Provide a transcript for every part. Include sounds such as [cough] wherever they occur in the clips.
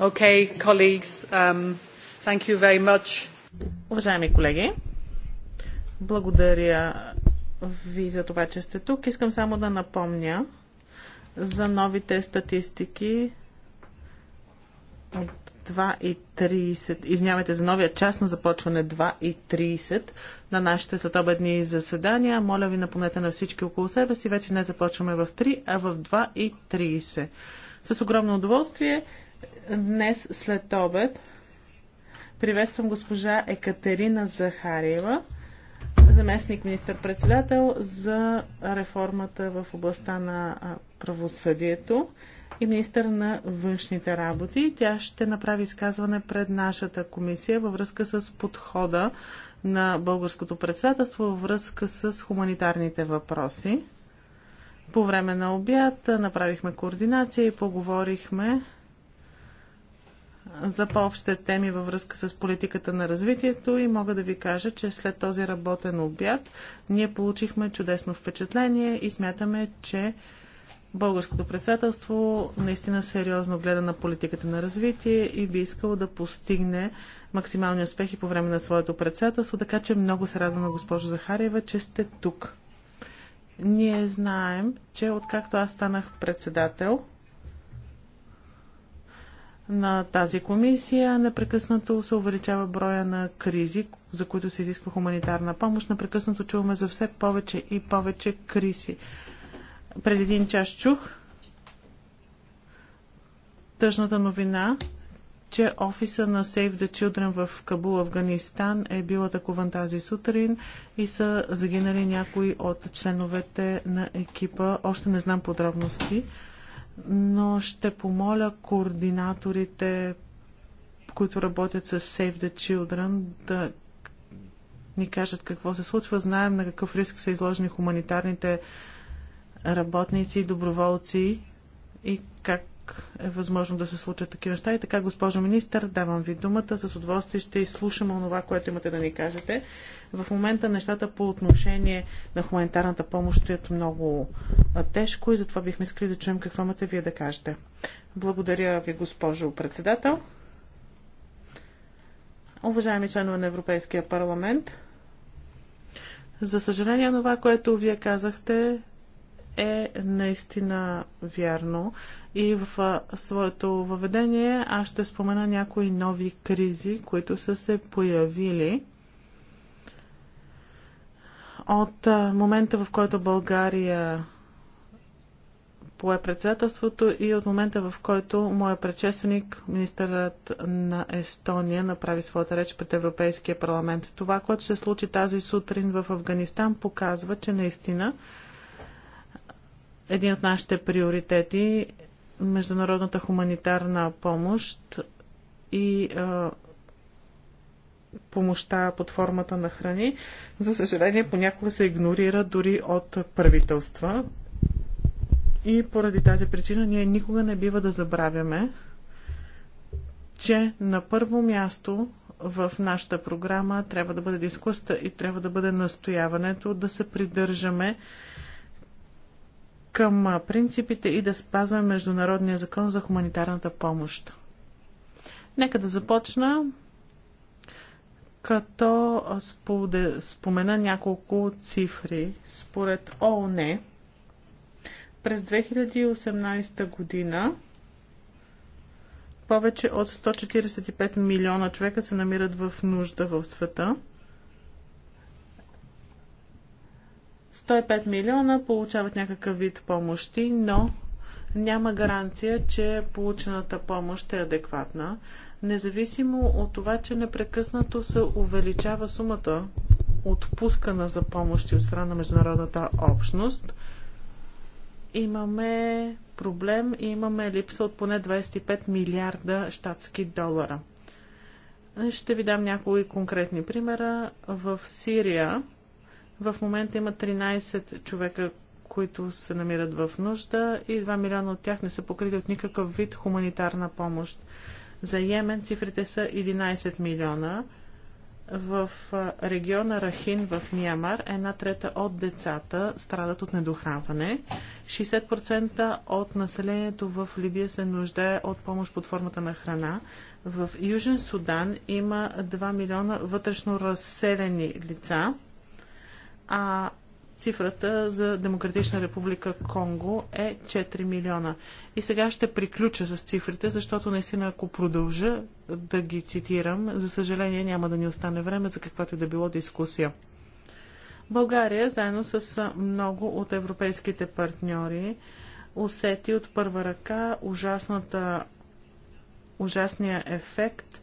Um, Уважаеми колеги, благодаря ви за това, че сте тук. Искам само да напомня за новите статистики от 2 и 30. Извинявайте за новия час на започване 2 и 30 на нашите следобедни заседания. Моля ви, напомнете на всички около себе си. Вече не започваме в 3, а в 2 и 30. С огромно удоволствие днес след обед. Приветствам госпожа Екатерина Захариева, заместник министър-председател за реформата в областта на правосъдието и министър на външните работи. Тя ще направи изказване пред нашата комисия във връзка с подхода на българското председателство във връзка с хуманитарните въпроси. По време на обяд направихме координация и поговорихме за по-общите теми във връзка с политиката на развитието и мога да ви кажа, че след този работен обяд ние получихме чудесно впечатление и смятаме, че българското председателство наистина сериозно гледа на политиката на развитие и би искало да постигне максимални успехи по време на своето председателство, така че много се радваме, госпожо Захариева, че сте тук. Ние знаем, че откакто аз станах председател, на тази комисия непрекъснато се увеличава броя на кризи, за които се изисква хуманитарна помощ. Непрекъснато чуваме за все повече и повече кризи. Преди един час чух тъжната новина, че офиса на Save the Children в Кабул, Афганистан е бил атакуван тази сутрин и са загинали някои от членовете на екипа. Още не знам подробности но ще помоля координаторите, които работят с Save the Children, да ни кажат какво се случва. Знаем на какъв риск са изложени хуманитарните работници и доброволци и как е възможно да се случат такива неща. И така, госпожо министър, давам ви думата. С удоволствие ще изслушам онова, което имате да ни кажете. В момента нещата по отношение на хуманитарната помощ стоят много тежко и затова бихме искали да чуем какво имате вие да кажете. Благодаря ви, госпожо председател. Уважаеми членове на Европейския парламент, за съжаление, това, което вие казахте, е наистина вярно. И в своето въведение аз ще спомена някои нови кризи, които са се появили от момента, в който България пое председателството и от момента, в който моят предшественик, министърът на Естония, направи своята реч пред Европейския парламент. Това, което се случи тази сутрин в Афганистан, показва, че наистина един от нашите приоритети международната хуманитарна помощ и а, помощта под формата на храни, за съжаление, понякога се игнорира дори от правителства. И поради тази причина ние никога не бива да забравяме, че на първо място в нашата програма трябва да бъде дискусията и трябва да бъде настояването да се придържаме към принципите и да спазваме Международния закон за хуманитарната помощ. Нека да започна като спомена няколко цифри. Според ООН през 2018 година повече от 145 милиона човека се намират в нужда в света – 105 милиона получават някакъв вид помощи, но няма гаранция, че получената помощ е адекватна, независимо от това, че непрекъснато се увеличава сумата отпускана за помощи от страна на международната общност. Имаме проблем и имаме липса от поне 25 милиарда щатски долара. Ще ви дам някои конкретни примера. В Сирия в момента има 13 човека, които се намират в нужда и 2 милиона от тях не са покрити от никакъв вид хуманитарна помощ. За Йемен цифрите са 11 милиона. В региона Рахин в Миямар една трета от децата страдат от недохранване. 60% от населението в Либия се нуждае от помощ под формата на храна. В Южен Судан има 2 милиона вътрешно разселени лица а цифрата за Демократична република Конго е 4 милиона. И сега ще приключа с цифрите, защото наистина ако продължа да ги цитирам, за съжаление няма да ни остане време за каквато и да било дискусия. България, заедно с много от европейските партньори, усети от първа ръка ужасната, ужасния ефект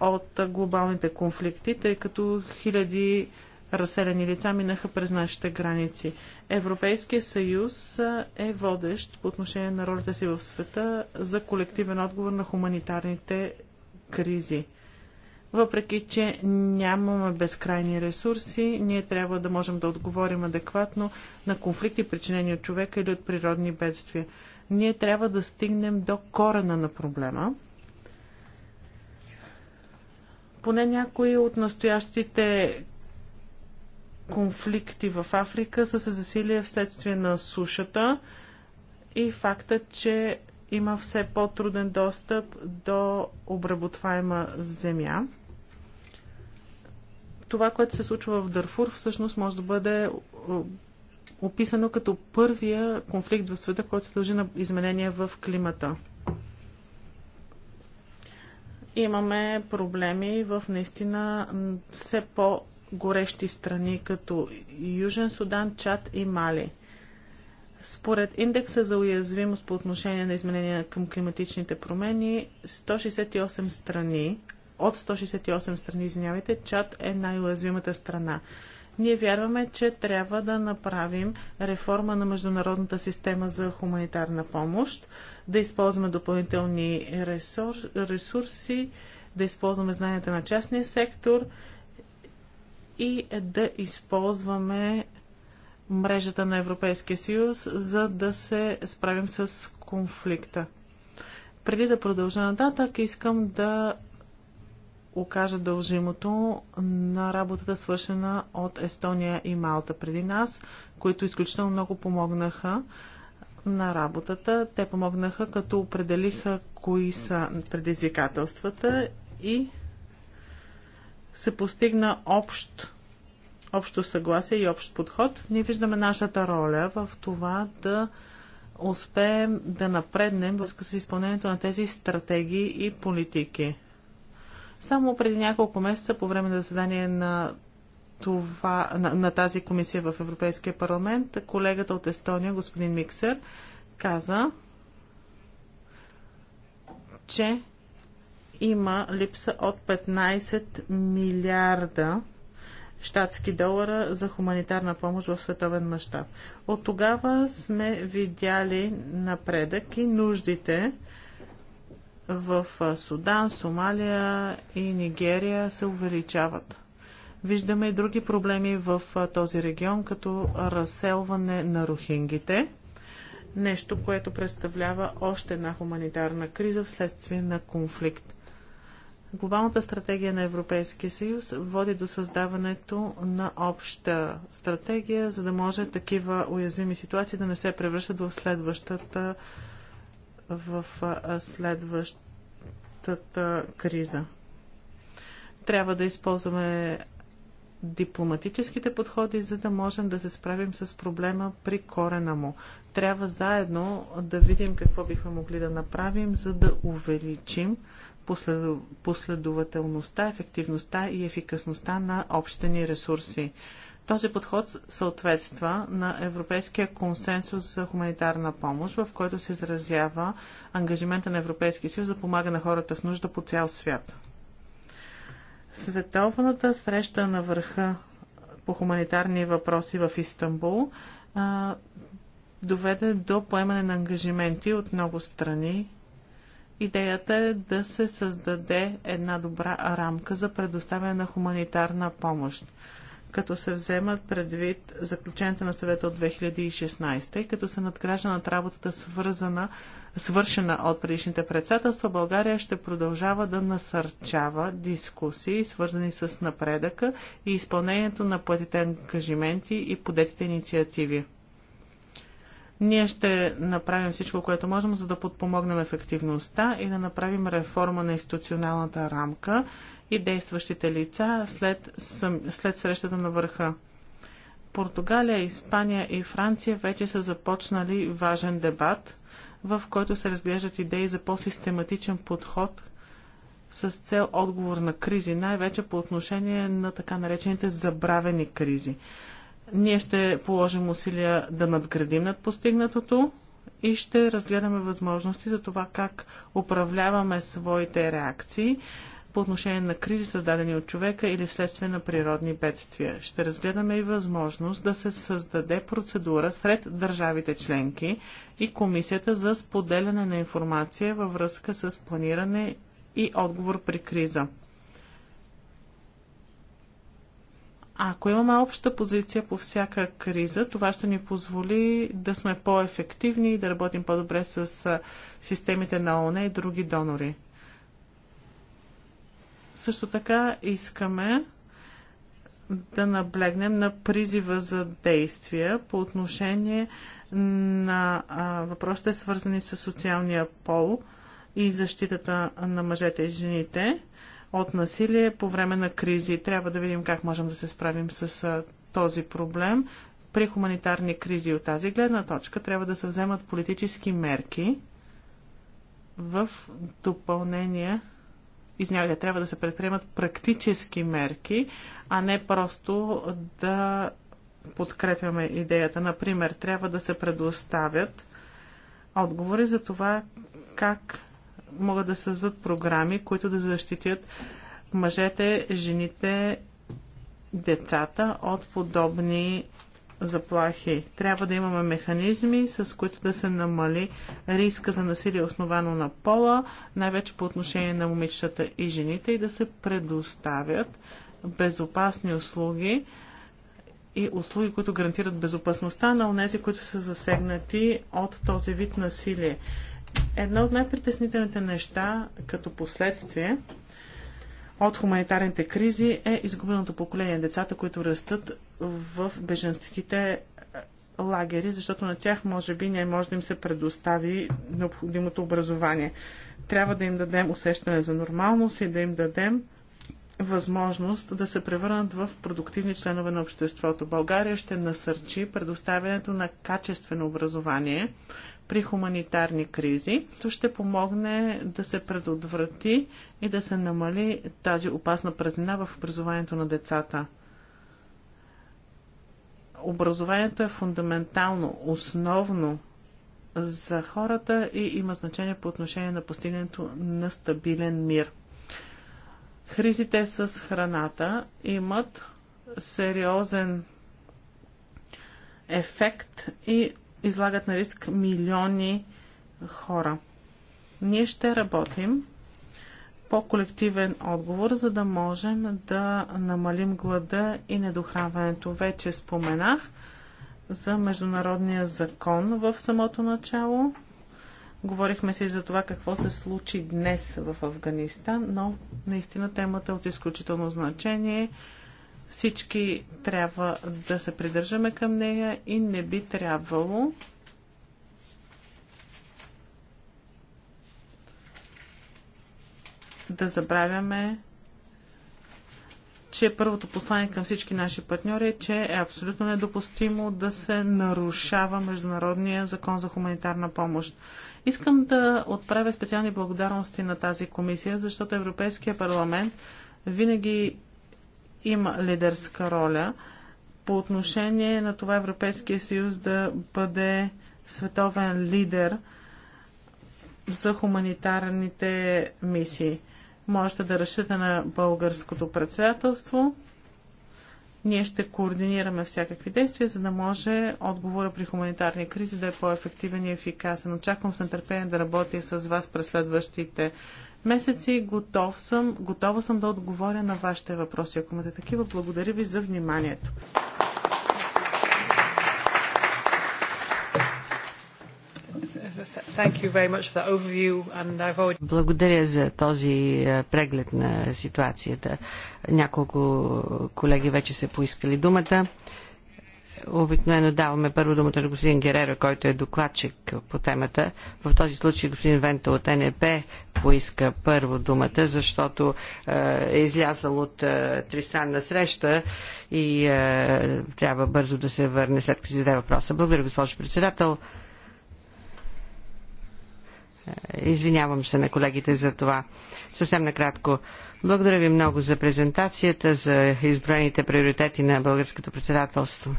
от глобалните конфликти, тъй като хиляди разселени лица минаха през нашите граници. Европейския съюз е водещ по отношение на ролята си в света за колективен отговор на хуманитарните кризи. Въпреки, че нямаме безкрайни ресурси, ние трябва да можем да отговорим адекватно на конфликти, причинени от човека или от природни бедствия. Ние трябва да стигнем до корена на проблема. Поне някои от настоящите конфликти в Африка са се засили вследствие на сушата и факта, че има все по-труден достъп до обработваема земя. Това, което се случва в Дърфур, всъщност може да бъде описано като първия конфликт в света, който се дължи на изменения в климата. Имаме проблеми в наистина все по- горещи страни, като Южен Судан, Чад и Мали. Според индекса за уязвимост по отношение на изменения към климатичните промени, 168 страни, от 168 страни, извинявайте, Чад е най-уязвимата страна. Ние вярваме, че трябва да направим реформа на международната система за хуманитарна помощ, да използваме допълнителни ресурси, да използваме знанията на частния сектор, и да използваме мрежата на Европейския съюз, за да се справим с конфликта. Преди да продължа нататък, искам да окажа дължимото на работата свършена от Естония и Малта преди нас, които изключително много помогнаха на работата. Те помогнаха като определиха кои са предизвикателствата и се постигна общ, общо съгласие и общ подход, ние виждаме нашата роля в това да успеем да напреднем връзка с изпълнението на тези стратегии и политики. Само преди няколко месеца, по време на заседание на, това, на, на тази комисия в Европейския парламент, колегата от Естония, господин Миксер, каза, че има липса от 15 милиарда щатски долара за хуманитарна помощ в световен мащаб. От тогава сме видяли напредък и нуждите в Судан, Сомалия и Нигерия се увеличават. Виждаме и други проблеми в този регион, като разселване на рухингите. Нещо, което представлява още една хуманитарна криза вследствие на конфликт. Глобалната стратегия на Европейския съюз води до създаването на обща стратегия, за да може такива уязвими ситуации да не се превръщат в следващата в следващата криза. Трябва да използваме дипломатическите подходи, за да можем да се справим с проблема при корена му. Трябва заедно да видим какво бихме могли да направим, за да увеличим последователността, ефективността и ефикасността на общите ни ресурси. Този подход съответства на Европейския консенсус за хуманитарна помощ, в който се изразява ангажимента на Европейския съюз да помага на хората в нужда по цял свят. Световната среща на върха по хуманитарни въпроси в Истанбул а, доведе до поемане на ангажименти от много страни Идеята е да се създаде една добра рамка за предоставяне на хуманитарна помощ, като се вземат предвид заключенията на съвета от 2016 и като се надгражда над работата свързана, свършена от предишните председателства, България ще продължава да насърчава дискусии, свързани с напредъка и изпълнението на платите ангажименти и подетите инициативи. Ние ще направим всичко, което можем, за да подпомогнем ефективността и да направим реформа на институционалната рамка и действащите лица след, след срещата на върха. Португалия, Испания и Франция вече са започнали важен дебат, в който се разглеждат идеи за по-систематичен подход с цел отговор на кризи, най-вече по отношение на така наречените забравени кризи. Ние ще положим усилия да надградим над постигнатото и ще разгледаме възможности за това как управляваме своите реакции по отношение на кризи, създадени от човека или вследствие на природни бедствия. Ще разгледаме и възможност да се създаде процедура сред държавите членки и комисията за споделяне на информация във връзка с планиране и отговор при криза. Ако имаме обща позиция по всяка криза, това ще ни позволи да сме по-ефективни и да работим по-добре с системите на ОНЕ и други донори. Също така искаме да наблегнем на призива за действия по отношение на въпросите свързани с социалния пол и защитата на мъжете и жените – от насилие по време на кризи. Трябва да видим как можем да се справим с този проблем. При хуманитарни кризи от тази гледна точка трябва да се вземат политически мерки в допълнение извинявайте, трябва да се предприемат практически мерки, а не просто да подкрепяме идеята. Например, трябва да се предоставят отговори за това как могат да създадат програми, които да защитят мъжете, жените, децата от подобни заплахи. Трябва да имаме механизми, с които да се намали риска за насилие основано на пола, най-вече по отношение на момичетата и жените и да се предоставят безопасни услуги и услуги, които гарантират безопасността на онези, които са засегнати от този вид насилие едно от най-притеснителните неща като последствие от хуманитарните кризи е изгубеното поколение децата, които растат в беженските е, лагери, защото на тях може би не може да им се предостави необходимото образование. Трябва да им дадем усещане за нормалност и да им дадем възможност да се превърнат в продуктивни членове на обществото. България ще насърчи предоставянето на качествено образование при хуманитарни кризи. То ще помогне да се предотврати и да се намали тази опасна празнина в образованието на децата. Образованието е фундаментално, основно за хората и има значение по отношение на постигането на стабилен мир. Хризите с храната имат сериозен ефект и излагат на риск милиони хора. Ние ще работим по колективен отговор, за да можем да намалим глада и недохраването. Вече споменах за международния закон в самото начало. Говорихме си за това какво се случи днес в Афганистан, но наистина темата е от изключително значение. Всички трябва да се придържаме към нея и не би трябвало да забравяме, че първото послание към всички наши партньори е, че е абсолютно недопустимо да се нарушава Международния закон за хуманитарна помощ. Искам да отправя специални благодарности на тази комисия, защото Европейския парламент винаги има лидерска роля по отношение на това Европейския съюз да бъде световен лидер за хуманитарните мисии. Можете да решите на българското председателство. Ние ще координираме всякакви действия, за да може отговора при хуманитарни кризи да е по-ефективен и ефикасен. Очаквам с нетърпение да работя с вас през следващите месеци. Готов съм, готова съм да отговоря на вашите въпроси, ако имате такива. Благодаря ви за вниманието. Благодаря за този е, преглед на ситуацията. Няколко колеги вече са поискали думата обикновено даваме първо думата на господин Гереро, който е докладчик по темата. В този случай господин Вента от НЕП поиска първо думата, защото е, е излязъл от е, тристранна среща и е, трябва бързо да се върне след като си зададе въпроса. Благодаря, госпожо председател. Е, извинявам се на колегите за това. Съвсем накратко. Благодаря ви много за презентацията, за изброените приоритети на българското председателство.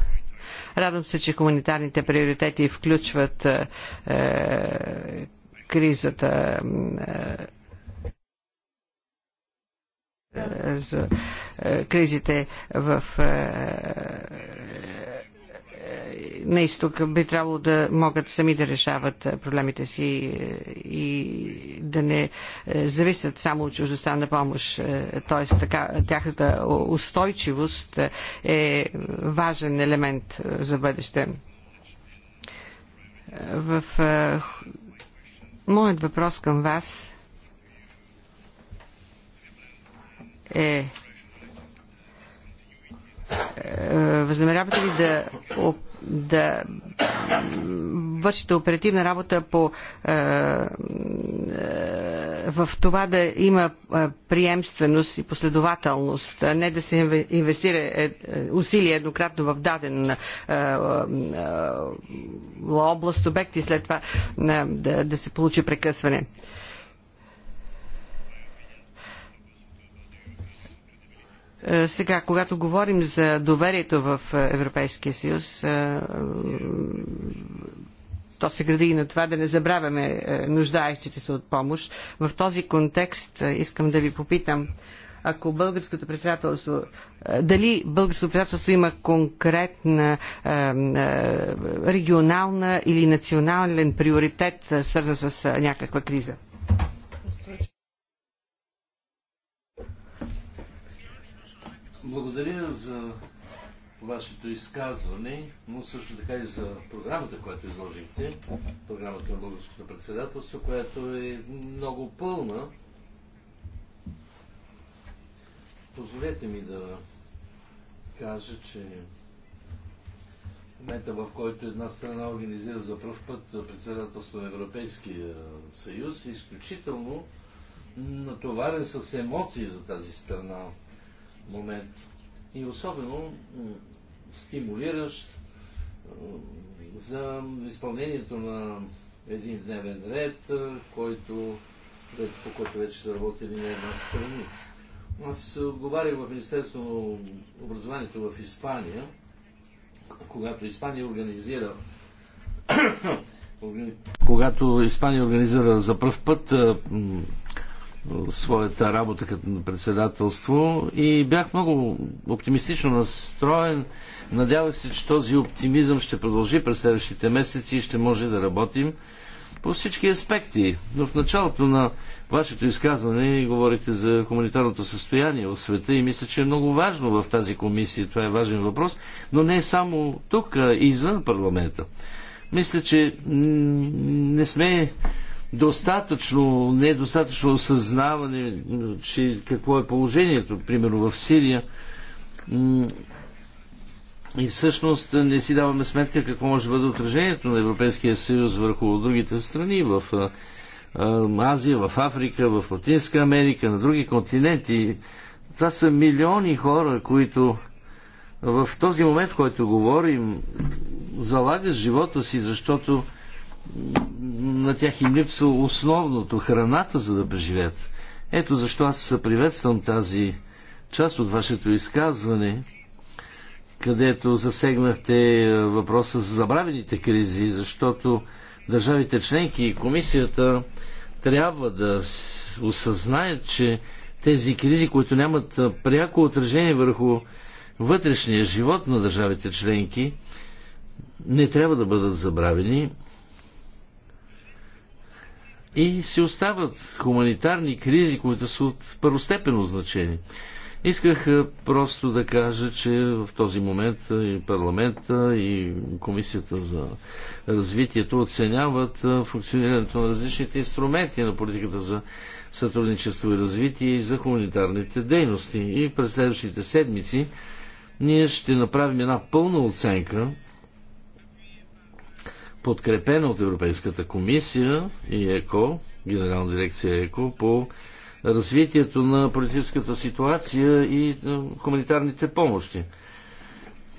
Радвам се, че хуманитарните приоритети включват е, е кризата. Е, за е, кризите в е, на изток би трябвало да могат сами да решават проблемите си е, и да не е, зависят само от на помощ. Е, тоест, така, тяхната устойчивост е важен елемент за бъдеще. В моят въпрос към вас е е, възнамерявате ли да, да вършите оперативна работа по, е, е, в това да има приемственост и последователност, а не да се инвестира усилия еднократно в даден област, обект и след това да, да се получи прекъсване? Е, сега, когато говорим за доверието в е, Европейския съюз, е, то се гради и на това да не забравяме нуждаещите се от помощ. В този контекст искам да ви попитам, ако българското председателство, дали българското председателство има конкретна регионална или национален приоритет, свързан с някаква криза? Благодаря за вашето изказване, но също така и за програмата, която изложихте, програмата на Българското председателство, която е много пълна. Позволете ми да кажа, че момента, в който една страна организира за първ път председателство на Европейския съюз, е изключително натоварен с емоции за тази страна момент. И особено стимулиращ за изпълнението на един дневен ред, който, по който вече са работили на една страни. Аз отговарях в Министерство на образованието в Испания, когато Испания организира [coughs] когато Испания организира за първ път своята работа като председателство и бях много оптимистично настроен. Надявах се, че този оптимизъм ще продължи през следващите месеци и ще може да работим по всички аспекти. Но в началото на вашето изказване говорите за хуманитарното състояние в света и мисля, че е много важно в тази комисия. Това е важен въпрос, но не е само тук, а и извън парламента. Мисля, че не сме достатъчно, недостатъчно осъзнаване, че какво е положението, примерно в Сирия. И всъщност не си даваме сметка какво може да бъде отражението на Европейския съюз върху другите страни в Азия, в Африка, в Латинска Америка, на други континенти. Това са милиони хора, които в този момент, който говорим, залагат живота си, защото на тях им липсва основното, храната, за да преживеят. Ето защо аз приветствам тази част от вашето изказване, където засегнахте е, въпроса за забравените кризи, защото държавите членки и комисията трябва да осъзнаят, че тези кризи, които нямат е, пряко отражение върху вътрешния живот на държавите членки, не трябва да бъдат забравени и си остават хуманитарни кризи, които са от първостепенно значение. Исках просто да кажа, че в този момент и парламента, и Комисията за развитието оценяват функционирането на различните инструменти на политиката за сътрудничество и развитие и за хуманитарните дейности. И през следващите седмици ние ще направим една пълна оценка подкрепена от Европейската комисия и ЕКО, Генерална дирекция ЕКО, по развитието на политическата ситуация и е, хуманитарните помощи.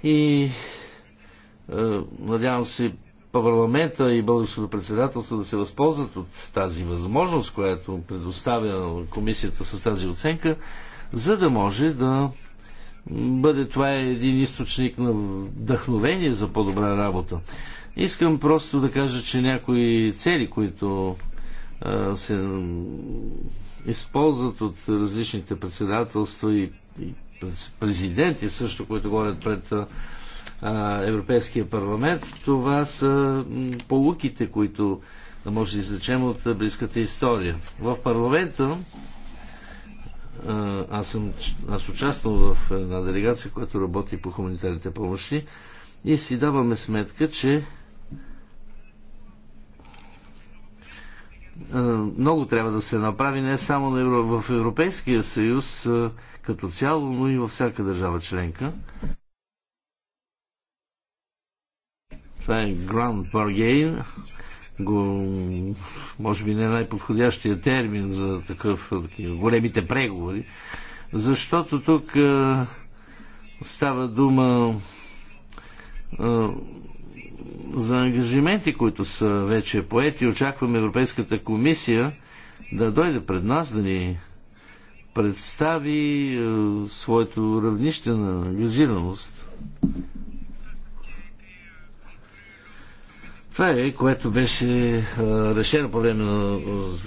И е, надявам се парламента и българското председателство да се възползват от тази възможност, която предоставя комисията с тази оценка, за да може да бъде това е един източник на вдъхновение за по-добра работа. Искам просто да кажа, че някои цели, които а, се използват от различните председателства и, и президенти също, които говорят пред а, Европейския парламент, това са полуките, които да може да излечем от близката история. В парламента аз, съм, аз участвам в една делегация, която работи по хуманитарните помощи и си даваме сметка, че Е, много трябва да се направи не само в Европейския съюз е, като цяло, но и във всяка държава членка. Това е Grand Bargain. Го, може би не е най-подходящия термин за такъв, е, големите преговори. Защото тук става дума за ангажименти, които са вече поети. Очакваме Европейската комисия да дойде пред нас, да ни представи е, своето равнище на ангажираност. Това е, което беше е, решено по време на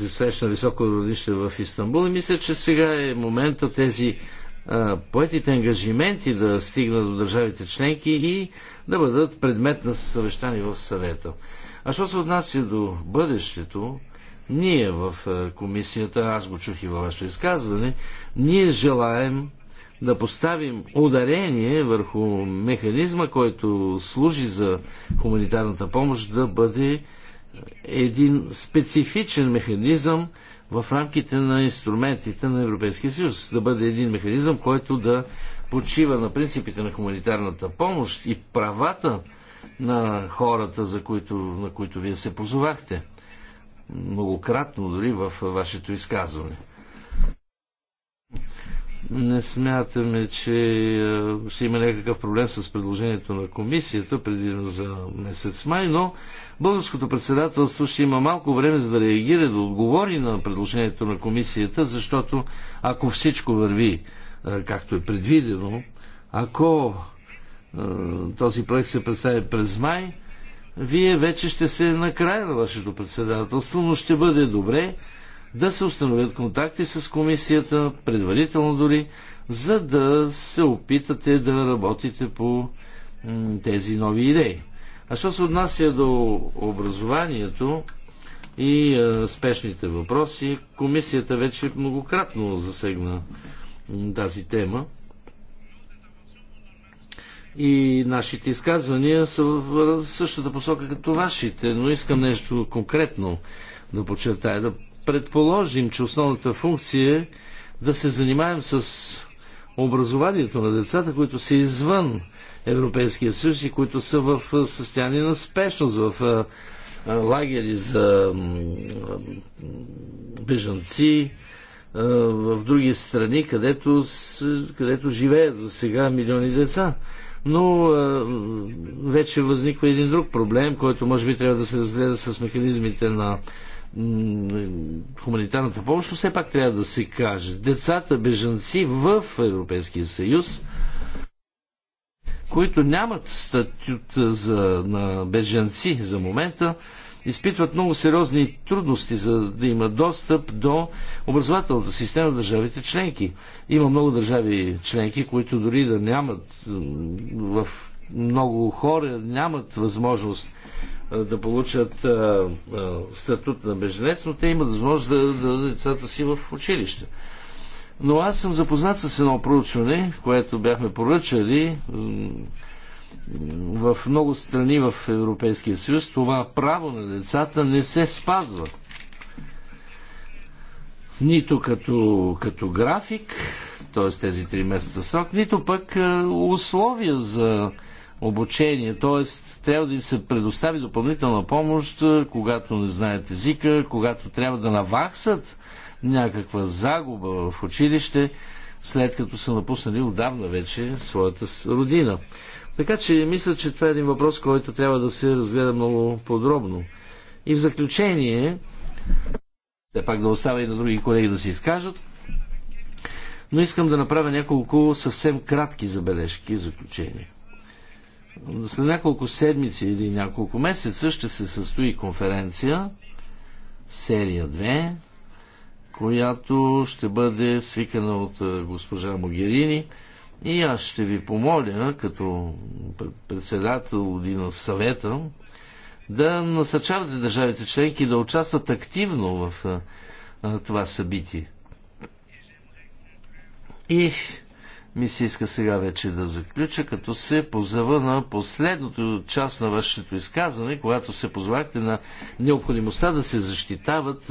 е, среща на високо равнище в Истанбул и мисля, че сега е момента тези поетите ангажименти да стигнат до държавите членки и да бъдат предмет на съвещани в съвета. А що се отнася до бъдещето, ние в комисията, аз го чух и във вашето изказване, ние желаем да поставим ударение върху механизма, който служи за хуманитарната помощ, да бъде един специфичен механизъм, в рамките на инструментите на Европейския съюз. Да бъде един механизъм, който да почива на принципите на хуманитарната помощ и правата на хората, за които, на които вие се позовахте. Многократно дори в вашето изказване не смятаме, че ще има някакъв проблем с предложението на комисията, преди за месец май, но българското председателство ще има малко време за да реагира, да отговори на предложението на комисията, защото ако всичко върви както е предвидено, ако този проект се представи през май, вие вече ще се накрая на вашето председателство, но ще бъде добре да се установят контакти с комисията, предварително дори, за да се опитате да работите по тези нови идеи. А що се отнася до образованието и спешните въпроси, комисията вече многократно засегна тази тема. И нашите изказвания са в същата посока като вашите, но искам нещо конкретно да подчертая, да предположим, че основната функция е да се занимаем с образованието на децата, които са извън Европейския съюз и които са в състояние на спешност, в лагери за бежанци, в други страни, където, където живеят за сега милиони деца. Но вече възниква един друг проблем, който може би трябва да се разгледа с механизмите на хуманитарната помощ, но все пак трябва да се каже. Децата бежанци в Европейския съюз, които нямат статут за, на бежанци за момента, изпитват много сериозни трудности за да има достъп до образователната система в държавите членки. Има много държави членки, които дори да нямат в много хора нямат възможност да получат а, а, статут на беженец, но те имат възможност да, да дадат децата си в училище. Но аз съм запознат с едно проучване, което бяхме поръчали в много страни в Европейския съюз. Това право на децата не се спазва. Нито като, като график, т.е. тези три месеца срок, нито пък условия за обучение. Т.е. трябва да им се предостави допълнителна помощ, когато не знаят езика, когато трябва да наваксат някаква загуба в училище, след като са напуснали отдавна вече своята родина. Така че мисля, че това е един въпрос, който трябва да се разгледа много подробно. И в заключение, все пак да оставя и на други колеги да се изкажат, но искам да направя няколко съвсем кратки забележки в заключение след няколко седмици или няколко месеца ще се състои конференция, серия 2, която ще бъде свикана от госпожа Могерини. И аз ще ви помоля, като председател и на съвета, да насърчавате държавите членки да участват активно в това събитие. И ми се иска сега вече да заключа, като се позова на последното част на вашето изказване, когато се позвахте на необходимостта да се защитават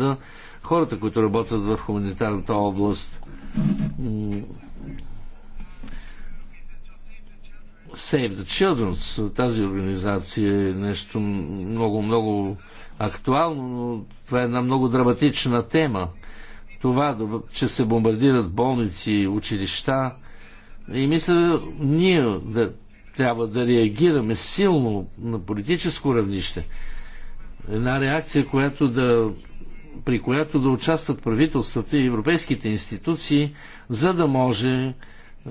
хората, които работят в хуманитарната област. Save the Children, тази организация е нещо много, много актуално, но това е една много драматична тема. Това, че се бомбардират болници, училища, и мисля, ние да, трябва да реагираме силно на политическо равнище. Една реакция, която да, при която да участват правителствата и европейските институции, за да може е,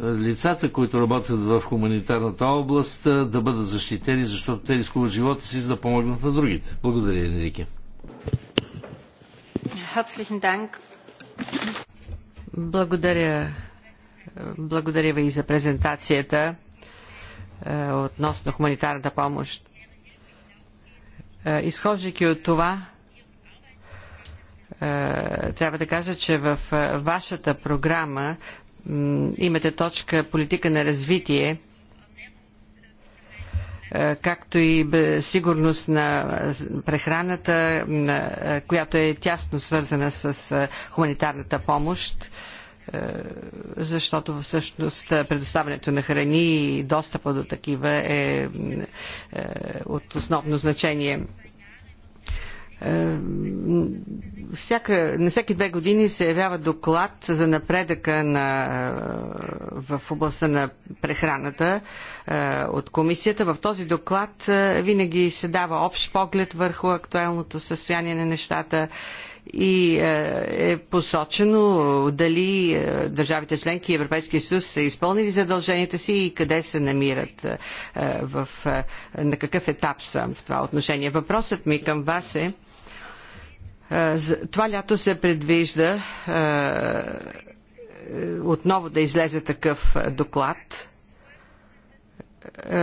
лицата, които работят в хуманитарната област, е, да бъдат защитени, защото те рискуват живота си, за да помогнат на другите. Благодаря, Енрике. Благодаря, благодаря ви за презентацията е, относно хуманитарната помощ. Е, изхождайки от това, е, трябва да кажа, че в вашата програма имате точка политика на развитие, както и сигурност на прехраната, която е тясно свързана с хуманитарната помощ защото всъщност предоставянето на храни и достъпа до такива е, е от основно значение е, всяка, на всеки две години се явява доклад за напредъка на, е, в областта на прехраната от комисията. В този доклад винаги се дава общ поглед върху актуалното състояние на нещата и е, е посочено дали е, държавите членки и Европейския съюз са изпълнили задълженията си и къде се намират е, в, на какъв етап са в това отношение. Въпросът ми към вас е това лято се предвижда отново да излезе такъв доклад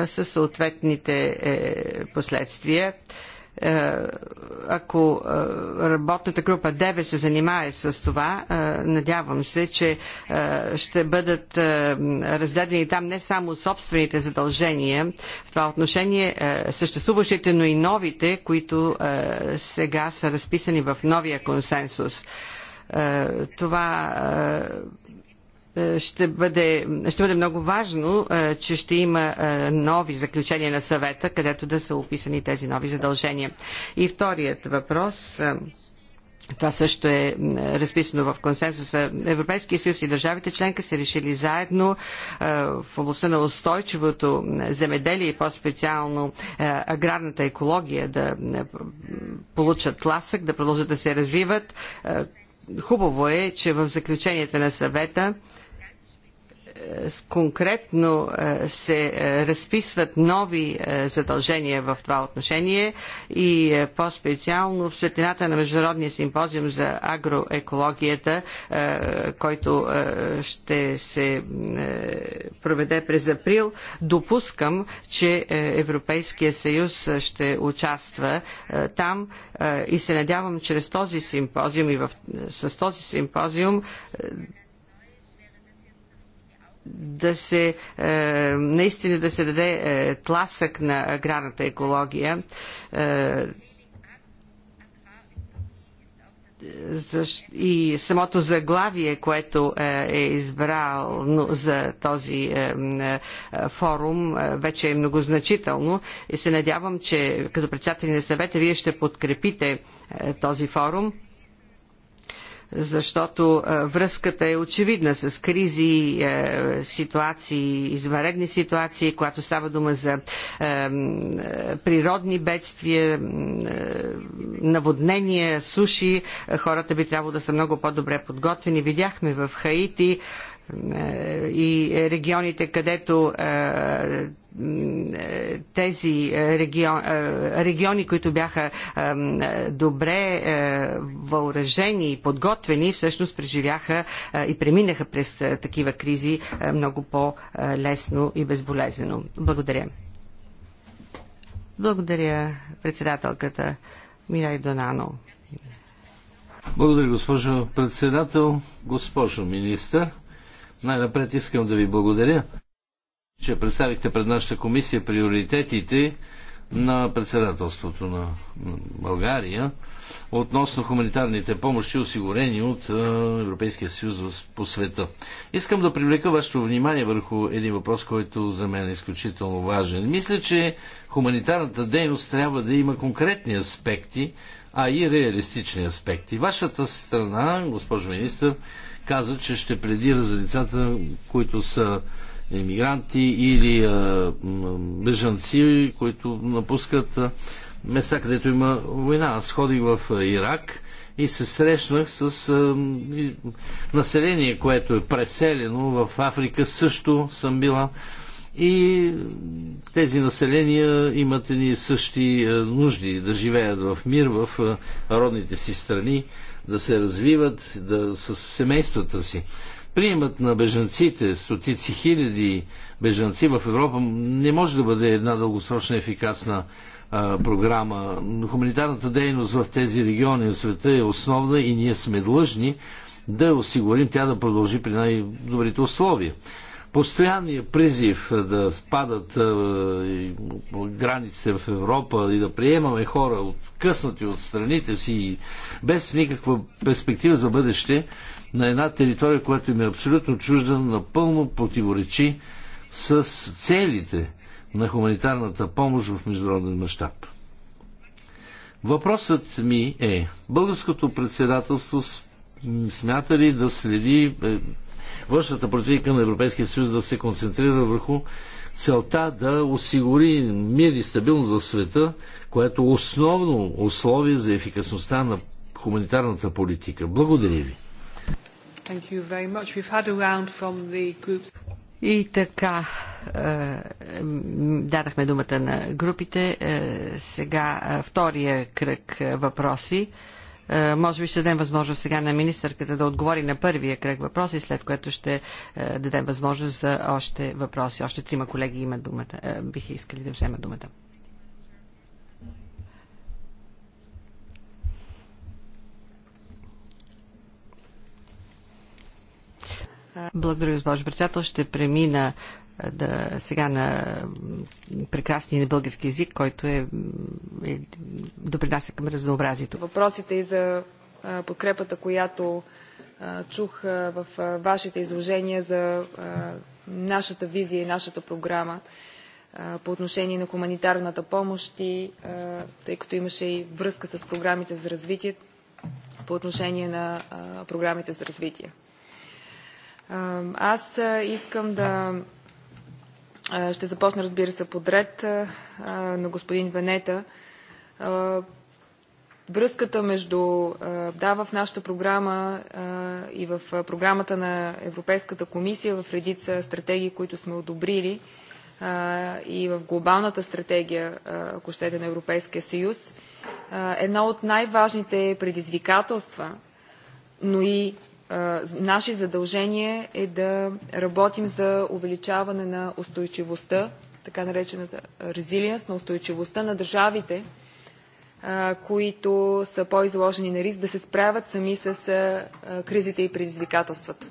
със съответните последствия. Е, ако е, работната група ДЕВЕ се занимае с това, е, надявам се, че ще бъдат раздадени там не само собствените задължения в това отношение, съществуващите, но и новите, които сега са разписани в новия консенсус това е, ще бъде, ще бъде много важно, е, че ще има е, нови заключения на съвета, където да са описани тези нови задължения. И вторият въпрос. Това също е разписано в консенсуса. Европейския съюз и държавите членка са решили заедно в областта на устойчивото земеделие и по-специално аграрната екология да получат ласък, да продължат да се развиват, Хубаво е, че в заключенията на съвета конкретно е, се е, разписват нови е, задължения в това отношение и по-специално в светлината на Международния симпозиум за агроекологията, който ще се проведе през април, допускам, че Европейския съюз ще участва там и се надявам чрез този симпозиум и в, с този симпозиум да се, е, наистина да се даде е, тласък на аграрната екология, е, и самото заглавие, което е избрал за този форум, вече е многозначително и се надявам, че като председатели на съвета вие ще подкрепите този форум защото връзката е очевидна с кризи, е, ситуации, извънредни ситуации, когато става дума за е, природни бедствия, е, наводнения, суши. Хората би трябвало да са много по-добре подготвени. Видяхме в Хаити и регионите, където е, е, тези региони, е, региони, които бяха добре въоръжени и подготвени, всъщност преживяха и преминаха през такива кризи много по-лесно и безболезнено. Благодаря. Благодаря, председателката Мирай Донано. Благодаря, госпожо председател, госпожо министър. Най-напред искам да ви благодаря, че представихте пред нашата комисия приоритетите на председателството на България относно хуманитарните помощи, осигурени от Европейския съюз по света. Искам да привлека вашето внимание върху един въпрос, който за мен е изключително важен. Мисля, че хуманитарната дейност трябва да има конкретни аспекти, а и реалистични аспекти. Вашата страна, госпожо министър, каза, че ще пледира за лицата, които са емигранти или а, бежанци, които напускат места, където има война. Аз ходих в Ирак и се срещнах с а, и, население, което е преселено в Африка. Също съм била. И тези населения имат едни същи нужди да живеят в мир в родните си страни да се развиват да, с семействата си. Приемът на бежанците, стотици хиляди бежанци в Европа, не може да бъде една дългосрочна ефикасна а, програма. Хуманитарната дейност в тези региони на света е основна и ние сме длъжни да осигурим тя да продължи при най-добрите условия постоянния призив да спадат границите в Европа и да приемаме хора откъснати от страните си без никаква перспектива за бъдеще на една територия, която им е абсолютно чужда, напълно противоречи с целите на хуманитарната помощ в международен мащаб. Въпросът ми е, българското председателство смята ли да следи е, външната политика на Европейския съюз да се концентрира върху целта да осигури мир и стабилност в света, което е основно условие за ефикасността на хуманитарната политика. Благодаря ви. И така, е, дадахме думата на групите. Е, сега е, втория кръг е, въпроси. Е, може би ще дадем възможност сега на министърката да отговори на първия кръг въпроси, след което ще е, дадем възможност за още въпроси. Още трима колеги имат думата. Е, Бих искали да вземат думата. Благодаря, госпожо председател. Ще премина да, сега на прекрасния български язик, който е, е допринася към разнообразието. Въпросите и за подкрепата, която чух в вашите изложения за нашата визия и нашата програма по отношение на хуманитарната помощ и тъй като имаше и връзка с програмите за развитие по отношение на програмите за развитие. Аз искам да ще започна, разбира се, подред на господин Венета. Връзката между, да, в нашата програма и в програмата на Европейската комисия, в редица стратегии, които сме одобрили, и в глобалната стратегия, ако щете, на Европейския съюз, едно от най-важните предизвикателства, но и наше задължение е да работим за увеличаване на устойчивостта, така наречената резилиенс, на устойчивостта на държавите, които са по-изложени на риск, да се справят сами с кризите и предизвикателствата.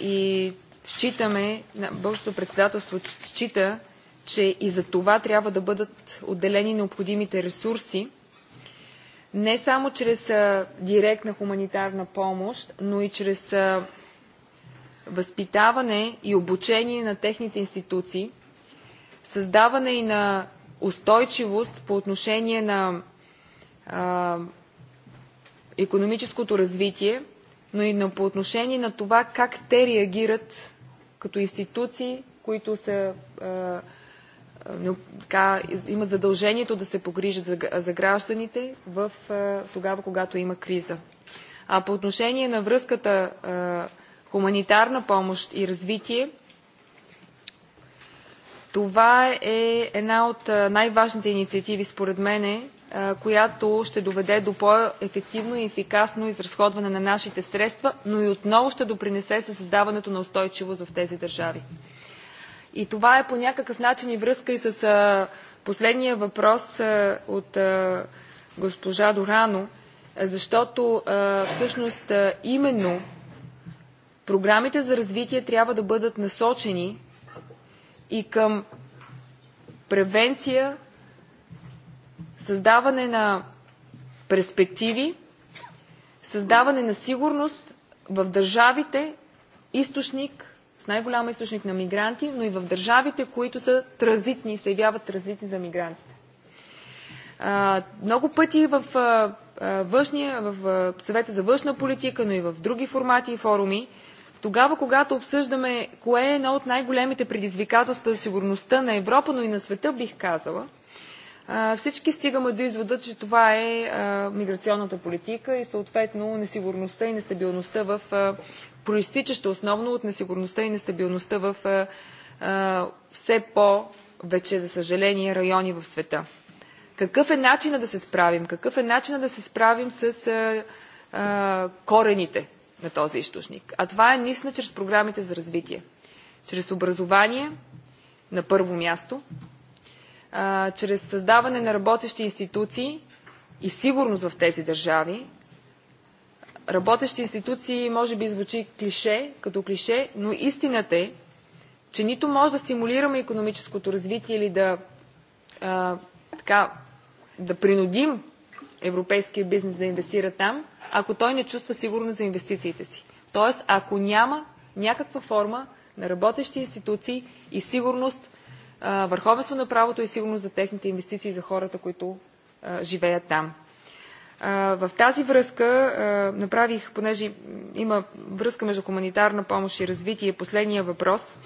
И считаме, Българското председателство счита, че и за това трябва да бъдат отделени необходимите ресурси – не само чрез директна хуманитарна помощ, но и чрез възпитаване и обучение на техните институции, създаване и на устойчивост по отношение на економическото развитие, но и на, по отношение на това как те реагират като институции, които са а, е, така, има задължението да се погрижат за, за гражданите в, е, тогава, когато има криза. А по отношение на връзката е, хуманитарна помощ и развитие, това е една от най-важните инициативи, според мене, която ще доведе до по-ефективно и ефикасно изразходване на нашите средства, но и отново ще допринесе със създаването на устойчивост в тези държави. И това е по някакъв начин и връзка и с последния въпрос от госпожа Дорано, защото всъщност именно програмите за развитие трябва да бъдат насочени и към превенция, създаване на перспективи, създаване на сигурност в държавите, източник с най-голям източник на мигранти, но и в държавите, които са транзитни, се явяват транзитни за мигрантите. А, много пъти в, а, външния, в а, съвета за външна политика, но и в други формати и форуми, тогава, когато обсъждаме кое е едно от най-големите предизвикателства за сигурността на Европа, но и на света, бих казала – всички стигаме до извода, че това е миграционната политика и съответно несигурността и нестабилността в проистичаща основно от несигурността и нестабилността в все по-вече, за съжаление, райони в света. Какъв е начинът да се справим? Какъв е начинът да се справим с корените на този източник? А това е наистина чрез програмите за развитие. Чрез образование на първо място, а, чрез създаване на работещи институции и сигурност в тези държави. Работещи институции може би звучи клише, като клише, но истината е, че нито може да стимулираме економическото развитие или да, а, така, да принудим европейския бизнес да инвестира там, ако той не чувства сигурност за инвестициите си. Тоест, ако няма някаква форма на работещи институции и сигурност върховенство на правото и сигурност за техните инвестиции за хората, които живеят там. В тази връзка направих, понеже има връзка между хуманитарна помощ и развитие, последния въпрос,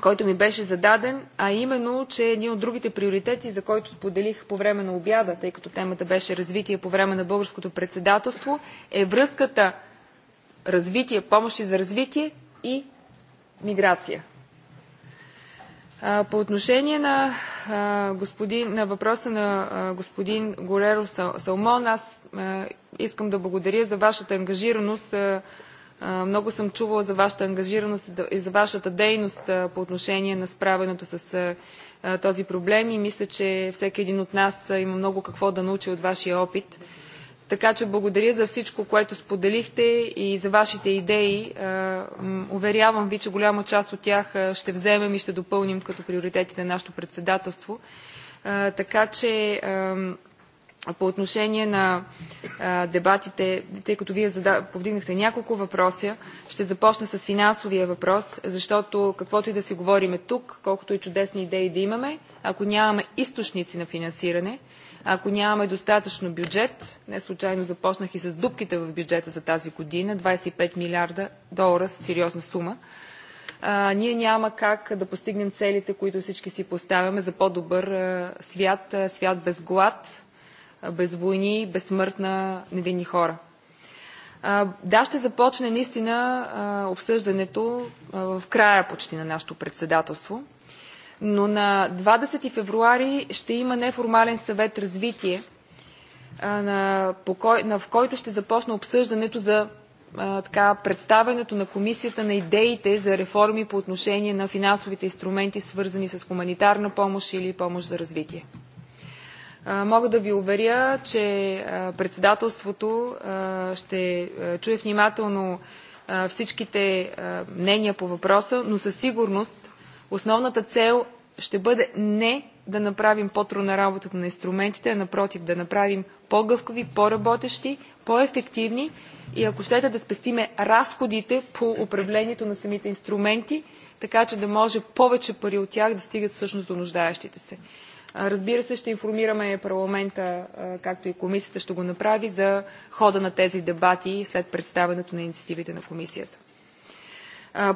който ми беше зададен, а именно, че един от другите приоритети, за който споделих по време на обяда, тъй като темата беше развитие по време на българското председателство, е връзката развитие, помощи за развитие и миграция. По отношение на, господин, на въпроса на господин Гореро Салмон, аз искам да благодаря за вашата ангажираност. Много съм чувала за вашата ангажираност и за вашата дейност по отношение на справянето с този проблем и мисля, че всеки един от нас има много какво да научи от вашия опит. Така че благодаря за всичко, което споделихте и за вашите идеи. Е, уверявам ви, че голяма част от тях е, ще вземем и ще допълним като приоритетите на нашето председателство. Е, така че по отношение на дебатите, тъй като вие повдигнахте няколко въпроса, ще започна с финансовия въпрос, защото каквото и да си говориме тук, колкото и чудесни идеи да имаме, ако нямаме източници на финансиране ако нямаме достатъчно бюджет. Не случайно започнах и с дупките в бюджета за тази година. 25 милиарда долара са сериозна сума. ние няма как да постигнем целите, които всички си поставяме за по-добър свят, свят без глад, без войни, без смърт на невинни хора. Да, ще започне наистина обсъждането в края почти на нашето председателство. Но на 20 февруари ще има неформален съвет развитие, на, в който ще започне обсъждането за така, представенето на комисията на идеите за реформи по отношение на финансовите инструменти, свързани с хуманитарна помощ или помощ за развитие. Мога да ви уверя, че председателството ще чуе внимателно всичките мнения по въпроса, но със сигурност Основната цел ще бъде не да направим по-трудна работата на инструментите, а напротив, да направим по-гъвкави, по-работещи, по-ефективни и ако щете да спестиме разходите по управлението на самите инструменти, така че да може повече пари от тях да стигат всъщност до нуждаещите се. Разбира се, ще информираме парламента, както и комисията ще го направи, за хода на тези дебати след представенето на инициативите на комисията.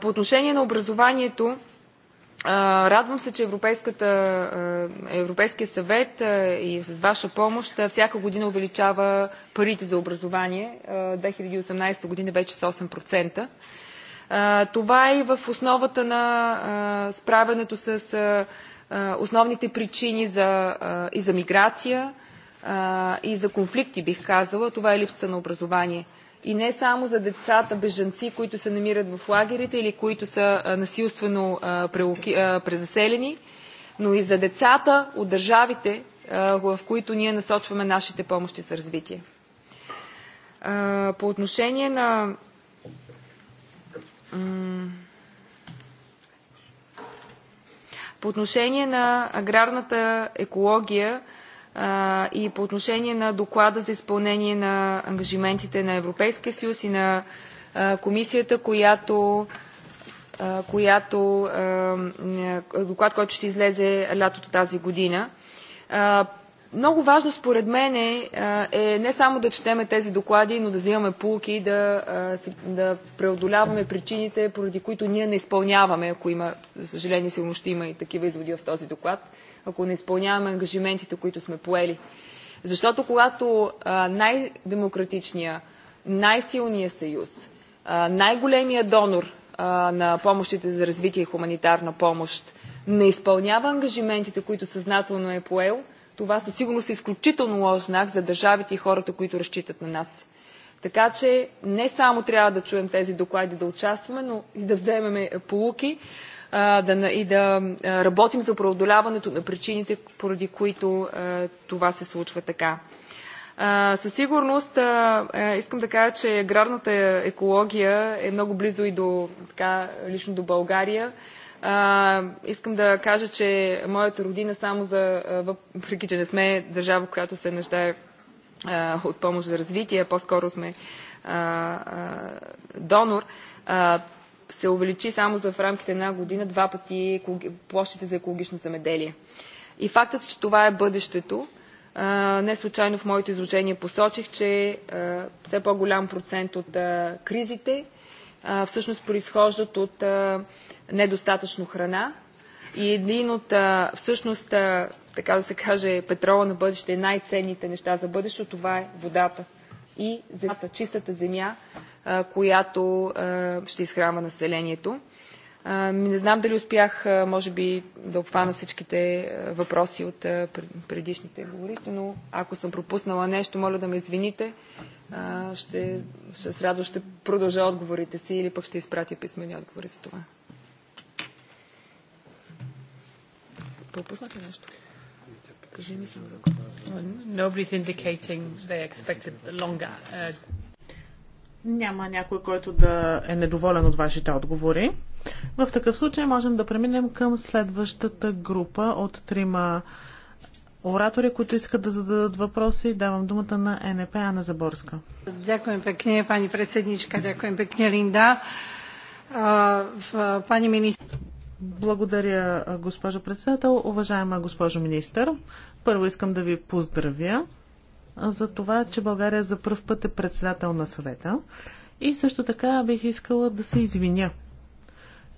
По отношение на образованието, Радвам се, че Европейската, Европейския съвет и с ваша помощ всяка година увеличава парите за образование. 2018 година вече с 8%. Това е и в основата на справянето с основните причини за, и за миграция, и за конфликти, бих казала. Това е липсата на образование – и не само за децата бежанци, които се намират в лагерите или които са насилствено презаселени, но и за децата от държавите, в които ние насочваме нашите помощи за развитие. По отношение на по отношение на аграрната екология, и по отношение на доклада за изпълнение на ангажиментите на Европейския съюз и на комисията, която която доклад, който ще излезе лятото тази година. много важно според мен е, е не само да четеме тези доклади, но да взимаме полки и да, да преодоляваме причините, поради които ние не изпълняваме, ако има, за съжаление, сигурно ще има и такива изводи в този доклад, ако не изпълняваме ангажиментите, които сме поели. Защото когато най-демократичният, най-силният съюз, най-големият донор на помощите за развитие и хуманитарна помощ не изпълнява ангажиментите, които съзнателно е поел, това със сигурност е изключително лош знак за държавите и хората, които разчитат на нас. Така че не само трябва да чуем тези доклади, да участваме, но и да вземем полуки да, и да работим за преодоляването на причините, поради които това се случва така. Със сигурност искам да кажа, че аграрната екология е много близо и до, така, лично до България. А, искам да кажа, че моята родина само за, въпреки че не сме държава, която се нуждае от помощ за развитие, по-скоро сме а, а, донор, а, се увеличи само за в рамките на една година два пъти площите за екологично земеделие. И фактът, че това е бъдещето, не случайно в моето изложение посочих, че все по-голям процент от кризите всъщност произхождат от недостатъчно храна. И един от всъщност, така да се каже, петрола на бъдеще, най-ценните неща за бъдеще, това е водата и земята, чистата земя, която ще изхранва населението. Не знам дали успях, може би, да обхвана всичките въпроси от предишните говорите, но ако съм пропуснала нещо, моля да ме извините. Ще, ще с радост ще продължа отговорите си или пък ще изпратя писмени отговори за това. Пропуснах нещо? Nobody's indicating they expected longer uh, няма някой, който да е недоволен от вашите отговори. В такъв случай можем да преминем към следващата група от трима оратори, които искат да зададат въпроси. Давам думата на НП Ана Заборска. Дякуем пекне, пани председничка, дякуем пекне, Линда. Пани министр. Благодаря, госпожо председател. Уважаема госпожо министър, първо искам да ви поздравя за това, че България за първ път е председател на съвета. И също така бих искала да се извиня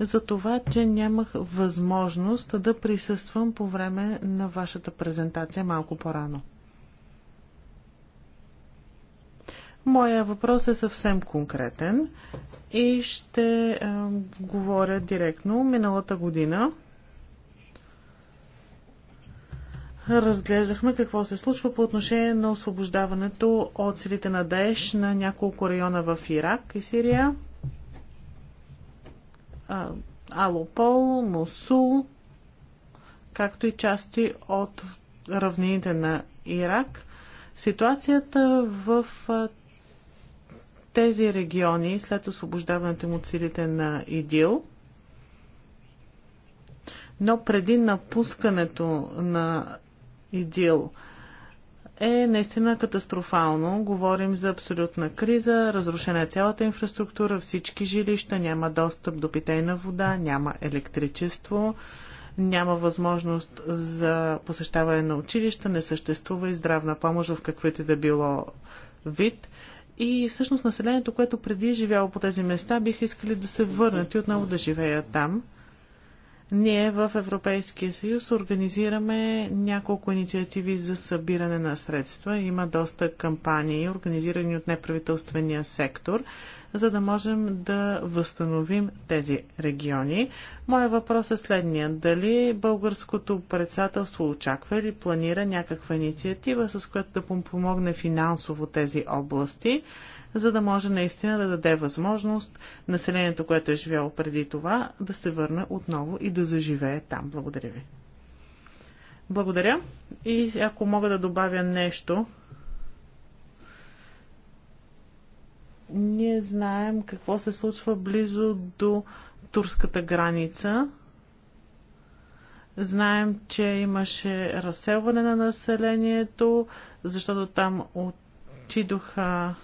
за това, че нямах възможност да присъствам по време на вашата презентация малко по-рано. Моя въпрос е съвсем конкретен и ще е, говоря директно. Миналата година разглеждахме какво се случва по отношение на освобождаването от силите на ДАЕШ на няколко района в Ирак и Сирия. Алопол, Мусул, както и части от равнините на Ирак. Ситуацията в тези региони след освобождаването им от силите на ИДИЛ, но преди напускането на ИДИЛ е наистина катастрофално. Говорим за абсолютна криза, разрушена е цялата инфраструктура, всички жилища, няма достъп до питейна вода, няма електричество, няма възможност за посещаване на училища, не съществува и здравна помощ в каквито и да било вид. И всъщност населението, което преди е живяло по тези места, биха искали да се върнат и отново да живеят там. Ние в Европейския съюз организираме няколко инициативи за събиране на средства. Има доста кампании, организирани от неправителствения сектор, за да можем да възстановим тези региони. Моя въпрос е следния. Дали българското председателство очаква или планира някаква инициатива, с която да помогне финансово тези области? за да може наистина да даде възможност населението, което е живяло преди това, да се върне отново и да заживее там. Благодаря ви. Благодаря. И ако мога да добавя нещо, ние знаем какво се случва близо до турската граница. Знаем, че имаше разселване на населението, защото там отидоха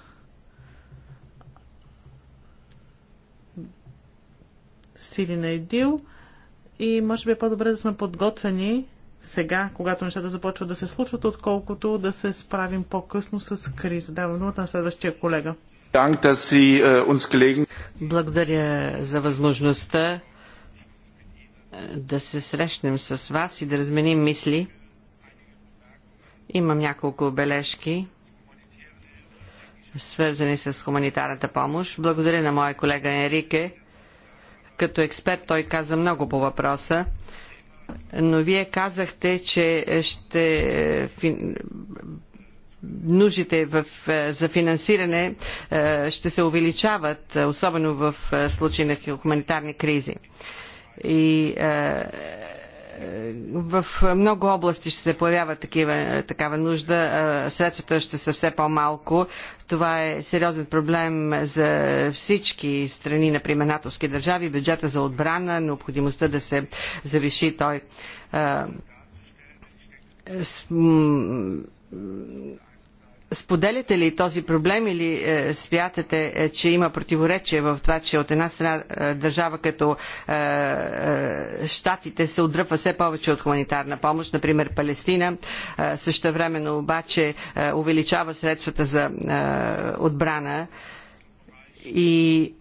сили на ИДИЛ и може би е по-добре да сме подготвени сега, когато нещата започват да се случват, отколкото да се справим по-късно с криза. Давам думата на следващия колега. Äh, Благодаря за възможността да се срещнем с вас и да разменим мисли. Имам няколко бележки, свързани с хуманитарната помощ. Благодаря на моя колега Енрике като експерт той каза много по въпроса, но вие казахте, че ще нуждите в, е, за финансиране е, ще се увеличават, е, особено в случай на хуманитарни кризи. И в много области ще се появява такива, такава нужда. Средствата ще са все по-малко. Това е сериозен проблем за всички страни, например, натовски държави. Бюджета за отбрана, необходимостта да се завиши той Споделяте ли този проблем или е, смятате, е, че има противоречие в това, че от една страна е, държава като е, е, Штатите се отдръпва все повече от хуманитарна помощ, например Палестина, е, също времено обаче е, увеличава средствата за е, отбрана и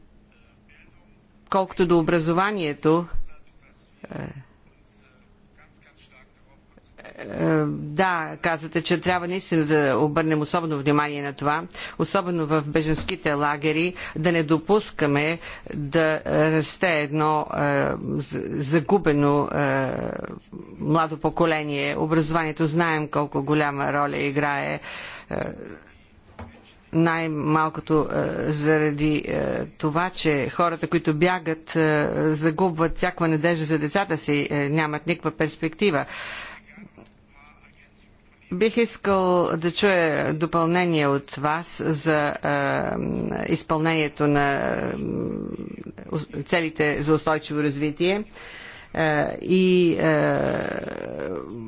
колкото до образованието, е, е да, казвате, че трябва наистина да обърнем особено внимание на това, особено в беженските лагери, да не допускаме да расте едно е, загубено е, младо поколение. Образованието знаем колко голяма роля играе. Е, най-малкото е, заради е, това, че хората, които бягат, е, загубват всякаква надежда за децата си, нямат никаква перспектива. Бих искал да чуя допълнение от вас за е, изпълнението на целите за устойчиво развитие и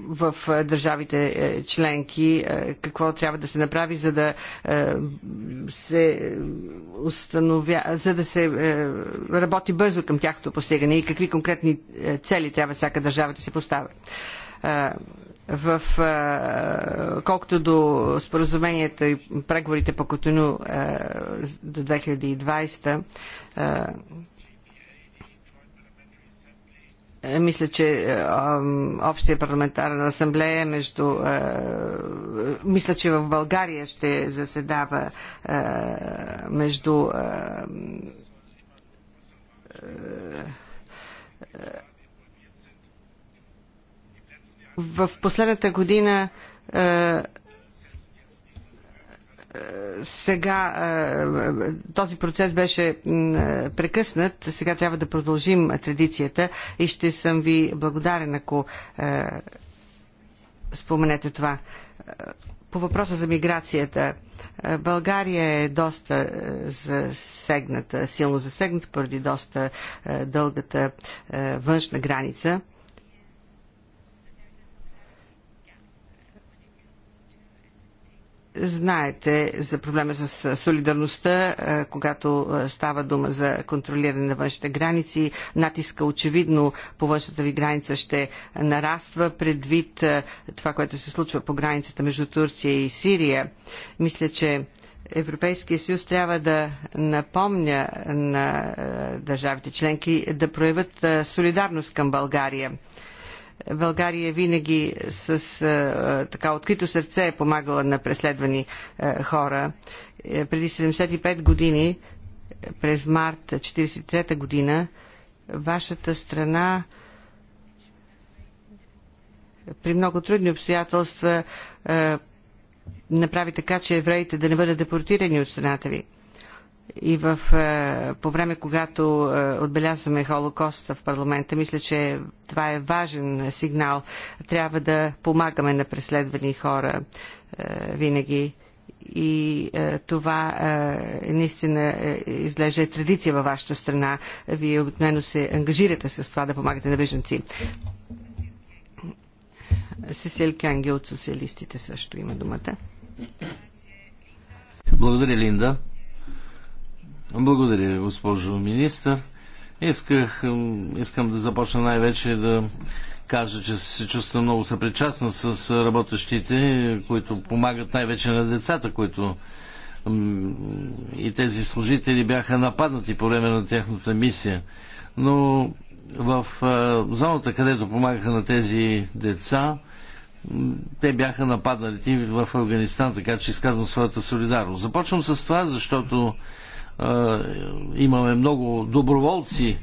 в държавите членки какво трябва да се направи, за да се установя, за да се работи бързо към тяхното постигане и какви конкретни цели трябва всяка държава да се поставя в, а, колкото до споразумението и преговорите по Котону до 2020, а, е, мисля, че е, общия парламентарна асамблея между... Е, мисля, че в България ще заседава между в последната година е, е, сега е, този процес беше прекъснат, сега трябва да продължим традицията и ще съм ви благодарен, ако споменете това. По въпроса за миграцията, България е доста засегната, силно засегната поради доста дългата външна граница – знаете за проблема с солидарността, е, когато е, става дума за контролиране на външните граници. Натиска очевидно по външната ви граница ще нараства предвид е, това, което се случва по границата между Турция и Сирия. Мисля, че Европейския съюз трябва да напомня на държавите членки да проявят солидарност към България България винаги с а, така открито сърце е помагала на преследвани а, хора. Е, преди 75 години, през март 1943 година, вашата страна при много трудни обстоятелства а, направи така, че евреите да не бъдат депортирани от страната ви и в, е, по време, когато е, отбелязваме Холокоста в парламента, мисля, че това е важен сигнал. Трябва да помагаме на преследвани хора е, винаги. И това наистина излежа изглежда е традиция във вашата страна. Вие обикновено се ангажирате с това да помагате на беженци. Сесел Кянге от социалистите също има думата. Благодаря, Линда. Благодаря, госпожо министър. Исках, искам да започна най-вече да кажа, че се чувствам много съпричастна с работещите, които помагат най-вече на децата, които и тези служители бяха нападнати по време на тяхната мисия. Но в зоната, където помагаха на тези деца, те бяха нападнати в Афганистан, така че изказвам своята солидарност. Започвам с това, защото имаме много доброволци,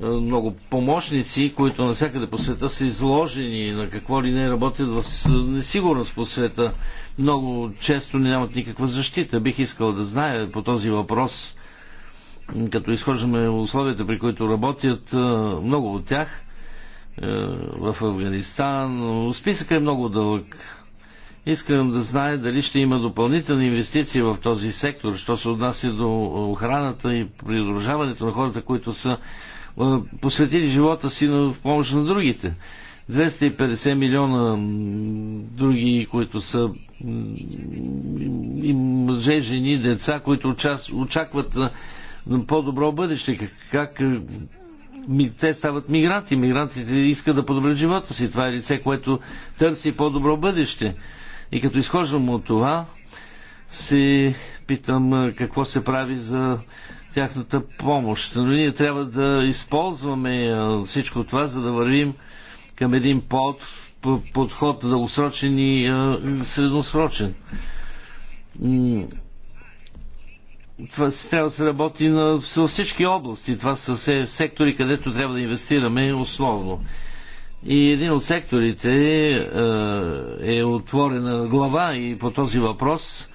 много помощници, които навсякъде по света са изложени на какво ли не работят в несигурност по света. Много често не нямат никаква защита. Бих искал да знае по този въпрос, като изхождаме условията, при които работят много от тях в Афганистан. Списъка е много дълъг. Искам да знае дали ще има допълнителни инвестиции в този сектор, що се отнася до охраната и придружаването на хората, които са е, посветили живота си на помощ на другите. 250 милиона други, които са и мъже, жени, деца, които очакват е, по-добро бъдеще. Как, е, те стават мигранти. Мигрантите искат да подобрят живота си. Това е лице, което търси по-добро бъдеще. И като изхождам от това, се питам какво се прави за тяхната помощ. Но ние трябва да използваме всичко това, за да вървим към един под, подход дългосрочен и средносрочен. Това трябва да се работи на, във всички области. Това са все сектори, където трябва да инвестираме основно. И един от секторите е, е отворена глава и по този въпрос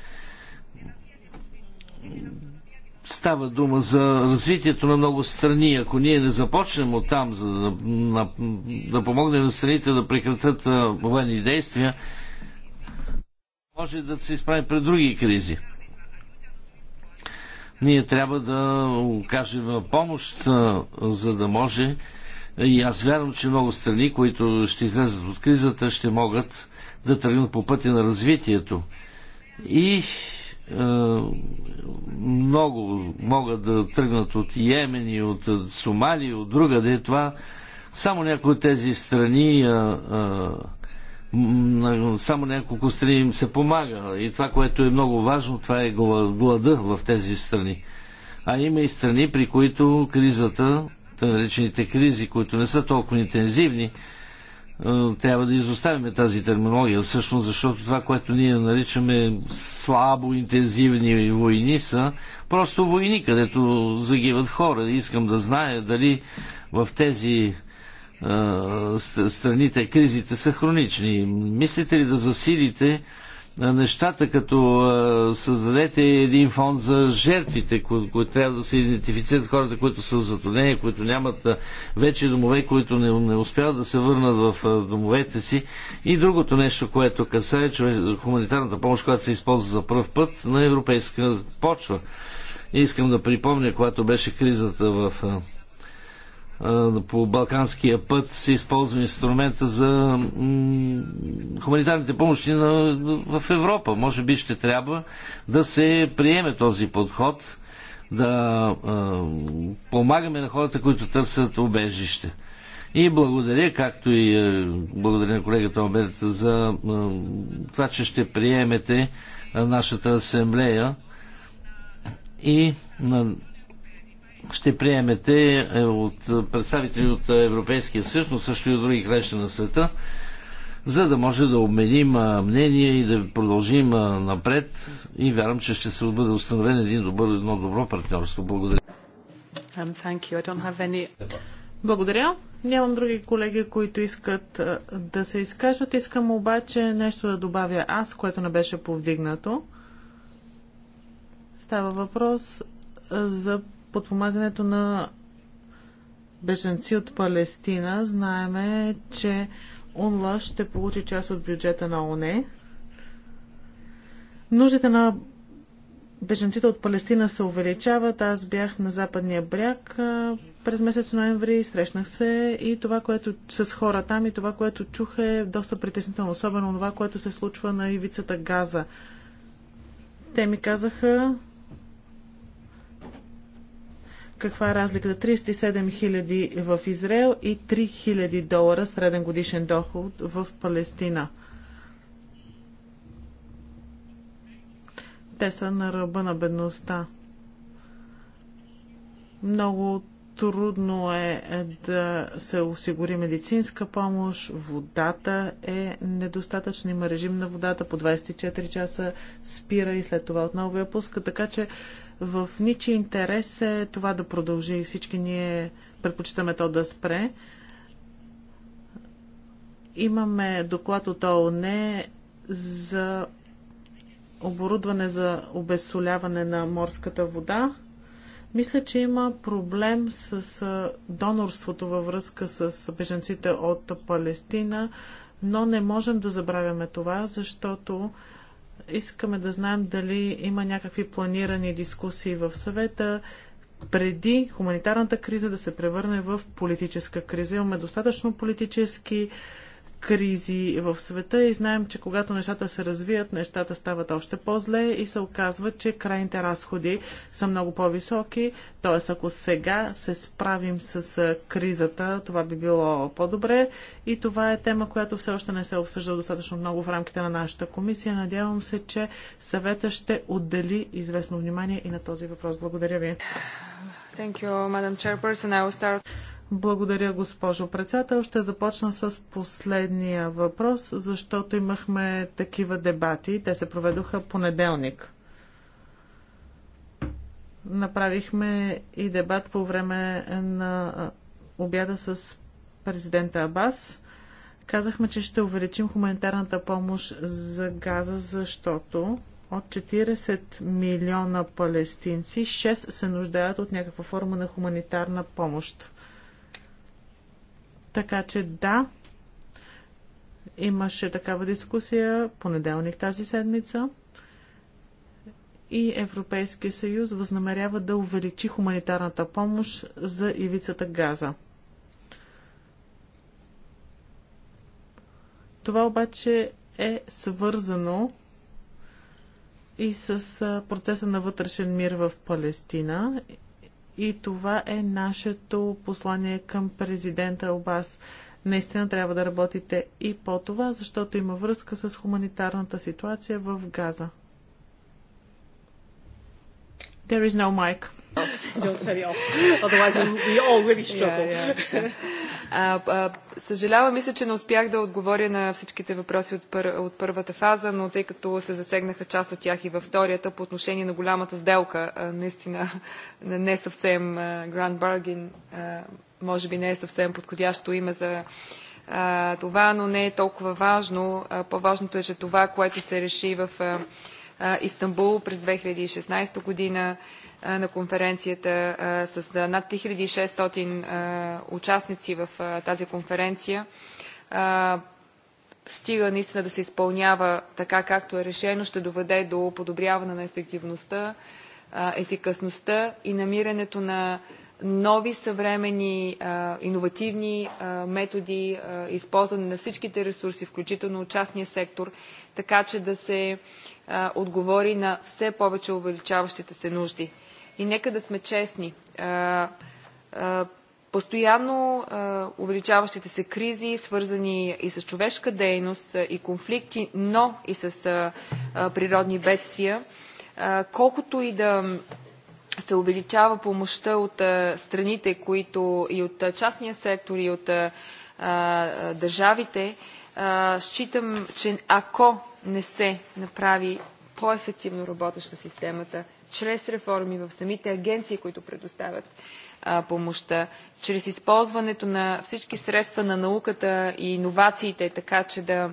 става дума за развитието на много страни. Ако ние не започнем от там, за да, на, да помогнем на страните да прекратят е, военни действия, може да се изправим пред други кризи. Ние трябва да окажем помощ, е, за да може и аз вярвам, че много страни, които ще излезат от кризата, ще могат да тръгнат по пътя на развитието. И е, много могат да тръгнат от Йемен и от е, Сомали, от другаде. Това само някои от тези страни, е, само няколко страни им се помага. И това, което е много важно, това е глада в тези страни. А има и страни, при които кризата така наречените кризи, които не са толкова интензивни, трябва да изоставим тази терминология, всъщност, защото това, което ние наричаме слабо интензивни войни са просто войни, където загиват хора. Искам да зная дали в тези страните кризите са хронични. Мислите ли да засилите нещата, като създадете един фонд за жертвите, които трябва да се идентифицират хората, които са в затруднение, които нямат вече домове, които не, не успяват да се върнат в домовете си. И другото нещо, което касае хуманитарната помощ, която се използва за първ път на европейска почва. И искам да припомня, когато беше кризата в по Балканския път се използва инструмента за хуманитарните помощи на, в Европа. Може би ще трябва да се приеме този подход, да а, помагаме на хората, които търсят убежище. И благодаря, както и е, благодаря на колегата Оберт за това, че ще приемете нашата асамблея и на ще приемете е, от представители от Европейския съюз, но също и от други краища на света, за да може да обменим мнение и да продължим напред и вярвам, че ще се бъде установен един добър, едно добро партньорство. Благодаря. Um, any... Благодаря. Нямам други колеги, които искат да се изкажат. Искам обаче нещо да добавя аз, което не беше повдигнато. Става въпрос за подпомагането на беженци от Палестина. Знаеме, че ОНЛА ще получи част от бюджета на ОНЕ. Нуждите на беженците от Палестина се увеличават. Аз бях на западния бряг през месец ноември, срещнах се и това, което с хора там и това, което чух е доста притеснително, особено това, което се случва на ивицата Газа. Те ми казаха, каква е разликата? 37 000 в Израел и 3 000 долара среден годишен доход в Палестина. Те са на ръба на бедността. Много трудно е, е да се осигури медицинска помощ, водата е недостатъчна, има режим на водата, по 24 часа спира и след това отново я пуска, така че в ничи интерес е това да продължи. Всички ние предпочитаме то да спре. Имаме доклад от ООН за оборудване за обесоляване на морската вода. Мисля, че има проблем с донорството във връзка с беженците от Палестина, но не можем да забравяме това, защото искаме да знаем дали има някакви планирани дискусии в съвета преди хуманитарната криза да се превърне в политическа криза. Имаме достатъчно политически кризи в света и знаем, че когато нещата се развият, нещата стават още по-зле и се оказва, че крайните разходи са много по-високи. Т.е. ако сега се справим с кризата, това би било по-добре. И това е тема, която все още не се е обсъжда достатъчно много в рамките на нашата комисия. Надявам се, че съвета ще отдели известно внимание и на този въпрос. Благодаря ви. Thank you, Madam Chairperson. I will start... Благодаря, госпожо председател. Ще започна с последния въпрос, защото имахме такива дебати. Те се проведоха понеделник. Направихме и дебат по време на обяда с президента Абас. Казахме, че ще увеличим хуманитарната помощ за газа, защото от 40 милиона палестинци 6 се нуждаят от някаква форма на хуманитарна помощ. Така че да, имаше такава дискусия понеделник тази седмица и Европейския съюз възнамерява да увеличи хуманитарната помощ за ивицата Газа. Това обаче е свързано и с процеса на вътрешен мир в Палестина и това е нашето послание към президента Обас. Наистина трябва да работите и по това, защото има връзка с хуманитарната ситуация в Газа. There is no mic. [laughs] Don't turn it off. Otherwise, we all really struggle. Yeah, yeah. А, а, съжалявам, мисля, че не успях да отговоря на всичките въпроси от, пър, от първата фаза, но тъй като се засегнаха част от тях и във вторията по отношение на голямата сделка, а, наистина не съвсем а, Grand Bargain, а, може би не е съвсем подходящо име за а, това, но не е толкова важно. по-важното е, че това, което се реши в а, Истанбул през 2016 година, на конференцията с над 3600 участници в тази конференция стига наистина да се изпълнява така както е решено, ще доведе до подобряване на ефективността, ефикасността и намирането на нови съвремени иновативни методи, използване на всичките ресурси, включително от частния сектор, така че да се отговори на все повече увеличаващите се нужди. И нека да сме честни. Постоянно увеличаващите се кризи, свързани и с човешка дейност, и конфликти, но и с природни бедствия, колкото и да се увеличава помощта от страните, които и от частния сектор, и от държавите, считам, че ако не се направи по-ефективно работеща системата чрез реформи в самите агенции, които предоставят а, помощта, чрез използването на всички средства на науката и иновациите, така че да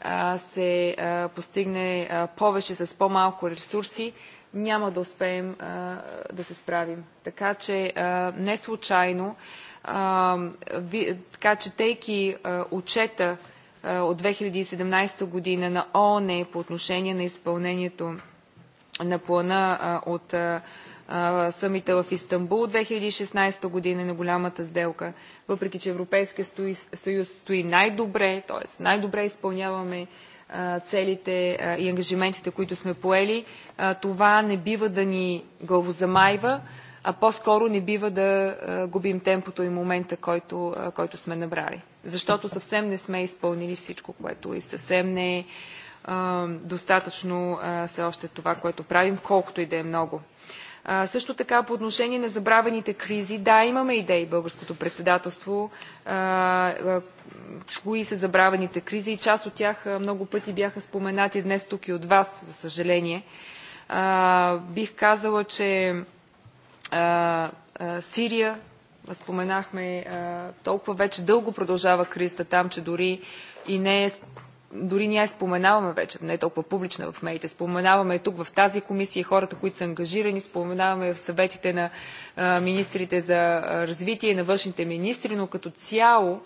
а, се а, постигне повече с по-малко ресурси, няма да успеем да се справим. Така че не случайно, ви, така четейки учета от 2017 година на ООН по отношение на изпълнението на плана от самите в Истанбул 2016 година на голямата сделка, въпреки че Европейския съюз стои най-добре, т.е. най-добре изпълняваме целите и ангажиментите, които сме поели, това не бива да ни главозамайва, а по-скоро не бива да губим темпото и момента, който, който сме набрали. Защото съвсем не сме изпълнили всичко, което и съвсем не е достатъчно все още това, което правим, колкото и да е много. Също така по отношение на забравените кризи, да, имаме идеи българското председателство, кои са забравените кризи и част от тях много пъти бяха споменати днес тук и от вас, за съжаление. Бих казала, че Сирия, споменахме, толкова вече дълго продължава кризата там, че дори и не е дори ние споменаваме вече, не е толкова публична в медиите, споменаваме тук в тази комисия хората, които са ангажирани, споменаваме в съветите на министрите за развитие и на външните министри, но като цяло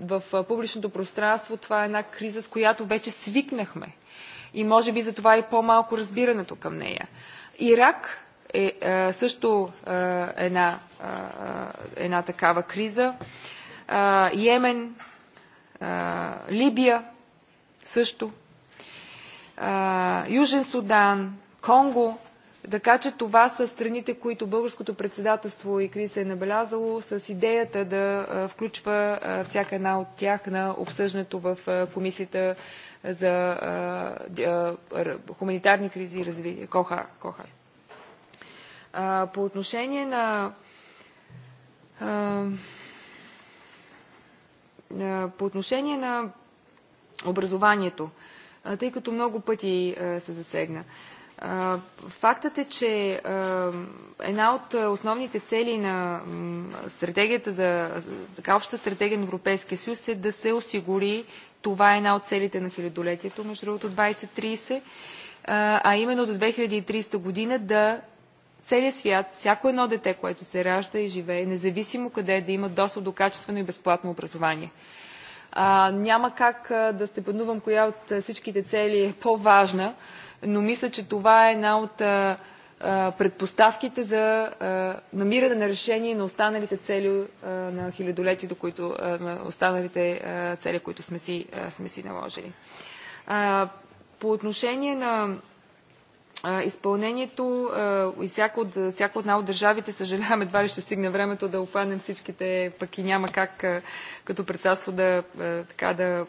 в публичното пространство това е една криза, с която вече свикнахме. И може би за това е по-малко разбирането към нея. Ирак е, също е, една, е, една такава криза. Йемен Либия също, Южен Судан, Конго. Така че това са страните, които българското председателство и Крис е набелязало с идеята да включва всяка една от тях на обсъждането в комисията за хуманитарни кризи и развитие. Кохар. Кохар. По отношение на по отношение на образованието, тъй като много пъти се засегна. Фактът е, че една от основните цели на стратегията за така обща стратегия на Европейския съюз е да се осигури, това е една от целите на хилядолетието, между другото 2030, а именно до 2030 година да целия свят всяко едно дете, което се ражда и живее, независимо къде, е, да има достъп до качествено и безплатно образование. А, няма как да да степенувам коя от всичките цели е по-важна, но мисля, че това е една от а, предпоставките за а, намиране на решение на останалите цели а, на хилядолетието, които, а, на останалите цели, които сме си, сме си наложили. По отношение на изпълнението и всяко всяко една от държавите, съжаляваме, едва ли ще стигне времето да обхванем всичките, пък и няма как като председателство да, така, да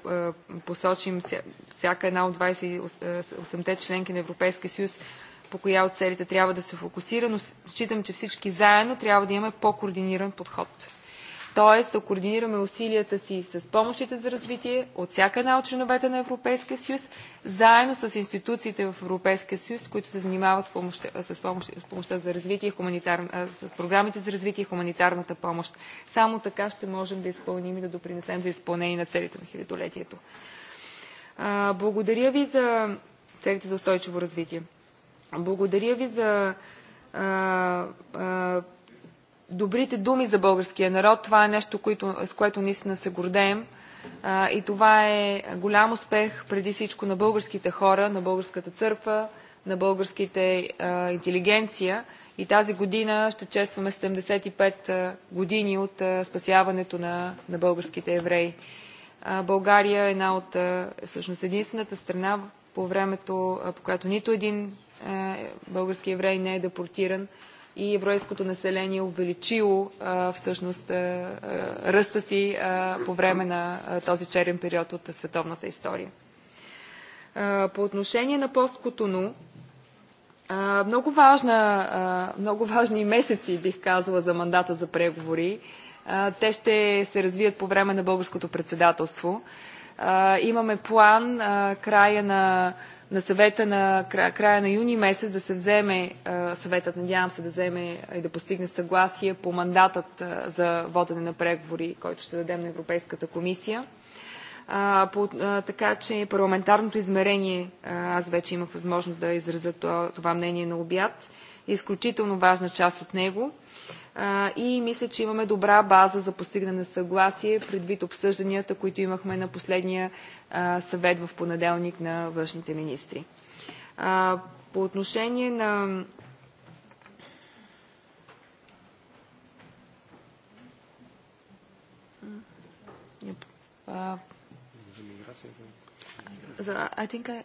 посочим всяка една от 28-те членки на Европейския съюз по коя от целите трябва да се фокусира, но считам, че всички заедно трябва да имаме по-координиран подход т.е. да координираме усилията си с помощите за развитие от всяка една от членовете на Европейския съюз, заедно с институциите в Европейския съюз, които се занимават с помощта, с помощ, с помощта за развитие, с програмите за развитие и хуманитарната помощ. Само така ще можем да изпълним и да допринесем за изпълнение на целите на хилядолетието. Благодаря ви за целите за устойчиво развитие. Благодаря ви за а, а, добрите думи за българския народ. Това е нещо, което, с което наистина се гордеем. А, и това е голям успех преди всичко на българските хора, на българската църква, на българските а, интелигенция. И тази година ще честваме 75 години от а, спасяването на, на българските евреи. А, България е една от, а, всъщност, единствената страна по времето, а, по която нито един а, български еврей не е депортиран и еврейското население увеличило всъщност ръста си по време на този черен период от световната история. По отношение на посткотону, много, важна, много важни месеци, бих казала, за мандата за преговори. Те ще се развият по време на българското председателство. Имаме план края на на съвета на края, края на юни месец да се вземе, съветът надявам се да вземе и да постигне съгласие по мандатът за водене на преговори, който ще дадем на Европейската комисия. А, по, а, така че парламентарното измерение, аз вече имах възможност да изразя това, това мнение на обяд, е изключително важна част от него и мисля, че имаме добра база за постигане на съгласие предвид обсъжданията, които имахме на последния съвет в понеделник на външните министри. По отношение на за, I think I,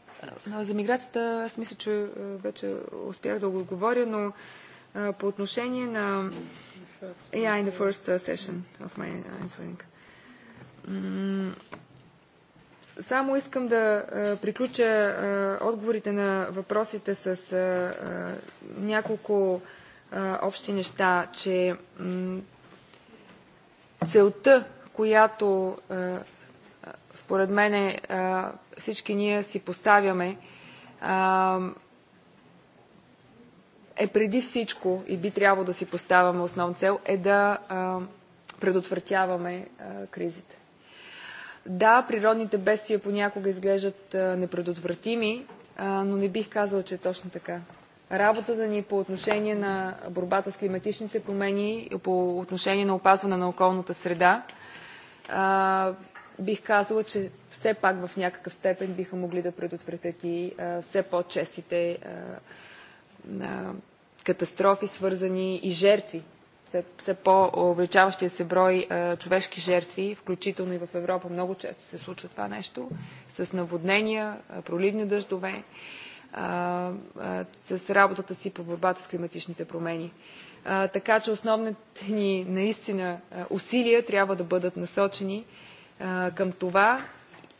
no, за миграцията аз мисля, че вече успях да го отговоря, но по отношение на... Yeah, in the first uh, session of my uh, answering. Само искам да приключа отговорите на въпросите с няколко общи неща, че целта, която според мен всички ние си поставяме, е преди всичко и би трябвало да си поставяме основна цел е да а, предотвратяваме а, кризите. Да, природните бедствия понякога изглеждат а, непредотвратими, а, но не бих казал, че е точно така. Работата ни по отношение на борбата с климатичните промени, по отношение на опазване на околната среда, а, бих казала, че все пак в някакъв степен биха могли да предотвратят и а, все по-честите а, катастрофи, свързани и жертви все по-увеличаващия се брой а, човешки жертви, включително и в Европа много често се случва това нещо, с наводнения, проливни дъждове, а, а, с работата си по борбата с климатичните промени. Така че основните ни наистина усилия трябва да бъдат насочени към това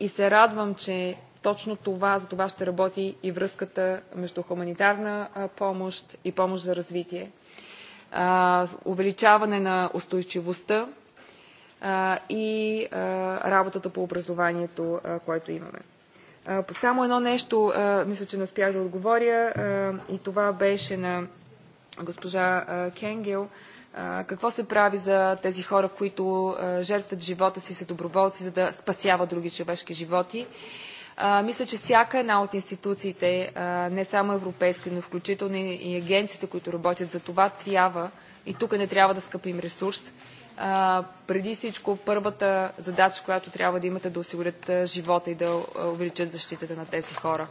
и се радвам, че точно това, за това ще работи и връзката между хуманитарна помощ и помощ за развитие. Увеличаване на устойчивостта и работата по образованието, което имаме. Само едно нещо, мисля, че не успях да отговоря, и това беше на госпожа Кенгел. Какво се прави за тези хора, които жертват живота си, са доброволци, за да спасяват други човешки животи? мисля, че всяка една от институциите, не само европейски, но включително и агенциите, които работят за това, трябва и тук не трябва да скъпим ресурс. преди всичко, първата задача, която трябва да имате, е да осигурят живота и да увеличат защитата на тези хора.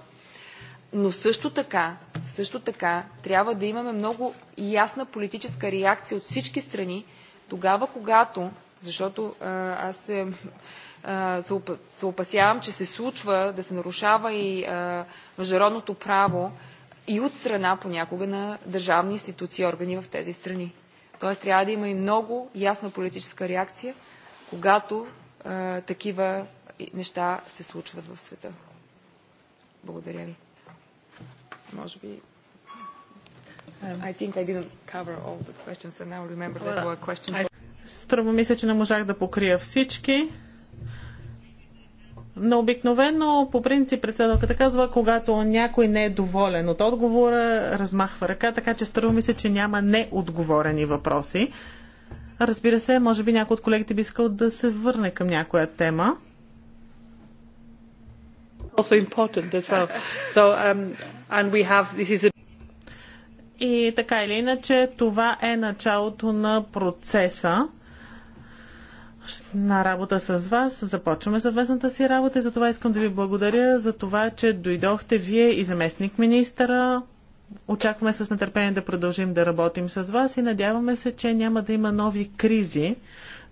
Но също така, също така трябва да имаме много ясна политическа реакция от всички страни, тогава когато, защото аз се опасявам, че се случва да се нарушава и международното право и от страна понякога на държавни институции и органи в тези страни. Тоест трябва да има и много ясна политическа реакция, когато а, такива неща се случват в света. Благодаря ви. Може би um, I think I didn't cover all the questions and now remember that were questions. Струва мисля, че не можах да покрия всички. Но обикновено, по принцип, председателката казва, когато някой не е доволен от отговора, размахва ръка, така че струва ми се, че няма неотговорени въпроси. Разбира се, може би някой от колегите би искал да се върне към някоя тема. Um, И така или иначе, това е началото на процеса на работа с вас. Започваме съвместната си работа и за това искам да ви благодаря за това, че дойдохте вие и заместник министъра. Очакваме с нетърпение да продължим да работим с вас и надяваме се, че няма да има нови кризи,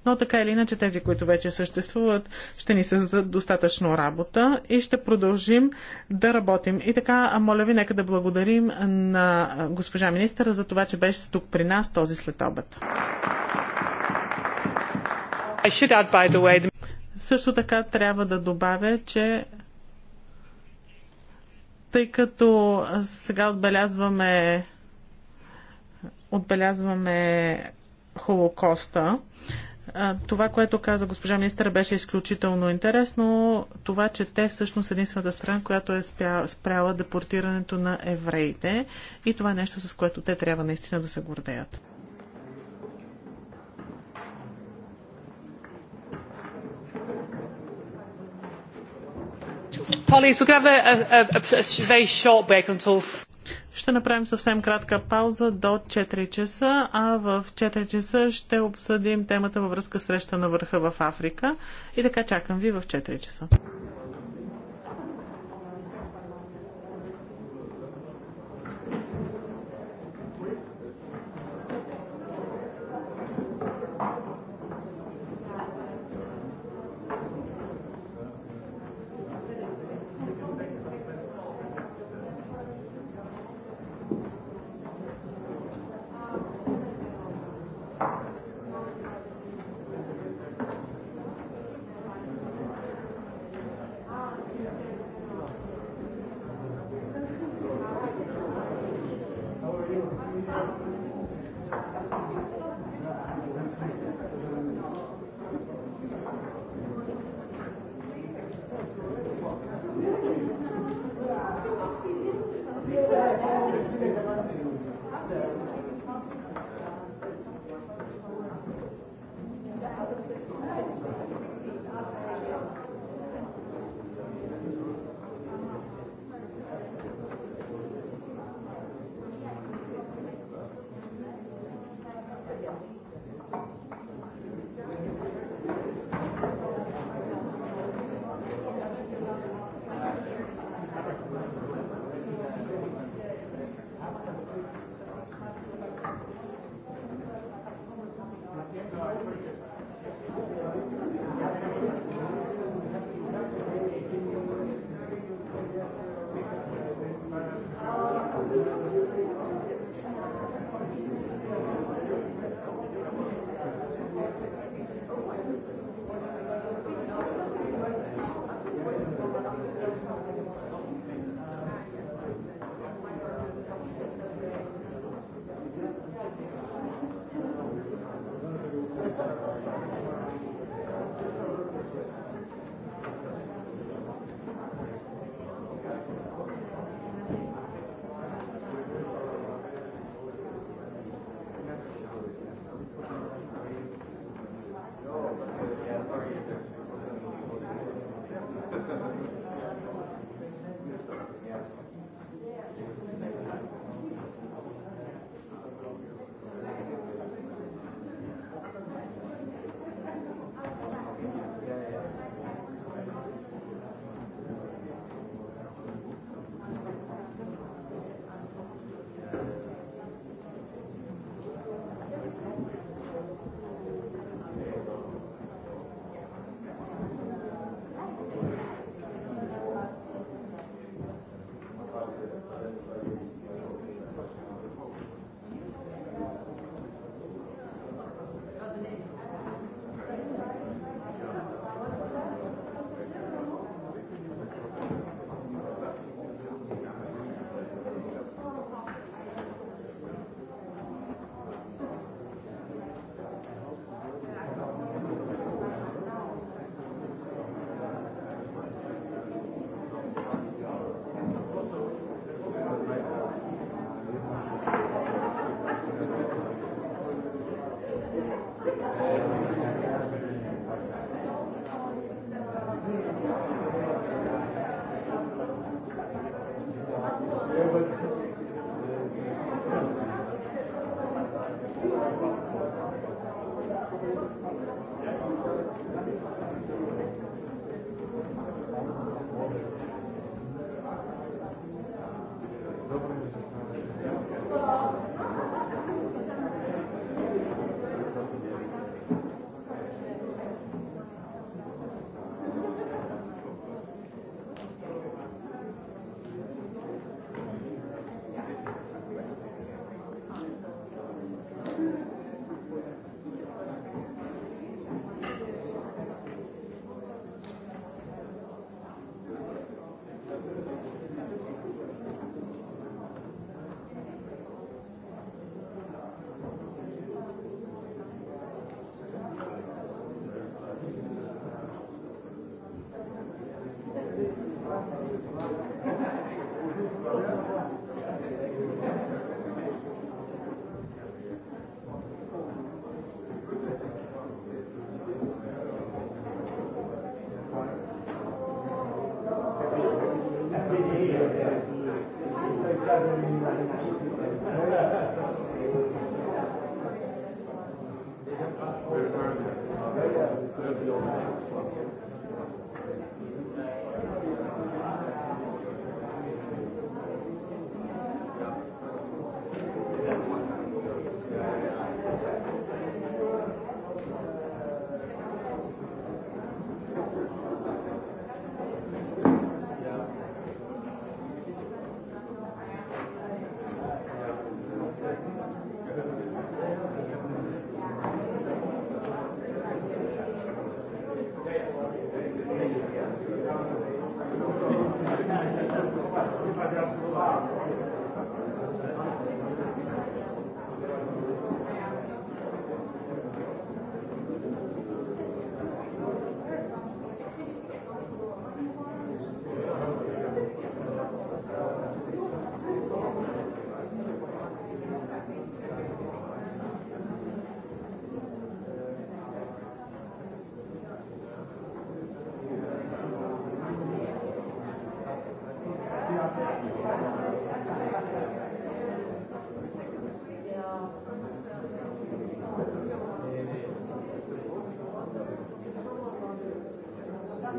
но така или иначе тези, които вече съществуват, ще ни създадат достатъчно работа и ще продължим да работим. И така, моля ви, нека да благодарим на госпожа министъра за това, че беше тук при нас този след обед add, way, the... Също така трябва да добавя, че тъй като сега отбелязваме отбелязваме Холокоста, това, което каза госпожа министър, беше изключително интересно. Това, че те всъщност единствената страна, която е спряла депортирането на евреите и това е нещо, с което те трябва наистина да се гордеят. Ще направим съвсем кратка пауза до 4 часа, а в 4 часа ще обсъдим темата във връзка с среща на върха в Африка. И така чакам ви в 4 часа.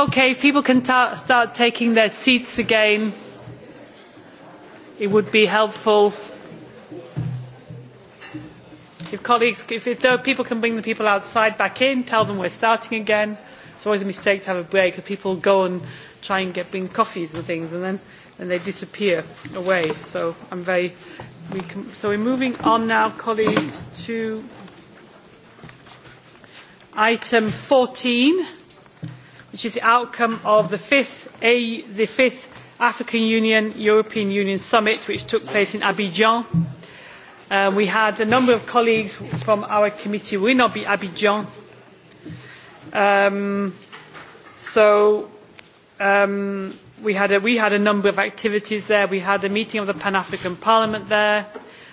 Okay, if people can ta- start taking their seats again, it would be helpful. If colleagues, if, if there are people can bring the people outside back in, tell them we're starting again. It's always a mistake to have a break if people go and try and get bring coffees and things, and then and they disappear away. So I'm very. We can, so we're moving on now, colleagues, to item 14 which is the outcome of the fifth, African Union European Union Summit, which took place in Abidjan. we had a number of colleagues from our committee were in Abidjan. so we, had a, we had a number of activities there. We had a meeting of the Pan African Parliament there.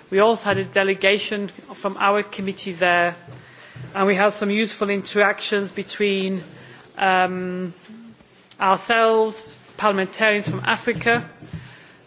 We also had a delegation from our committee there. And we had some useful interactions between ourselves, parliamentarians from Africa,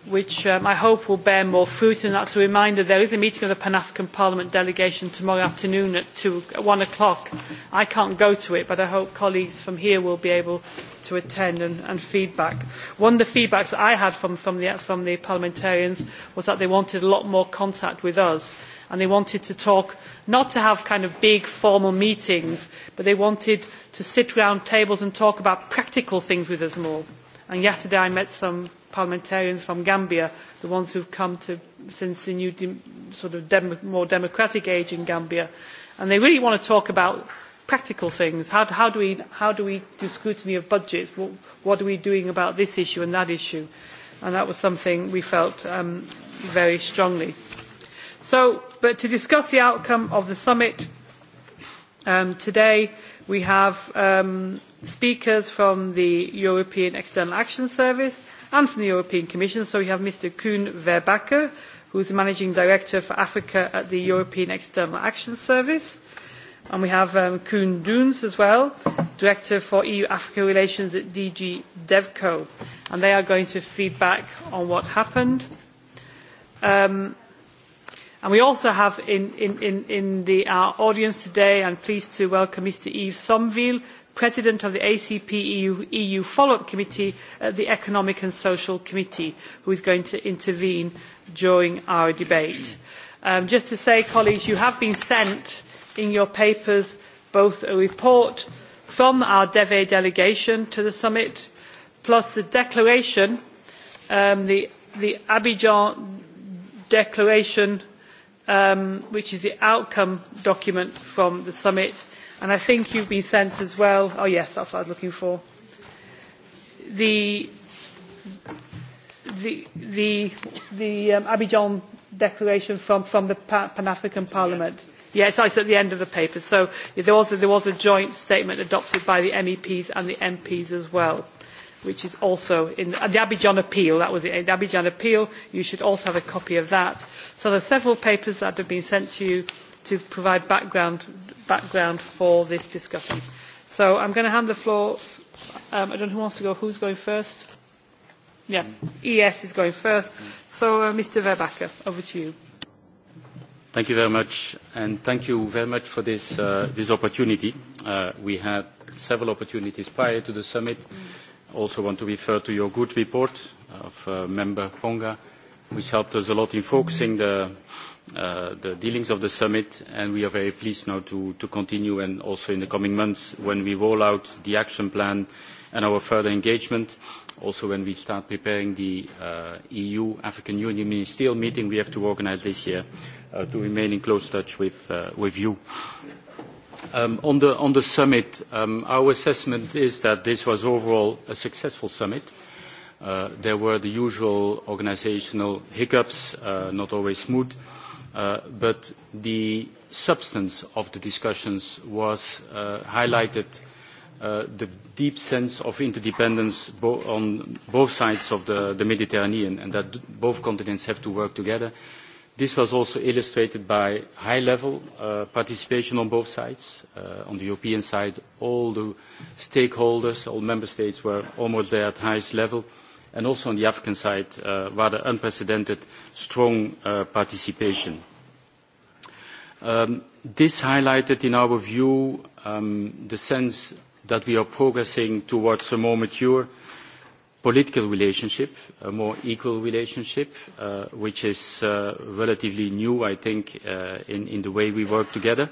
which I hope will bear more fruit. And that's a reminder there is a meeting of the Pan African Parliament delegation tomorrow afternoon at, two, at 1 o'clock. I can't go to it, but I hope colleagues from here will be able to attend and, and feedback. One of the feedbacks that I had from, from, the, from the parliamentarians was that they wanted a lot more contact with us and they wanted to talk not to have kind of big formal meetings, but they wanted to sit round tables and talk about practical things with us more. And yesterday I met some parliamentarians from Gambia, the ones who've come to since the new de, sort of dem, more democratic age in Gambia, and they really want to talk about practical things. How, how, do, we, how do we do scrutiny of budgets? What, what are we doing about this issue and that issue? And that was something we felt um, very strongly. So, but to discuss the outcome of the summit today, we have speakers from the European External Action Service and from the European Commission. So we have Mr. Kuhn Verbacker, who is the Managing Director for Africa at the European External Action Service. And we have koen Kuhn Doons as well, Director for EU-Africa Relations at DG DevCo. And they are going to feedback on what happened we also have in, in, in, the, our audience today, I'm pleased to welcome Mr. Yves Somville, President of the ACP EU, EU Follow-up Committee at the Economic and Social Committee, who is going to intervene during our debate. just to say, colleagues, you have been sent in your papers both a report from our DEVE delegation to the summit, plus the declaration, the, Abidjan Declaration which is the outcome document from the summit. And I think you've been sent as well. Oh, yes, that's what I was looking for. The, the, the, the um, Abidjan declaration from, from the Pan African Parliament. Yeah, it's at the end of the paper. So there was, a, there was a joint statement adopted by the MEPs and the MPs as well which is also in the Abidjan Appeal, that was it, the Abidjan Appeal, you should also have a copy of that. So there are several papers that have been sent to you to provide background, background for this discussion. So I'm going to hand the floor, um, I don't know who wants to go, who's going first? Yeah, ES is going first. So uh, Mr. Verbacher, over to you. Thank you very much, and thank you very much for this, uh, this opportunity. Uh, we had several opportunities prior to the summit. Mm also want to refer to your good report of Member Ponga, which helped us a lot in focusing the, dealings of the summit, and we are very pleased now to, continue and also in the coming months when we roll out the action plan and our further engagement, also when we start preparing the EU-African Union ministerial meeting we have to organise this year, to remain in close touch with you On the summit, our assessment is that this was overall a successful summit. There were the usual organizational hiccups, not always smooth, but the substance of the discussions was highlighted, the deep sense of interdependence on both sides of the Mediterranean, and that both continents have to work together This was also illustrated by high-level participation on both sides. On the European side, all the stakeholders, all member states were almost there at highest level, and also on the African side, rather unprecedented strong participation. This highlighted, in our view, the sense that we are progressing towards a more mature political relationship, a more equal relationship, which is relatively new, I think, in the way we work together,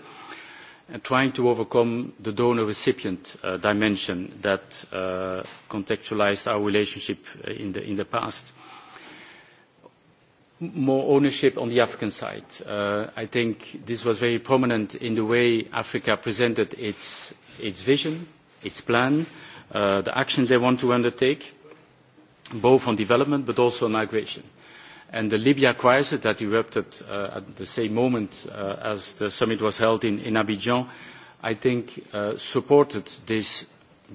and trying to overcome the donor-recipient dimension that contextualised our relationship in the past. More ownership on the African side. I think this was very prominent in the way Africa presented its vision, its plan, the actions they want to undertake both on development but also on migration. And the Libya crisis that erupted at the same moment as the summit was held in, Abidjan, I think supported this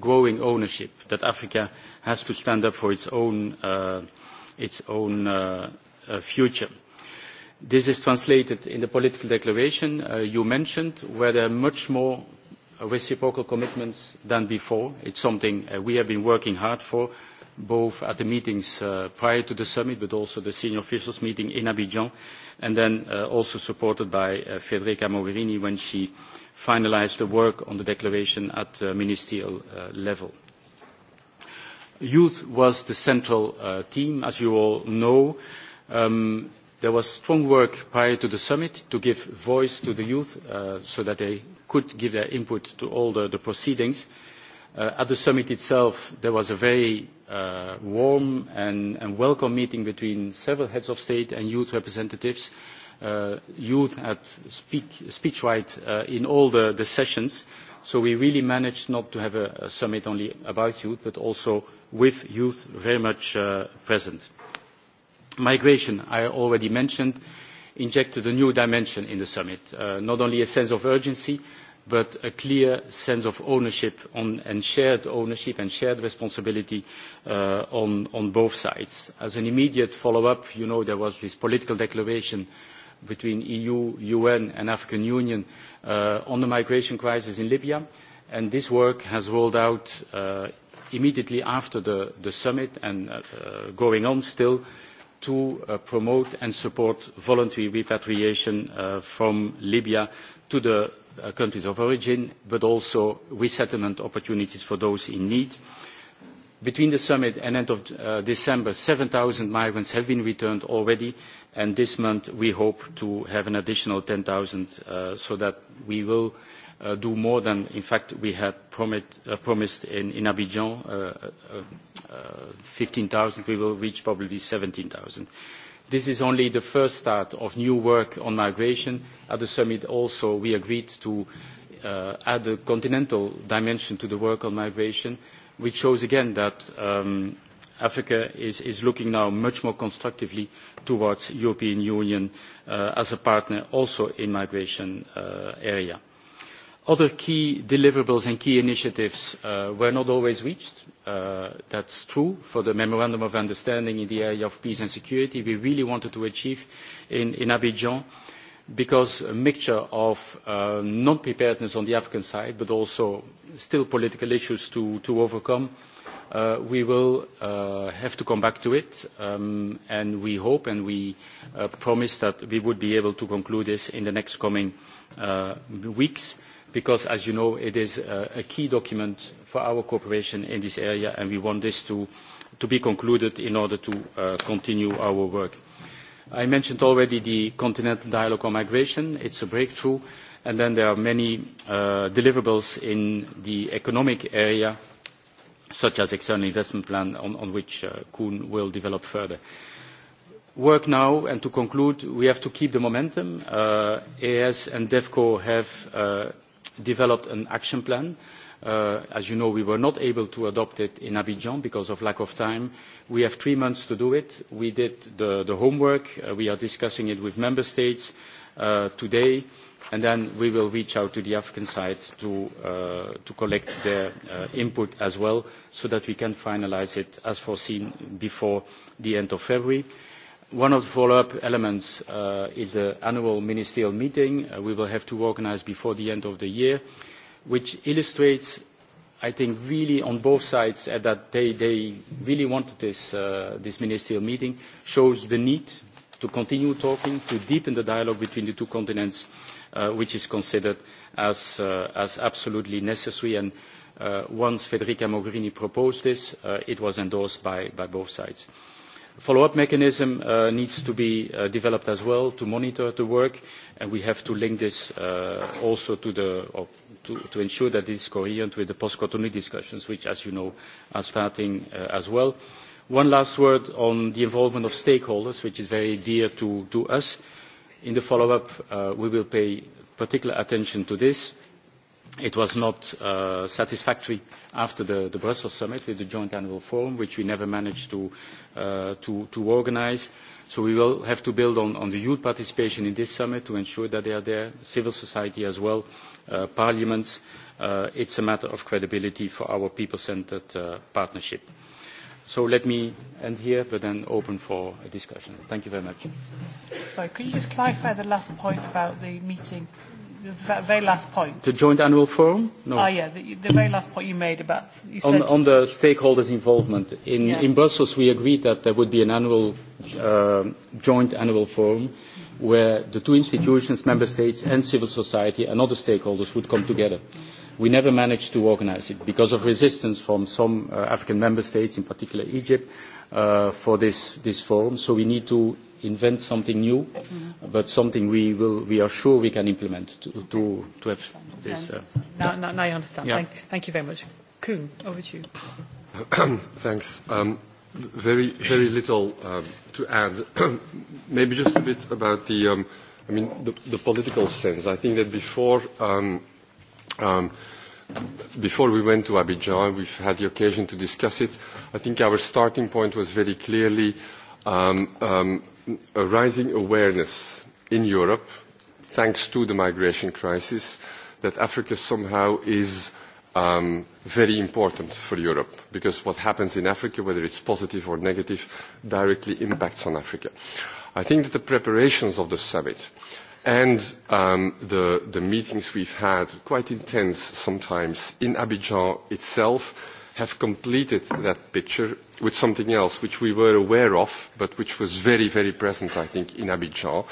growing ownership that Africa has to stand up for its own, future. This is translated in the political declaration you mentioned, where there are much more reciprocal commitments than before. It is something we have been working hard for, both at the meetings prior to the summit, but also the senior officials meeting in Abidjan, and then also supported by Federica Mogherini when she finalised the work on the declaration at ministerial level. Youth was the central theme, as you all know. There was strong work prior to the summit to give voice to the youth so that they could give their input to all the proceedings. At the summit itself, there was a very warm and welcome meeting between several heads of state and youth representatives. Youth had speech right in all the sessions, so we really managed not to have a summit only about youth, but also with youth very much present. Migration, I already mentioned, injected a new dimension in the summit, not only a sense of urgency, but a clear sense of ownership and shared ownership and shared responsibility on both sides. As an immediate follow-up, you know, there was this political declaration between EU, UN and African Union on the migration crisis in Libya, and this work has rolled out immediately after the summit and going on still to promote and support voluntary repatriation from Libya to the countries of origin, but also resettlement opportunities for those in need. Between the summit and end of December, seven 7,000 migrants have been returned already, and this month we hope to have an additional ten 10,000, so that we will do more than, in fact, we had promised in Abidjan, fifteen 15,000. We will reach probably seventeen 17,000 This is only the first start of new work on migration. At the summit also, we agreed to add a continental dimension to the work on migration, which shows again that Africa is looking now much more constructively towards European Union as a partner also in migration area. Other key deliverables and key initiatives were not always reached. That's true for the memorandum of understanding in the area of peace and security we really wanted to achieve in Abidjan because a mixture of non-preparedness on the African side, but also still political issues to overcome. We will have to come back to it, and we hope and we promise that we would be able to conclude this in the next coming weeks because, as you know, it is a key document for our cooperation in this area, and we want this to be concluded in order to continue our work. I mentioned already the Continental Dialogue on Migration. It's a breakthrough. And then there are many deliverables in the economic area, such as external investment plan, on which Koen will develop further. Work now, and to conclude, we have to keep the momentum. EAS and DEFCO have developed an action plan. As you know, we were not able to adopt it in Abidjan because of lack of time. We have three months to do it. We did the homework. We are discussing it with member states today, and then we will reach out to the African side to collect their input as well, so that we can finalize it as foreseen before the end of February. One of the follow-up elements is the annual ministerial meeting we will have to organise before the end of the year, which illustrates, I think, really on both sides that they really wanted this ministerial meeting, shows the need to continue talking, to deepen the dialogue between the two continents, which is considered as absolutely necessary. Once Federica Mogherini proposed this, it was endorsed by both sides follow-up mechanism needs to be developed as well to monitor the work, and we have to link this also to the or to ensure that it's is coherent with the post-Cotonou discussions, which, as you know, are starting as well. One last word on the involvement of stakeholders, which is very dear to us. In the follow-up, we will pay particular attention to this. It was not satisfactory after the Brussels summit with the joint annual forum, which we never managed to to, to organize. So we will have to build on, the youth participation in this summit to ensure that they are there, civil society as well, parliaments. It is it's a matter of credibility for our people-centered partnership. So let me end here, but then open for a discussion. Thank you very much. Sorry, could you just clarify the last point about the meeting the very last point. The joint annual forum? No. Oh, yeah, the, the very last point you made about. You on, said on the stakeholders' involvement. In, yeah. in Brussels, we agreed that there would be an annual uh, joint annual forum where the two institutions, member states, and civil society and other stakeholders would come together. We never managed to organize it because of resistance from some uh, African member states, in particular Egypt, uh, for this, this forum. So we need to invent something new, but something we will we are sure we can implement to to, to have this. Uh, now, now, now you understand. Yeah. Thank, thank you very much. Kuhn, over to you. Thanks. Um, very very little um, to add. Maybe just a bit about the. Um, I mean, the, the political sense. I think that before. Um, um, before we went to Abidjan, we've had the occasion to discuss it. I think our starting point was very clearly um, um, a rising awareness in Europe, thanks to the migration crisis, that Africa somehow is um, very important for Europe because what happens in Africa, whether it's positive or negative, directly impacts on Africa. I think that the preparations of the summit and um, the, the meetings we've had, quite intense sometimes, in Abidjan itself, have completed that picture with something else which we were aware of, but which was very, very present, I think, in Abidjan,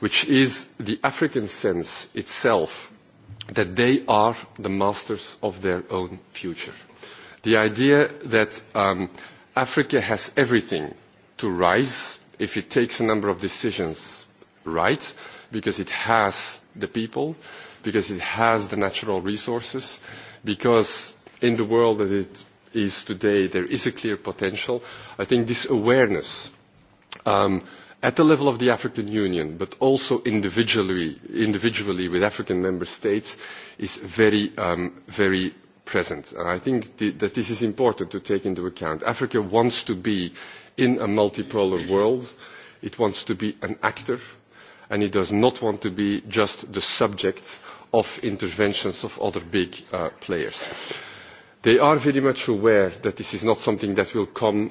which is the African sense itself that they are the masters of their own future. The idea that Africa has everything to rise if it takes a number of decisions right, because it has the people, because it has the natural resources, because in the world that it is today, there is a clear potential. I think this awareness um, at the level of the African Union, but also individually, individually with African member states, is very, um, very present. And I think th- that this is important to take into account. Africa wants to be in a multipolar world. It wants to be an actor, and it does not want to be just the subject of interventions of other big uh, players. They are very much aware that this is not something that will come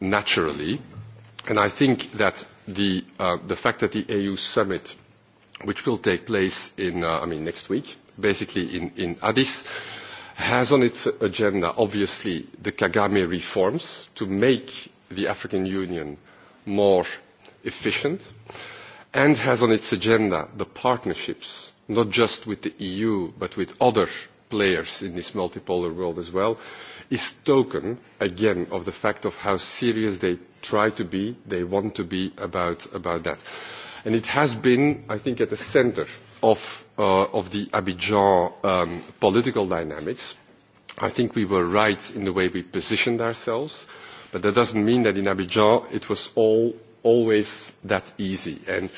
naturally. And I think that the, fact that the AU summit, which will take place in, I mean, next week, basically in, in Addis, has on its agenda, obviously, the Kagame reforms to make the African Union more efficient and has on its agenda the partnerships, not just with the EU, but with other players in this multipolar world as well, is token, again, of the fact of how serious they try to be, they want to be about, about that. And it has been, I think, at the center of, uh, of the Abidjan um, political dynamics. I think we were right in the way we positioned ourselves, but that doesn't mean that in Abidjan it was all always that easy. And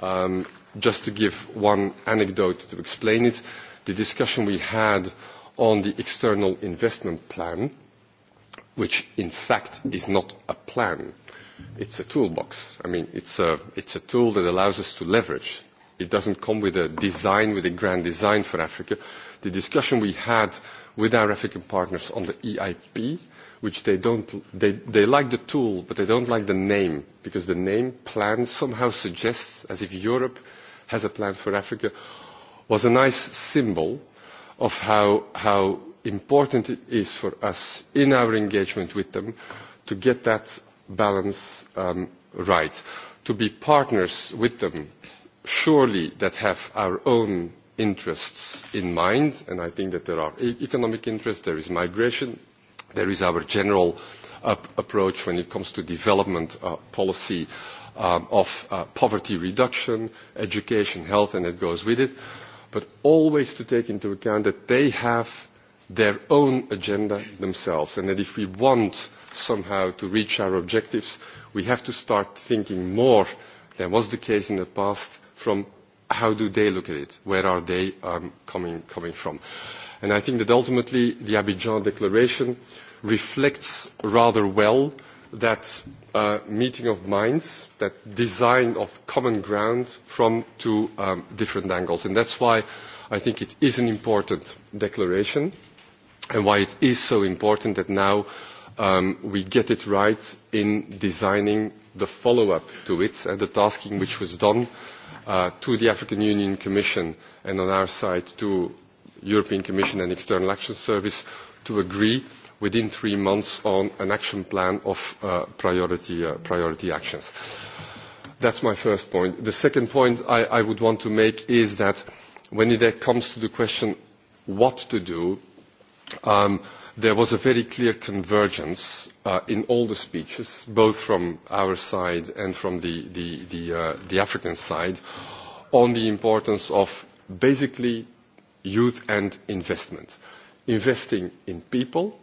um, just to give one anecdote to explain it, the discussion we had on the external investment plan, which in fact is not a plan. It's a toolbox. I mean, it's a, it's a tool that allows us to leverage. It doesn't come with a design, with a grand design for Africa. The discussion we had with our African partners on the EIP, which they don't, they, they like the tool, but they don't like the name, because the name plan somehow suggests as if Europe has a plan for Africa was a nice symbol of how, how important it is for us in our engagement with them to get that balance um, right, to be partners with them, surely that have our own interests in mind, and I think that there are economic interests, there is migration, there is our general approach when it comes to development policy of poverty reduction, education, health, and it goes with it but always to take into account that they have their own agenda themselves, and that if we want somehow to reach our objectives, we have to start thinking more than was the case in the past from how do they look at it? Where are they um, coming, coming from? And I think that ultimately the Abidjan Declaration reflects rather well that uh, meeting of minds, that design of common ground from two um, different angles. And that's why I think it is an important declaration and why it is so important that now um, we get it right in designing the follow-up to it and the tasking which was done uh, to the African Union Commission and on our side to European Commission and External Action Service to agree within three months on an action plan of priority actions. That's my first point. The second point I would want to make is that when it comes to the question what to do, there was a very clear convergence in all the speeches, both from our side and from the African side, on the importance of basically youth and investment. Investing in people,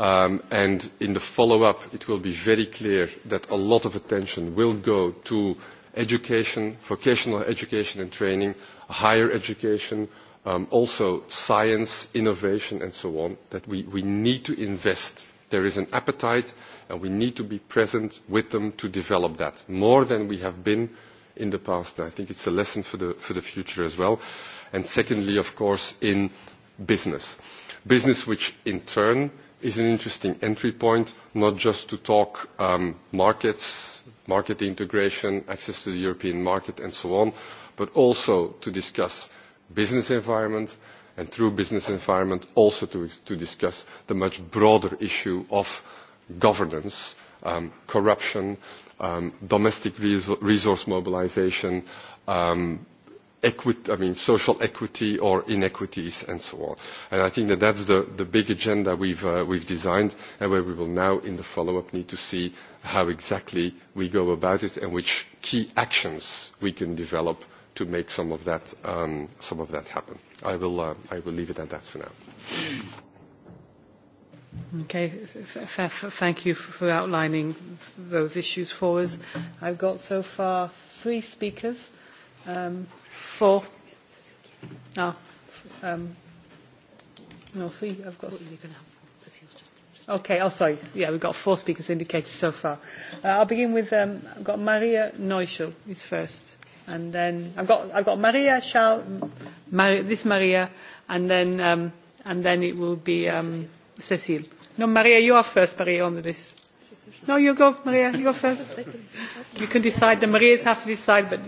and in the follow-up, it will be very clear that a lot of attention will go to education, vocational education and training, higher education, also science, innovation, and so on, that we, need to invest. There is an appetite, and we need to be present with them to develop that more than we have been in the past. And I think it's a lesson for the, for the future as well. And secondly, of course, in business. Business which in turn is an interesting entry point, not just to talk markets, market integration, access to the European market, and so on, but also to discuss business environment, and through business environment also to, discuss the much broader issue of governance, corruption, domestic resource mobilization, equity, I mean, social equity or inequities and so on. And I think that that's the, the big agenda we've, uh, we've designed and where we will now in the follow-up need to see how exactly we go about it and which key actions we can develop to make some of that, um, some of that happen. I will, uh, I will leave it at that for now. Okay. Thank you for outlining those issues for us. I've got so far three speakers. Um, four. Oh, um, no, see I've got. Okay. Oh, sorry. Yeah, we've got four speakers indicated so far. Uh, I'll begin with. Um, I've got Maria Neuschel is first, and then I've got I've got Maria Charles Mar- this Maria, and then um, and then it will be um, Cecile. No, Maria, you are first. Maria on the list. No, you go, Maria. You go first. You can decide. The Marias have to decide, but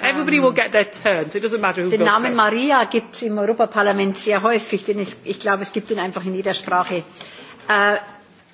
everybody will get their turn. So it doesn't matter who Den goes Namen first. Maria gibt es im Europaparlament sehr häufig, denn es, ich glaube, es gibt ihn einfach in jeder Sprache. Äh,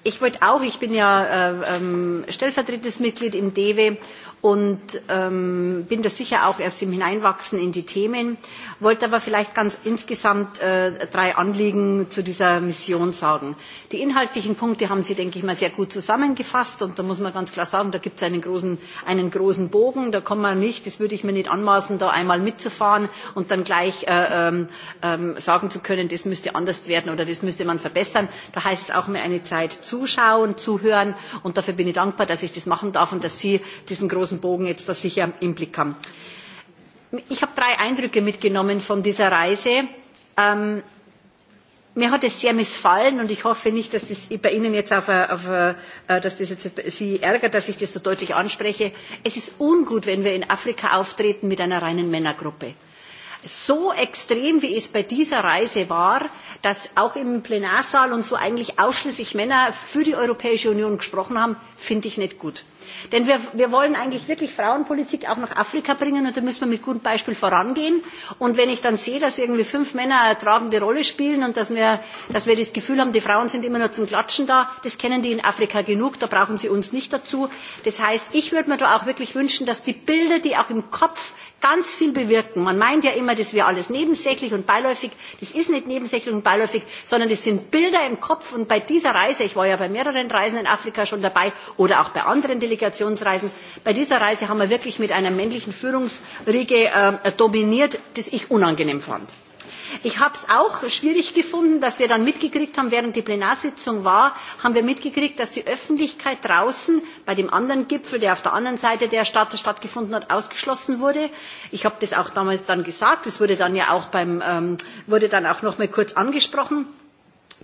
ich wollte auch, ich bin ja äh, ähm, stellvertretendes Mitglied im DEWE und ähm, bin da sicher auch erst im Hineinwachsen in die Themen wollte aber vielleicht ganz insgesamt drei Anliegen zu dieser Mission sagen. Die inhaltlichen Punkte haben Sie, denke ich mal, sehr gut zusammengefasst und da muss man ganz klar sagen, da gibt es einen großen, einen großen Bogen, da kann man nicht, das würde ich mir nicht anmaßen, da einmal mitzufahren und dann gleich sagen zu können, das müsste anders werden oder das müsste man verbessern. Da heißt es auch mehr eine Zeit zuschauen, zuhören und dafür bin ich dankbar, dass ich das machen darf und dass Sie diesen großen Bogen jetzt da sicher im Blick haben. Ich habe drei Eindrücke mitgenommen von dieser Reise. Ähm, mir hat es sehr missfallen und ich hoffe nicht, dass das bei Ihnen jetzt auf, auf dass das jetzt Sie ärgert, dass ich das so deutlich anspreche. Es ist ungut, wenn wir in Afrika auftreten mit einer reinen Männergruppe so extrem, wie es bei dieser Reise war, dass auch im Plenarsaal und so eigentlich ausschließlich Männer für die Europäische Union gesprochen haben, finde ich nicht gut. Denn wir, wir wollen eigentlich wirklich Frauenpolitik auch nach Afrika bringen und da müssen wir mit gutem Beispiel vorangehen. Und wenn ich dann sehe, dass irgendwie fünf Männer eine tragende Rolle spielen und dass wir, dass wir das Gefühl haben, die Frauen sind immer nur zum Klatschen da, das kennen die in Afrika genug, da brauchen sie uns nicht dazu. Das heißt, ich würde mir da auch wirklich wünschen, dass die Bilder, die auch im Kopf ganz viel bewirken. Man meint ja immer, das wäre alles nebensächlich und beiläufig. Das ist nicht nebensächlich und beiläufig, sondern das sind Bilder im Kopf. Und bei dieser Reise, ich war ja bei mehreren Reisen in Afrika schon dabei oder auch bei anderen Delegationsreisen, bei dieser Reise haben wir wirklich mit einer männlichen Führungsriege dominiert, das ich unangenehm fand. Ich habe es auch schwierig gefunden, dass wir dann mitgekriegt haben, während die Plenarsitzung war, haben wir mitgekriegt, dass die Öffentlichkeit draußen bei dem anderen Gipfel, der auf der anderen Seite der Stadt stattgefunden hat, ausgeschlossen wurde. Ich habe das auch damals dann gesagt. Das wurde dann ja auch beim, ähm, wurde dann auch noch mal kurz angesprochen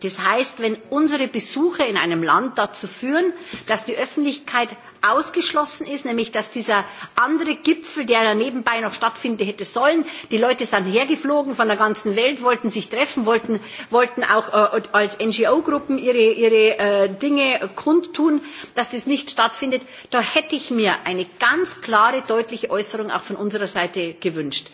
Das heißt, wenn unsere Besuche in einem Land dazu führen, dass die Öffentlichkeit ausgeschlossen ist, nämlich dass dieser andere Gipfel, der da nebenbei noch stattfinden hätte sollen, die Leute sind hergeflogen von der ganzen Welt, wollten sich treffen, wollten, wollten auch äh, als NGO-Gruppen ihre, ihre äh, Dinge kundtun, dass das nicht stattfindet. Da hätte ich mir eine ganz klare, deutliche Äußerung auch von unserer Seite gewünscht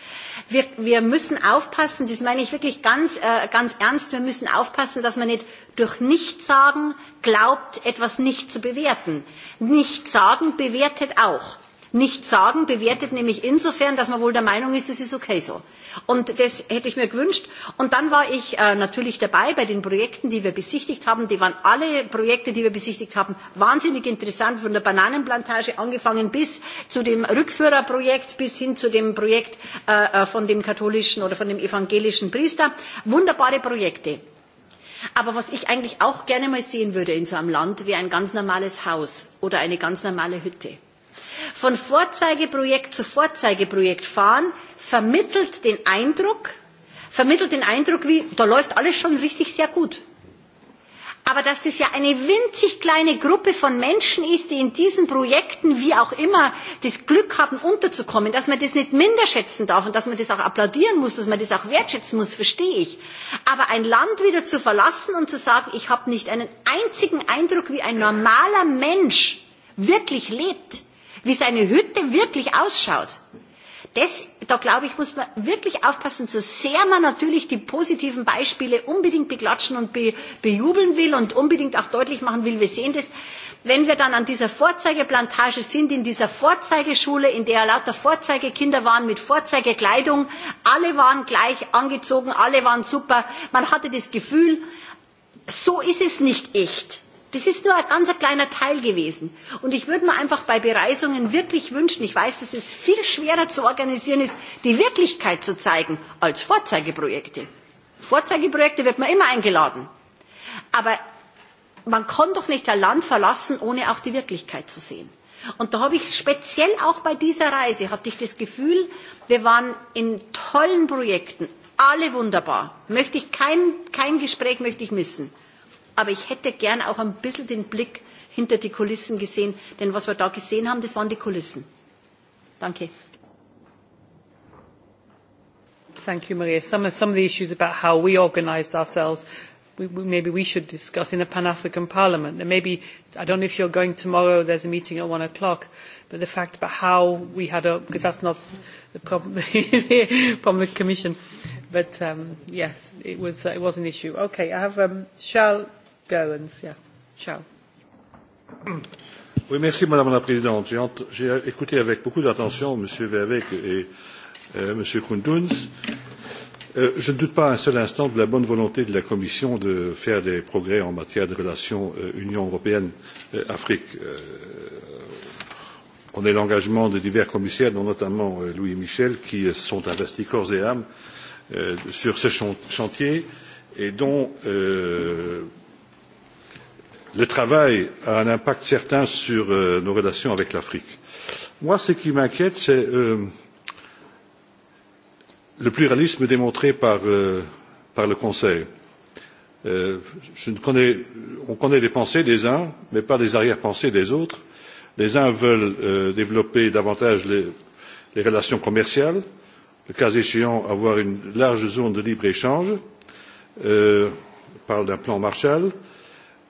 wir, wir müssen aufpassen, das meine ich wirklich ganz, äh, ganz ernst, wir müssen aufpassen, dass man nicht durch Nichtsagen glaubt, etwas nicht zu bewerten. Nichtsagen bewertet auch nicht sagen, bewertet nämlich insofern, dass man wohl der Meinung ist, das ist okay so. Und das hätte ich mir gewünscht. Und dann war ich natürlich dabei bei den Projekten, die wir besichtigt haben. Die waren alle Projekte, die wir besichtigt haben, wahnsinnig interessant, von der Bananenplantage angefangen bis zu dem Rückführerprojekt, bis hin zu dem Projekt von dem katholischen oder von dem evangelischen Priester. Wunderbare Projekte. Aber was ich eigentlich auch gerne mal sehen würde in so einem Land, wäre ein ganz normales Haus oder eine ganz normale Hütte von Vorzeigeprojekt zu Vorzeigeprojekt fahren, vermittelt den Eindruck, vermittelt den Eindruck, wie da läuft alles schon richtig sehr gut. Aber dass das ja eine winzig kleine Gruppe von Menschen ist, die in diesen Projekten, wie auch immer, das Glück haben, unterzukommen, dass man das nicht minder schätzen darf und dass man das auch applaudieren muss, dass man das auch wertschätzen muss, verstehe ich. Aber ein Land wieder zu verlassen und zu sagen, ich habe nicht einen einzigen Eindruck, wie ein normaler Mensch wirklich lebt, wie seine Hütte wirklich ausschaut, das, da glaube ich, muss man wirklich aufpassen, so sehr man natürlich die positiven Beispiele unbedingt beklatschen und be, bejubeln will und unbedingt auch deutlich machen will, wir sehen das, wenn wir dann an dieser Vorzeigeplantage sind, in dieser Vorzeigeschule, in der lauter Vorzeigekinder waren mit Vorzeigekleidung, alle waren gleich angezogen, alle waren super, man hatte das Gefühl, so ist es nicht echt. Das ist nur ein ganz kleiner Teil gewesen. Und ich würde mir einfach bei Bereisungen wirklich wünschen, ich weiß, dass es viel schwerer zu organisieren ist, die Wirklichkeit zu zeigen als Vorzeigeprojekte. Vorzeigeprojekte wird man immer eingeladen. Aber man kann doch nicht ein Land verlassen, ohne auch die Wirklichkeit zu sehen. Und da habe ich speziell auch bei dieser Reise, hatte ich das Gefühl, wir waren in tollen Projekten, alle wunderbar. Möchte ich kein, kein Gespräch möchte ich missen. Aber ich hätte gern auch ein bisschen den Blick hinter die Kulissen gesehen, denn was wir da gesehen haben, das waren die Kulissen. Danke. Thank you, Maria. Some of, some of the issues about how we organised ourselves, we, we, maybe we should discuss in the Pan African Parliament. And maybe, I don't know if you're going tomorrow, there's a meeting at one o'clock, but the fact about how we had a, because that's not the problem from the Commission. But um, yes, it was, uh, it was an issue. Okay, I have um, Charles Ciao. Oui, merci Madame la Présidente. J'ai écouté avec beaucoup d'attention M. Verbeek et euh, M. Koundounz. Euh, je ne doute pas un seul instant de la bonne volonté de la Commission de faire des progrès en matière de relations euh, Union européenne-Afrique. Euh, on est l'engagement de divers commissaires, dont notamment euh, Louis Michel, qui se sont investis corps et âme euh, sur ce chantier et dont euh, le travail a un impact certain sur nos relations avec l'Afrique. Moi, ce qui m'inquiète, c'est le pluralisme démontré par, le Conseil. on connaît les pensées des uns, mais pas les arrière-pensées des autres. Les uns veulent développer davantage les, relations commerciales, le cas échéant avoir une large zone de libre-échange. on parle d'un plan Marshall. Euh,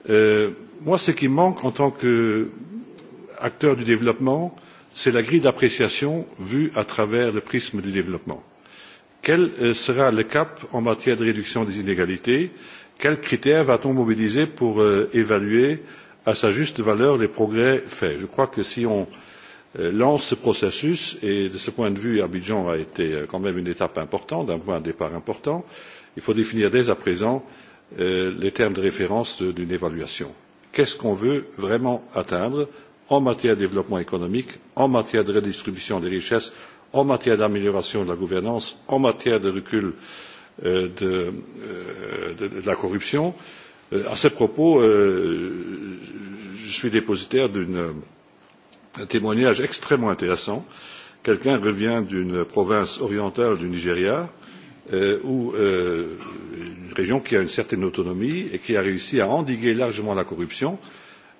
moi, ce qui me manque en tant qu'acteur du développement, c'est la grille d'appréciation vue à travers le prisme du développement. Quel sera le cap en matière de réduction des inégalités Quels critères va-t-on mobiliser pour évaluer à sa juste valeur les progrès faits Je crois que si on lance ce processus, et de ce point de vue, Abidjan a été quand même une étape importante, un point de départ important, il faut définir dès à présent les termes de référence d'une évaluation. Qu'est ce qu'on veut vraiment atteindre en matière de développement économique, en matière de redistribution des richesses, en matière d'amélioration de la gouvernance, en matière de recul de, la corruption. à ce propos, je suis dépositaire d'un témoignage extrêmement intéressant. Quelqu'un revient d'une province orientale du Nigeria, ou une région qui a une certaine autonomie et qui a réussi à endiguer largement la corruption.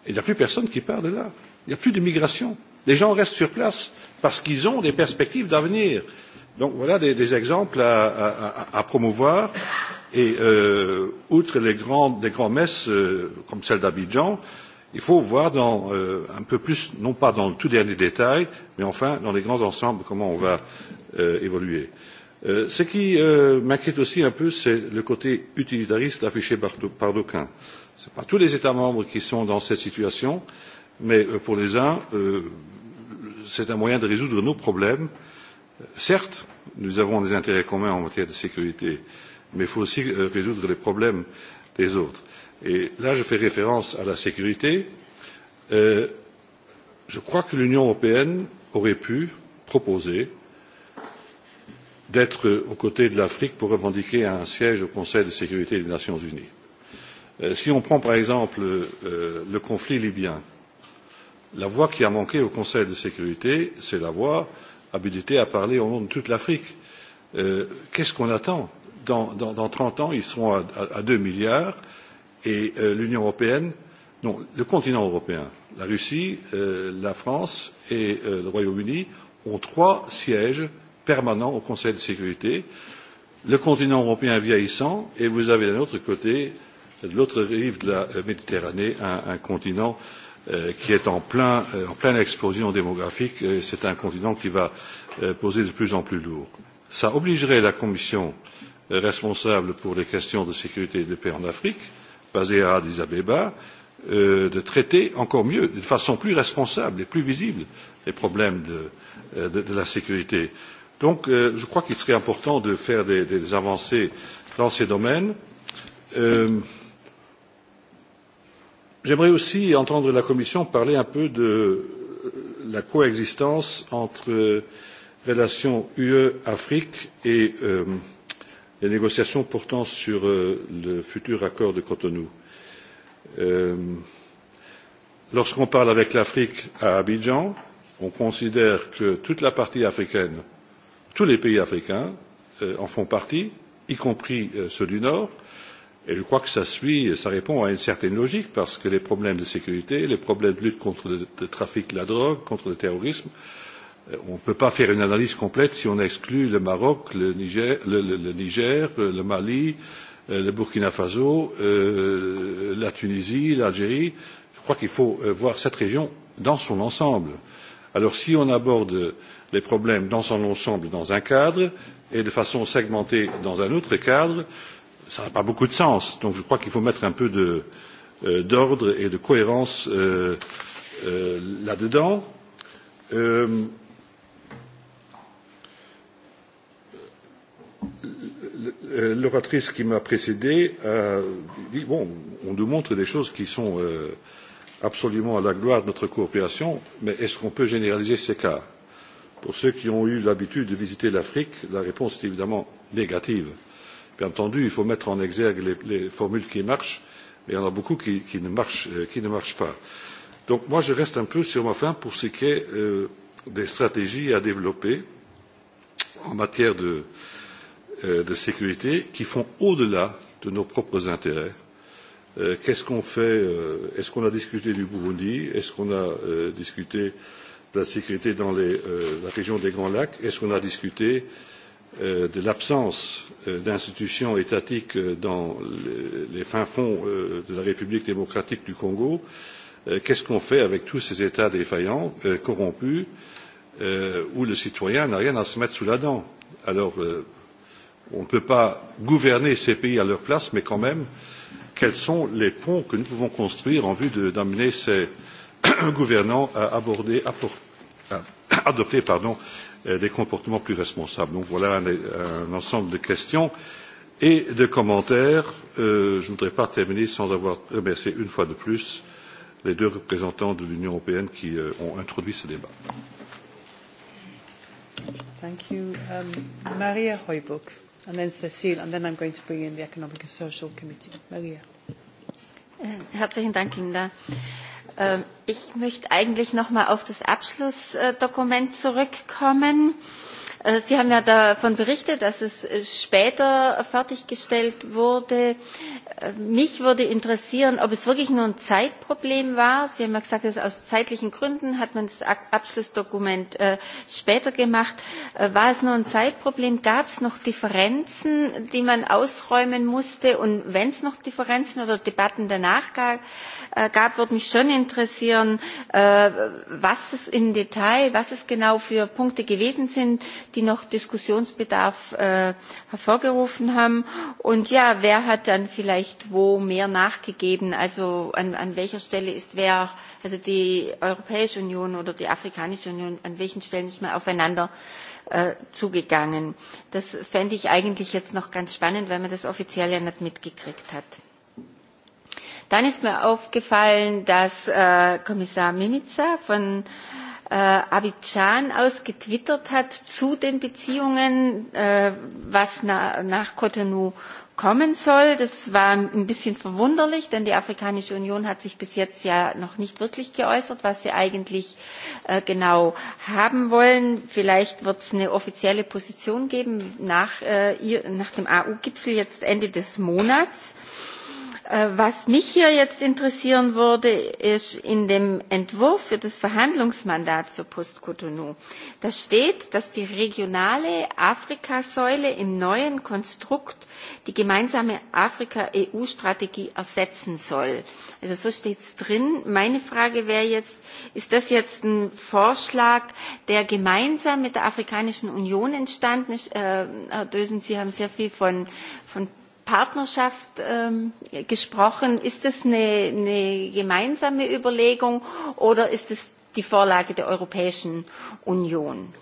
Il n'y a plus personne qui part de là. Il n'y a plus de migration. Les gens restent sur place parce qu'ils ont des perspectives d'avenir. Donc voilà des, exemples à, promouvoir. Et outre les grandes, messes comme celle d'Abidjan, il faut voir dans, un peu plus, non pas dans le tout dernier détail, mais enfin dans les grands ensembles, comment on va évoluer. Euh, ce qui m'inquiète aussi un peu, c'est le côté utilitariste affiché par d'aucuns. Ce ne sont pas tous les États membres qui sont dans cette situation, mais pour les uns, c'est un moyen de résoudre nos problèmes. Certes, nous avons des intérêts communs en matière de sécurité, mais il faut aussi résoudre les problèmes des autres. Et là, je fais référence à la sécurité. je crois que l'Union européenne aurait pu proposer d'être aux côtés de l'afrique pour revendiquer un siège au conseil de sécurité des nations unies. si on prend par exemple le conflit libyen la voix qui a manqué au conseil de sécurité c'est la voix habilitée à parler au nom de toute l'afrique. qu'est ce qu'on attend? dans trente ans ils seront à deux milliards et l'union européenne non le continent européen la russie la france et le royaume uni ont trois sièges permanent au Conseil de sécurité, le continent européen vieillissant, et vous avez d'un autre côté, de l'autre rive de la Méditerranée, un, continent qui est en, pleine explosion démographique. C'est un continent qui va poser de plus en plus lourd. Cela obligerait la Commission responsable pour les questions de sécurité et de paix en Afrique, basée à Addis Abeba, de traiter encore mieux, de façon plus responsable et plus visible, les problèmes de, la sécurité. Donc, je crois qu'il serait important de faire des, avancées dans ces domaines. J'aimerais aussi entendre la Commission parler un peu de la coexistence entre relations UE-Afrique et les négociations portant sur le futur accord de Cotonou. Lorsqu'on parle avec l'Afrique à Abidjan, on considère que toute la partie africaine tous les pays africains en font partie y compris ceux du nord et je crois que cela répond à une certaine logique parce que les problèmes de sécurité les problèmes de lutte contre le trafic de la drogue contre le terrorisme on ne peut pas faire une analyse complète si on exclut le maroc le niger le mali le burkina faso la tunisie l'algérie je crois qu'il faut voir cette région dans son ensemble. alors si on aborde les problèmes dans son ensemble dans un cadre et de façon segmentée dans un autre cadre, cela n'a pas beaucoup de sens. Donc je crois qu'il faut mettre un peu d'ordre et de cohérence là-dedans. l'oratrice qui m'a précédé a dit bon, on nous montre des choses qui sont absolument à la gloire de notre coopération, mais est-ce qu'on peut généraliser ces cas Pour ceux qui ont eu l'habitude de visiter l'Afrique, la réponse est évidemment négative. Bien entendu, il faut mettre en exergue les, formules qui marchent, mais il y en a beaucoup qui, ne, marchent, pas. Donc moi, je reste un peu sur ma faim pour ce qui est des stratégies à développer en matière de, sécurité qui font au-delà de nos propres intérêts. Qu'est-ce qu'on fait Est-ce qu'on a discuté du Burundi Est-ce qu'on a discuté de la sécurité dans la région des Grands Lacs Est-ce qu'on a discuté de l'absence d'institutions étatiques dans les fins fonds de la République démocratique du Congo Qu'est-ce qu'on fait avec tous ces États défaillants, corrompus, où le citoyen n'a rien à se mettre sous la dent Alors, on ne peut pas gouverner ces pays à leur place, mais quand même, quels sont les ponts que nous pouvons construire en vue d'amener ces gouvernants à aborder, adopter pardon, des comportements plus responsables. Donc voilà un, ensemble de questions et de commentaires. je ne voudrais pas terminer sans avoir remercié une fois de plus les deux représentants de l'Union européenne qui ont introduit ce débat. Thank you. Um, Maria Hoybuk, and then Cecile, and then I'm going to bring in the Economic and Social Committee. Maria. Herzlichen Dank, Linda. Ich möchte eigentlich noch mal auf das Abschlussdokument zurückkommen. Sie haben ja davon berichtet, dass es später fertiggestellt wurde. Mich würde interessieren, ob es wirklich nur ein Zeitproblem war. Sie haben ja gesagt, aus zeitlichen Gründen hat man das Abschlussdokument später gemacht. War es nur ein Zeitproblem? Gab es noch Differenzen, die man ausräumen musste? Und wenn es noch Differenzen oder Debatten danach gab, würde mich schon interessieren, was es im Detail, was es genau für Punkte gewesen sind, die noch Diskussionsbedarf hervorgerufen haben. Und ja, wer hat dann vielleicht wo mehr nachgegeben? Also an, welcher Stelle ist wer, also die Europäische Union oder die Afrikanische Union, an welchen Stellen ist man aufeinander zugegangen? Das fände ich eigentlich jetzt noch ganz spannend, weil man das offiziell ja nicht mitgekriegt hat. Dann ist mir aufgefallen, dass Kommissar Mimica von Abidjan ausgetwittert hat zu den Beziehungen, was nach Cotonou kommen soll. Das war ein bisschen verwunderlich, denn die Afrikanische Union hat sich bis jetzt ja noch nicht wirklich geäußert, was sie eigentlich genau haben wollen. Vielleicht wird es eine offizielle Position geben nach, dem AU-Gipfel jetzt Ende des Monats Was mich hier jetzt interessieren würde, ist in dem Entwurf für das Verhandlungsmandat für Post-Cotonou. Da steht, dass die regionale Afrikasäule im neuen Konstrukt die gemeinsame Afrika-EU-Strategie ersetzen soll. Also so steht es drin. Meine Frage wäre jetzt, ist das jetzt ein Vorschlag, der gemeinsam mit der Afrikanischen Union entstanden ist? Herr Dösen, Sie haben sehr viel von Partnerschaft gesprochen. Ist das eine, gemeinsame Überlegung oder ist es die Vorlage der Europäischen Union?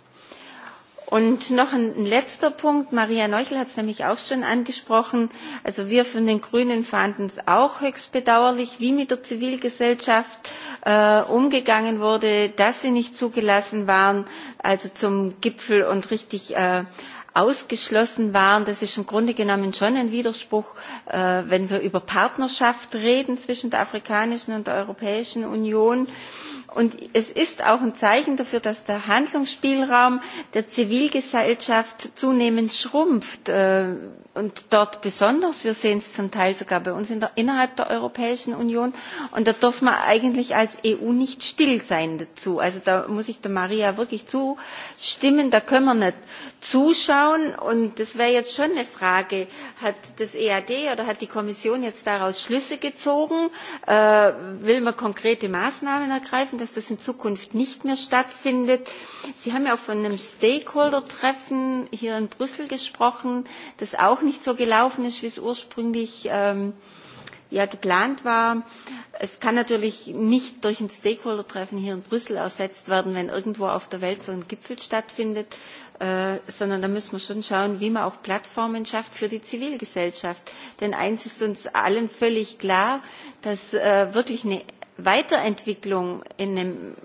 Und noch ein letzter Punkt. Maria Neuchel hat es nämlich auch schon angesprochen. Also wir von den Grünen fanden es auch höchst bedauerlich, wie mit der Zivilgesellschaft umgegangen wurde, dass sie nicht zugelassen waren, also zum Gipfel und richtig ausgeschlossen waren. Das ist im Grunde genommen schon ein Widerspruch, wenn wir über Partnerschaft reden zwischen der Afrikanischen und der Europäischen Union. Und es ist auch ein Zeichen dafür, dass der Handlungsspielraum der Zivilgesellschaft zunehmend schrumpft und dort besonders, wir sehen es zum Teil sogar bei uns in der, innerhalb der Europäischen Union, und da darf man eigentlich als EU nicht still sein dazu. Also da muss ich der Maria wirklich zustimmen, da können wir nicht zuschauen und das wäre jetzt schon eine Frage, hat das EAD oder hat die Kommission jetzt daraus Schlüsse gezogen, äh, will man konkrete Maßnahmen ergreifen, dass das in Zukunft nicht mehr stattfindet. Sie haben ja auch von einem Stakeholder-Treffen hier in Brüssel gesprochen, das auch auch nicht so gelaufen ist, wie es ursprünglich ähm, ja geplant war. Es kann natürlich nicht durch ein Stakeholder-Treffen hier in Brüssel ersetzt werden, wenn irgendwo auf der Welt so ein Gipfel stattfindet, äh, sondern da müssen wir schon schauen, wie man auch Plattformen schafft für die Zivilgesellschaft. Denn eins ist uns allen völlig klar, dass äh, wirklich eine Weiterentwicklung in, dem,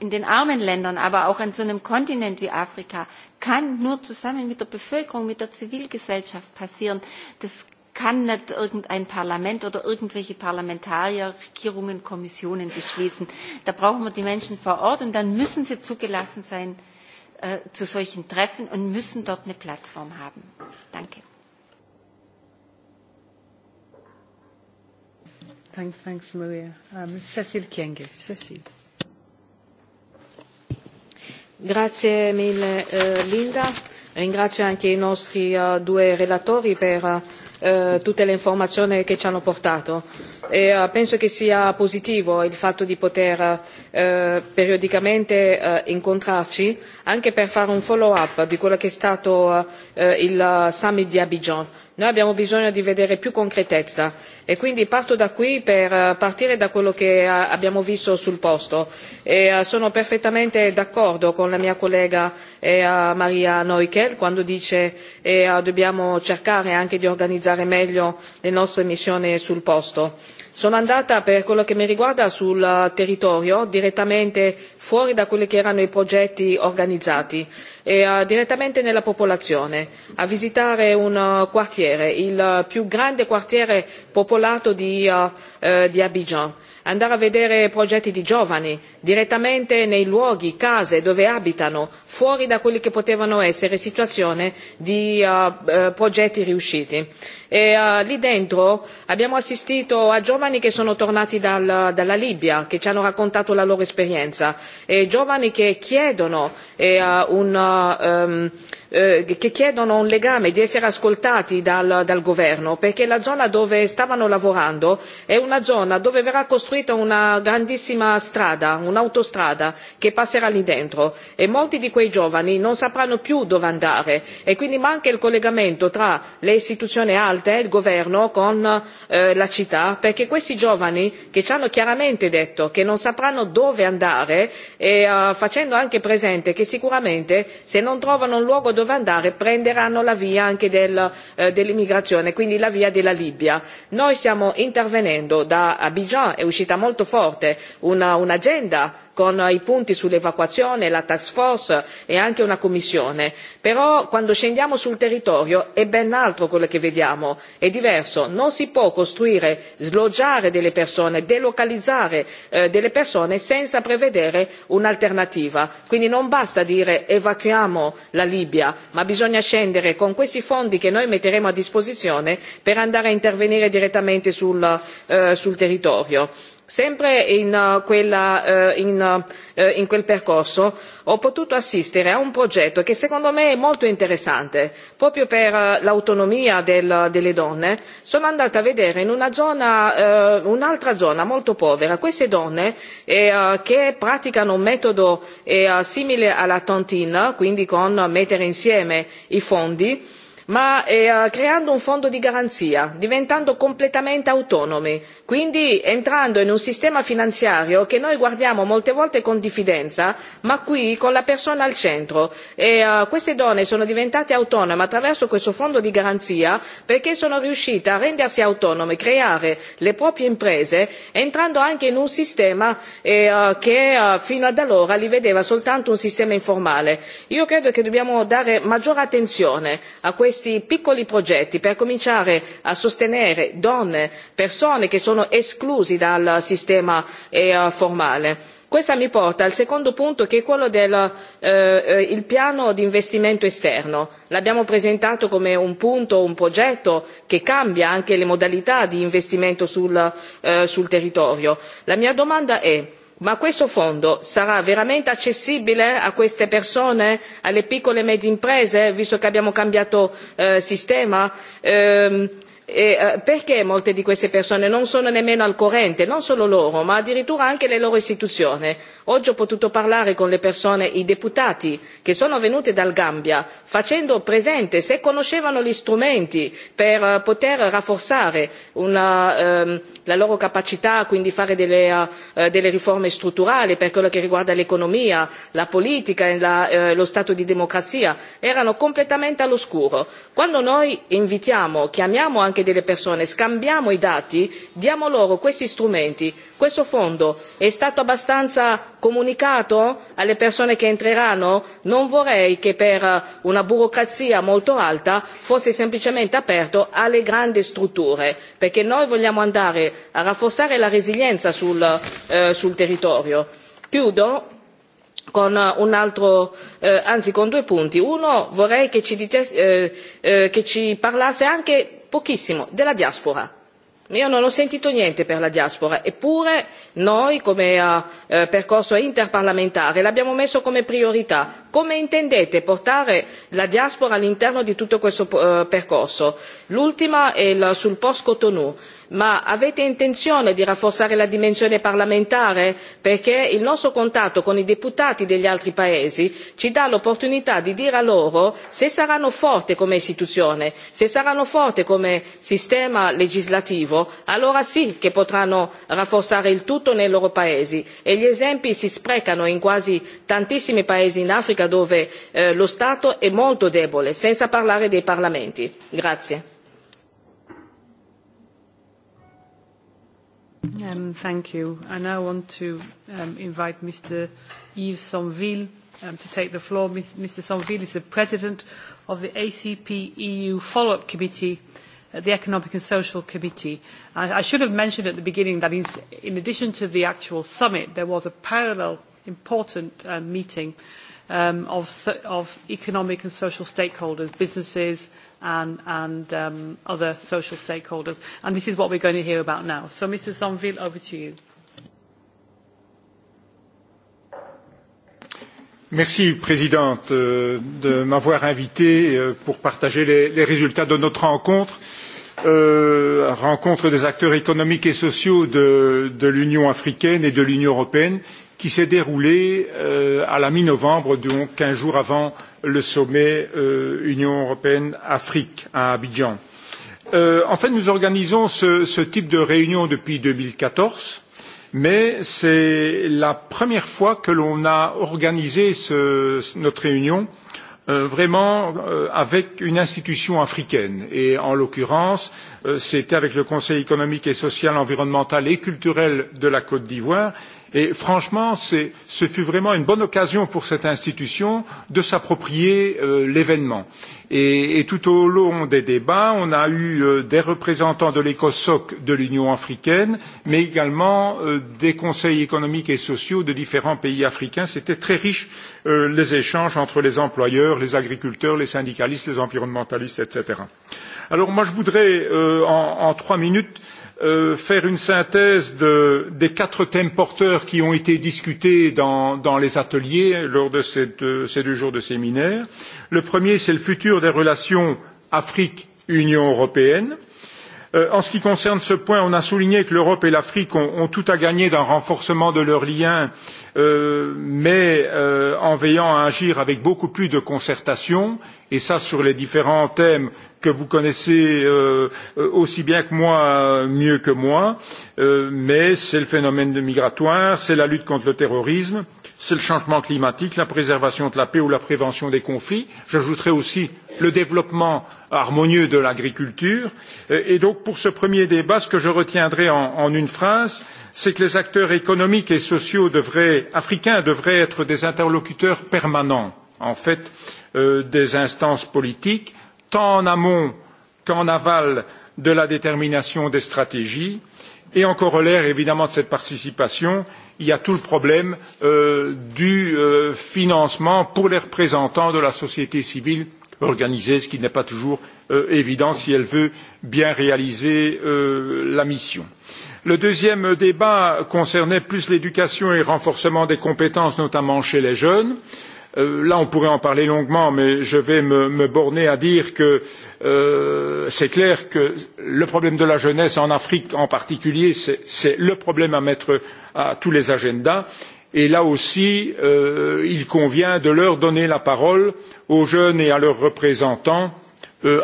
in den armen Ländern, aber auch an so einem Kontinent wie Afrika, kann nur zusammen mit der Bevölkerung, mit der Zivilgesellschaft passieren. Das kann nicht irgendein Parlament oder irgendwelche Parlamentarier, Regierungen, Kommissionen beschließen. Da brauchen wir die Menschen vor Ort und dann müssen sie zugelassen sein zu solchen Treffen und müssen dort eine Plattform haben. Danke. Thanks, thanks, Maria. Um, Cecil Cecil. Grazie mille Linda, ringrazio anche i nostri due relatori per tutte le informazioni che ci hanno portato e penso che sia positivo il fatto di poter periodicamente incontrarci anche per fare un follow up di quello che è stato il summit di Abidjan noi abbiamo bisogno di vedere più concretezza e quindi parto da qui per partire da quello che abbiamo visto sul posto e sono perfettamente d'accordo con la mia collega maria noichl quando dice che dobbiamo cercare anche di organizzare meglio le nostre missioni sul posto. sono andata per quello che mi riguarda sul territorio direttamente fuori da quelli che erano i progetti organizzati e direttamente nella popolazione a visitare un quartiere il più grande quartiere popolato di abidjan andare a vedere progetti di giovani direttamente nei luoghi case dove abitano fuori da quelle che potevano essere situazioni di progetti riusciti. lì dentro abbiamo assistito a giovani che sono tornati dalla libia che ci hanno raccontato la loro esperienza giovani che chiedono un che chiedono un legame di essere ascoltati dal governo perché la zona dove stavano lavorando è una zona dove verrà costruita una grandissima strada un'autostrada che passerà lì dentro e molti di quei giovani non sapranno più dove andare e quindi manca il collegamento tra le istituzioni alte il governo con la città perché questi giovani che ci hanno chiaramente detto che non sapranno dove andare facendo anche presente che sicuramente se non trovano un luogo dove dove andare prenderanno la via anche dell'immigrazione quindi la via della libia. noi stiamo intervenendo da abidjan è uscita molto forte un'agenda con i punti sull'evacuazione la task force e anche una commissione però quando scendiamo sul territorio è ben altro quello che vediamo è diverso non si può costruire sloggiare delle persone delocalizzare delle persone senza prevedere un'alternativa quindi non basta dire evacuiamo la libia ma bisogna scendere con questi fondi che noi metteremo a disposizione per andare a intervenire direttamente sul territorio Sempre in, quel percorso ho potuto assistere a un progetto che secondo me è molto interessante, proprio per l'autonomia delle donne. Sono andata a vedere in un'altra zona molto povera queste donne che praticano un metodo simile alla tontina, quindi con mettere insieme i fondi ma creando un fondo di garanzia diventando completamente autonomi quindi entrando in un sistema finanziario che noi guardiamo molte volte con diffidenza ma qui con la persona al centro e queste donne sono diventate autonome attraverso questo fondo di garanzia perché sono riuscite a rendersi autonome creare le proprie imprese entrando anche in un sistema che fino ad allora li vedeva soltanto un sistema informale. io credo che dobbiamo dare maggiore attenzione questi piccoli progetti per cominciare a sostenere donne, persone che sono escluse dal sistema formale. Questo mi porta al secondo punto che è quello del piano di investimento esterno. L'abbiamo presentato come un punto, un progetto che cambia anche le modalità di investimento sul territorio. La mia domanda è ma questo fondo sarà veramente accessibile a queste persone alle piccole e medie imprese visto che abbiamo cambiato sistema? perché molte di queste persone non sono nemmeno al corrente non solo loro ma addirittura anche le loro istituzioni. oggi ho potuto parlare con le persone i deputati che sono venuti dal gambia facendo presente se conoscevano gli strumenti per poter rafforzare una la loro capacità quindi fare delle, delle riforme strutturali per quello che riguarda l'economia, la politica e la, lo stato di democrazia erano completamente all'oscuro. Quando noi invitiamo, chiamiamo anche delle persone, scambiamo i dati, diamo loro questi strumenti questo fondo è stato abbastanza comunicato alle persone che entreranno? non vorrei che per una burocrazia molto alta fosse semplicemente aperto alle grandi strutture perché noi vogliamo andare a rafforzare la resilienza sul territorio. chiudo con un altro anzi con due punti uno vorrei che ci parlasse anche pochissimo della diaspora. Io non ho sentito niente per la diaspora, eppure noi, come percorso interparlamentare, l'abbiamo messo come priorità. Come intendete portare la diaspora all'interno di tutto questo percorso? L'ultima è sul post-Cotonou ma avete intenzione di rafforzare la dimensione parlamentare perché il nostro contatto con i deputati degli altri paesi ci dà l'opportunità di dire a loro se saranno forti come istituzione se saranno forti come sistema legislativo allora sì che potranno rafforzare il tutto nei loro paesi e gli esempi si sprecano in quasi tantissimi paesi in africa dove lo stato è molto debole senza parlare dei parlamenti. Um, thank you. I now want to invite Mr. Yves Sonville to take the floor. Mr. Sonville is the President of the ACP EU Follow-up Committee the Economic and Social Committee. I, should have mentioned at the beginning that in, addition to the actual summit, there was a parallel important meeting of economic and social stakeholders, businesses, and, and um, other social stakeholders. And this is what we're going to hear about now. So, Mr. Sonville, over to you. Merci, Présidente, de m'avoir invité pour partager les, les résultats de notre rencontre, euh, rencontre des acteurs économiques et sociaux de, de l'Union africaine et de l'Union européenne qui s'est déroulé à la mi-novembre, donc quinze jours avant le sommet Union européenne-Afrique à Abidjan. en fait, nous organisons ce, type de réunion depuis deux mille quatorze, mais c'est la première fois que l'on a organisé notre réunion vraiment avec une institution africaine et en l'occurrence c'était avec le Conseil économique et social, environnemental et culturel de la Côte d'Ivoire Et franchement, ce fut vraiment une bonne occasion pour cette institution de s'approprier l'événement. Et, tout au long des débats, on a eu des représentants de l'ECOSOC de l'Union africaine, mais également des conseils économiques et sociaux de différents pays africains. C'était très riche les échanges entre les employeurs, les agriculteurs, les syndicalistes, les environnementalistes, etc. Alors moi, je voudrais, en, trois minutes, faire une synthèse des quatre thèmes porteurs qui ont été discutés dans, les ateliers lors de ces deux jours de séminaire. Le premier, c'est le futur des relations Afrique-Union européenne. en ce qui concerne ce point, on a souligné que l'Europe et l'Afrique ont, tout à gagner d'un renforcement de leurs liens, mais en veillant à agir avec beaucoup plus de concertation, et ça sur les différents thèmes que vous connaissez aussi bien que moi, mieux que moi, mais c'est le phénomène migratoire, c'est la lutte contre le terrorisme, c'est le changement climatique, la préservation de la paix ou la prévention des conflits. J'ajouterai aussi le développement harmonieux de l'agriculture. Et donc, pour ce premier débat, ce que je retiendrai en, une phrase, c'est que les acteurs économiques et sociaux africains devraient être des interlocuteurs permanents, en fait, des instances politiques tant en amont qu'en aval de la détermination des stratégies et en corollaire évidemment de cette participation il y a tout le problème du financement pour les représentants de la société civile organisée ce qui n'est pas toujours évident si elle veut bien réaliser la mission. le deuxième débat concernait plus l'éducation et le renforcement des compétences notamment chez les jeunes là, on pourrait en parler longuement, mais je vais me, borner à dire que c'est clair que le problème de la jeunesse en Afrique en particulier, c'est le problème à mettre à tous les agendas. Et là aussi, il convient de leur donner la parole aux jeunes et à leurs représentants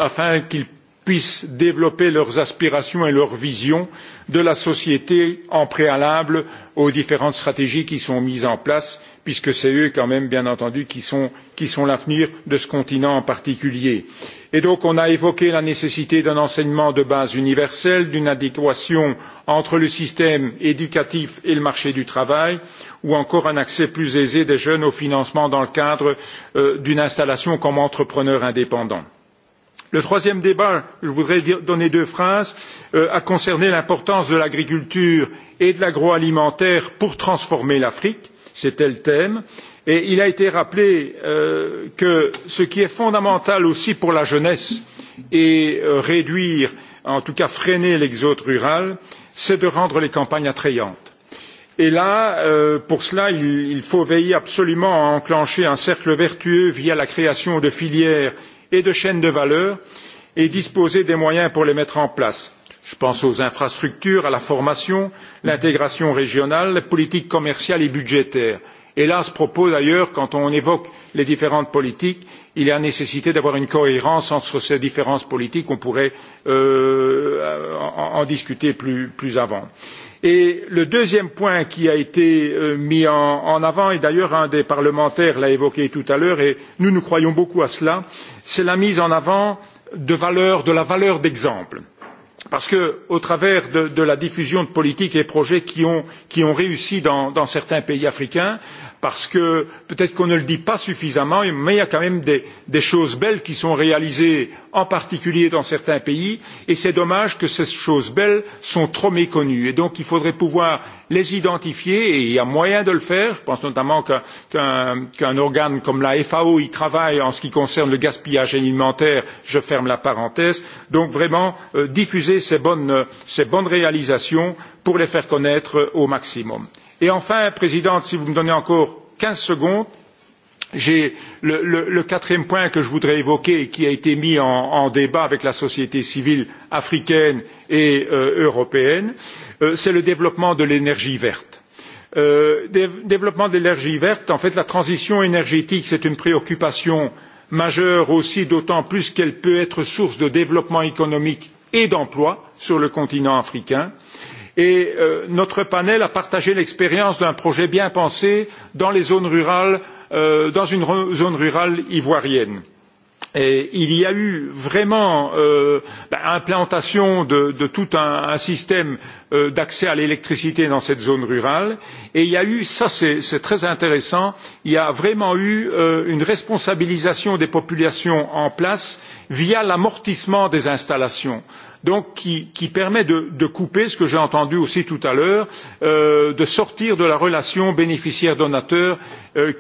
afin qu'ils puissent développer leurs aspirations et leurs visions de la société en préalable aux différentes stratégies qui sont mises en place, puisque c'est eux quand même, bien entendu, qui sont, l'avenir de ce continent en particulier. Et donc on a évoqué la nécessité d'un enseignement de base universel, d'une adéquation entre le système éducatif et le marché du travail, ou encore un accès plus aisé des jeunes au financement dans le cadre d'une installation comme entrepreneur indépendant. Le troisième débat, je voudrais donner deux phrases, a concerné l'importance de l'agriculture et de l'agroalimentaire pour transformer l'Afrique. C'était le thème. Et il a été rappelé que ce qui est fondamental aussi pour la jeunesse et réduire, en tout cas freiner l'exode rural, c'est de rendre les campagnes attrayantes. Et là, pour cela, il, faut veiller absolument à enclencher un cercle vertueux via la création de filières et de chaînes de valeur et disposer des moyens pour les mettre en place. Je pense aux infrastructures, à la formation, l'intégration régionale, la politiques commerciales et budgétaires. Et là, à ce propos d'ailleurs, quand on évoque les différentes politiques, il y a nécessité d'avoir une cohérence entre ces différentes politiques. On pourrait en, discuter plus, avant. Euh, Et le deuxième point qui a été mis en, avant, et d'ailleurs un des parlementaires l'a évoqué tout à l'heure, et nous nous croyons beaucoup à cela, c'est la mise en avant de, la valeur d'exemple. Parce que, au travers de, la diffusion de politiques et projets qui ont, réussi dans certains pays africains, parce que peut-être qu'on ne le dit pas suffisamment, mais il y a quand même des, choses belles qui sont réalisées, en particulier dans certains pays, et c'est dommage que ces choses belles sont trop méconnues. Et donc il faudrait pouvoir les identifier, et il y a moyen de le faire. Je pense notamment qu'un organe comme la FAO y travaille en ce qui concerne le gaspillage alimentaire. Je ferme la parenthèse. Donc vraiment diffuser ces bonnes réalisations pour les faire connaître au maximum et enfin présidente si vous me donnez encore quinze secondes j'ai le, quatrième point que je voudrais évoquer et qui a été mis en, débat avec la société civile africaine et européenne, c'est le développement de l'énergie verte. développement de l'énergie verte, en fait, la transition énergétique, c'est une préoccupation majeure aussi, d'autant plus qu'elle peut être source de développement économique et d'emploi sur le continent africain. Euh, et notre panel a partagé l'expérience d'un projet bien pensé dans les zones rurales, dans une zone rurale ivoirienne. Et il y a eu vraiment euh, implantation de, de tout un, un système euh, d'accès à l'électricité dans cette zone rurale et il y a eu ça c'est très intéressant il y a vraiment eu euh, une responsabilisation des populations en place via l'amortissement des installations donc qui, permet de, couper ce que j'ai entendu aussi tout à l'heure, de sortir de la relation bénéficiaire donateur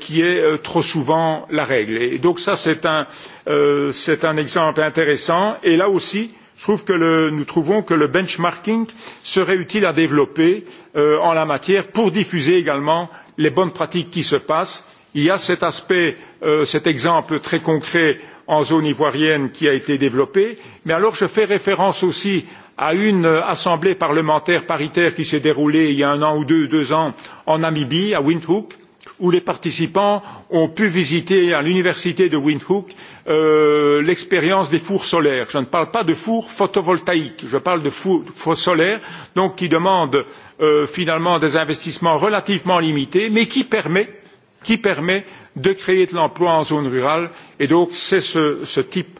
qui est trop souvent la règle. Et donc ça c'est un, exemple intéressant et là aussi je trouve que nous trouvons que le benchmarking serait utile à développer en la matière pour diffuser également les bonnes pratiques qui se passent. Il y a cet aspect, cet exemple très concret en zone ivoirienne qui a été développée, mais alors je fais référence aussi à une assemblée parlementaire paritaire qui s'est déroulée il y a un an ou deux, deux ans, en Namibie, à Windhoek, où les participants ont pu visiter à l'université de Windhoek l'expérience des fours solaires. Je ne parle pas de fours photovoltaïques, je parle de fours, solaires, donc qui demandent finalement des investissements relativement limités, mais qui permettent de créer de l'emploi en zone rurale et donc c'est ce type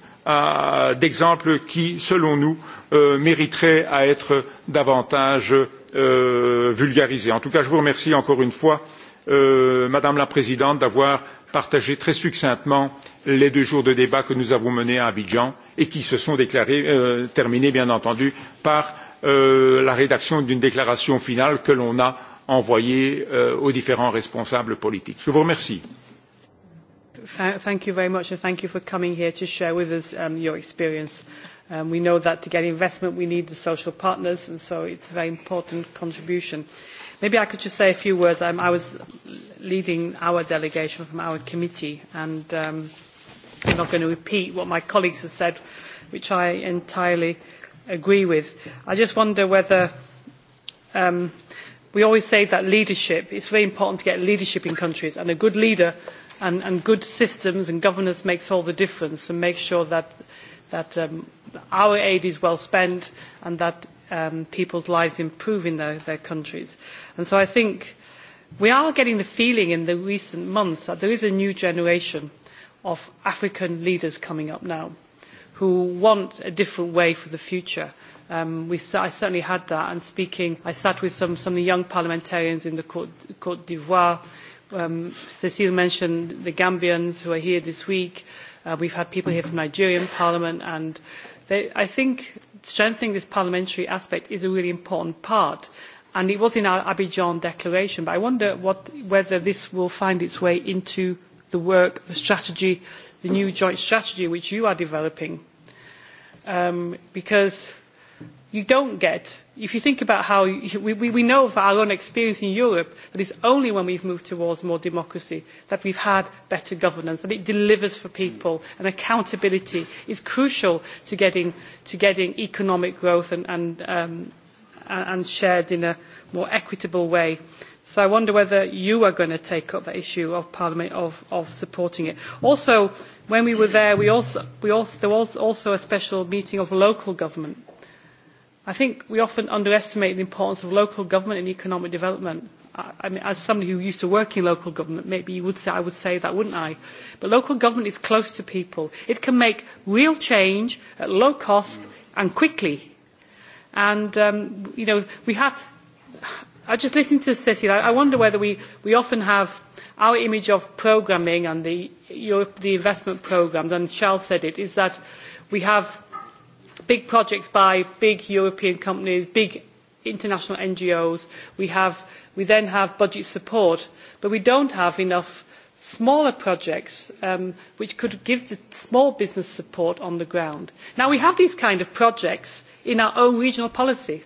d'exemple qui, selon nous, mériterait à être davantage vulgarisé. En tout cas, je vous remercie encore une fois, Madame la Présidente, d'avoir partagé très succinctement les deux jours de débat que nous avons menés à Abidjan et qui se sont terminés, bien entendu, par la rédaction d'une déclaration finale que l'on a envoyée aux différents responsables politiques. Je vous remercie thank you very much and thank you for coming here to share with us um, your experience. Um, we know that to get investment we need the social partners and so it's a very important contribution. Maybe I could just say a few words. Um, I was leading our delegation from our committee and um, I'm not going to repeat what my colleagues have said, which I entirely agree with. I just wonder whether um, we always say that leadership, it's very important to get leadership in countries and a good leader and, and good systems and governance makes all the difference and makes sure that, our aid is well spent and that people's lives improve in their, countries. And so I think we are getting the feeling in the recent months that there is a new generation of African leaders coming up now who want a different way for the future. Um, we, I certainly had that, and speaking, I sat with some, some young parliamentarians in the Côte d'Ivoire Cecile mentioned the Gambians who are here this week. Uh, we've had people here from Nigerian Parliament, and they, I think strengthening this parliamentary aspect is a really important part. And it was in our Abidjan declaration, but I wonder what, whether this will find its way into the work, the strategy, the new joint strategy which you are developing. Um, because you don't get if you think about how we, we know from our own experience in Europe that it's only when we've moved towards more democracy that we've had better governance, that it delivers for people and accountability is crucial to getting, to getting economic growth and, and, um, and shared in a more equitable way. So I wonder whether you are going to take up the issue of Parliament of, of supporting it. Also, when we were there, we also, we also, there was also a special meeting of local government I think we often underestimate the importance of local government in economic development. I, mean, as somebody who used to work in local government, maybe you would say I would say that, wouldn't I? But local government is close to people. It can make real change at low cost and quickly. And um, you know, we have. I just listened to the city. I, I wonder whether we, we often have our image of programming and the Europe, the investment programmes. And Charles said it is that we have big projects by big European companies, big international NGOs. We, have, we then have budget support, but we don't have enough smaller projects which could give the small business support on the ground. Now, we have these kind of projects in our own regional policy.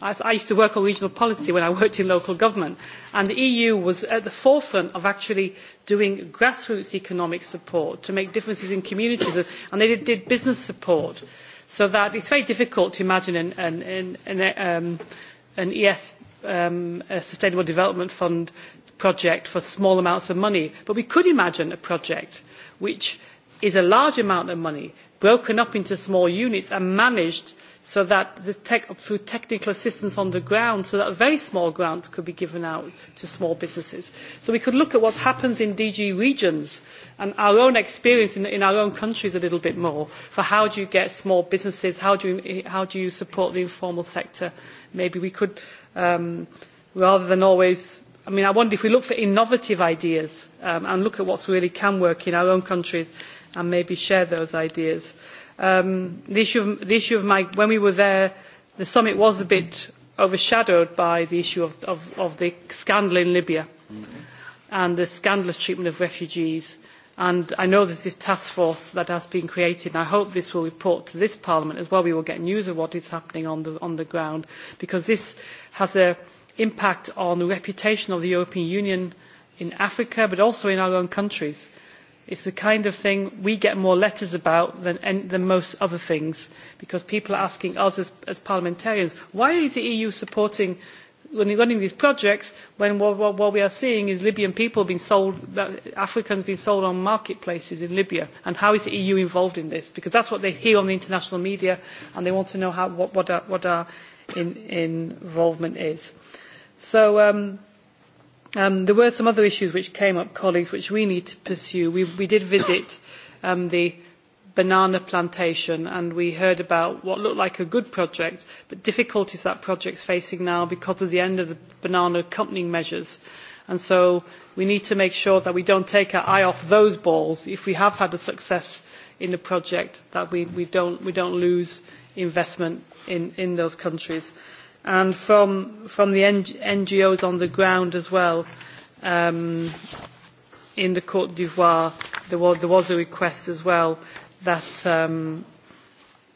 I, I used to work on regional policy when I worked in local government, and the EU was at the forefront of actually doing grassroots economic support to make differences in communities, and they did, did business support so that it's very difficult to imagine an, an, an, um, an ES, um, a Sustainable Development Fund project for small amounts of money. But we could imagine a project which is a large amount of money broken up into small units and managed – so that the tech, through technical assistance on the ground, so that very small grants could be given out to small businesses. So we could look at what happens in DG regions and our own experience in, in our own countries a little bit more for how do you get small businesses, how do you, how do you support the informal sector. Maybe we could, um, rather than always I mean, I wonder if we look for innovative ideas um, and look at what really can work in our own countries and maybe share those ideas Um, the, issue of, the issue of my, when we were there, the summit was a bit overshadowed by the issue of, of, of the scandal in Libya and the scandalous treatment of refugees. And I know there's this task force that has been created, and I hope this will report to this Parliament as well. We will get news of what is happening on the, on the ground, because this has an impact on the reputation of the European Union in Africa, but also in our own countries It's the kind of thing we get more letters about than, than most other things because people are asking us as, as parliamentarians, why is the EU supporting running these projects when what, what, what we are seeing is Libyan people being sold, Africans being sold on marketplaces in Libya? And how is the EU involved in this? Because that's what they hear on the international media and they want to know how, what, what, our, what our in, involvement is. So, um, Um, there were some other issues which came up, colleagues, which we need to pursue. We, we did visit um, the banana plantation and we heard about what looked like a good project but difficulties that project is facing now because of the end of the banana accompanying measures and so we need to make sure that we do not take our eye off those balls if we have had a success in the project that we, we, don't, we don't lose investment in, in those countries and from, from the NGOs on the ground as well. Um, in the Côte d'Ivoire, there was, there was a request as well that, um,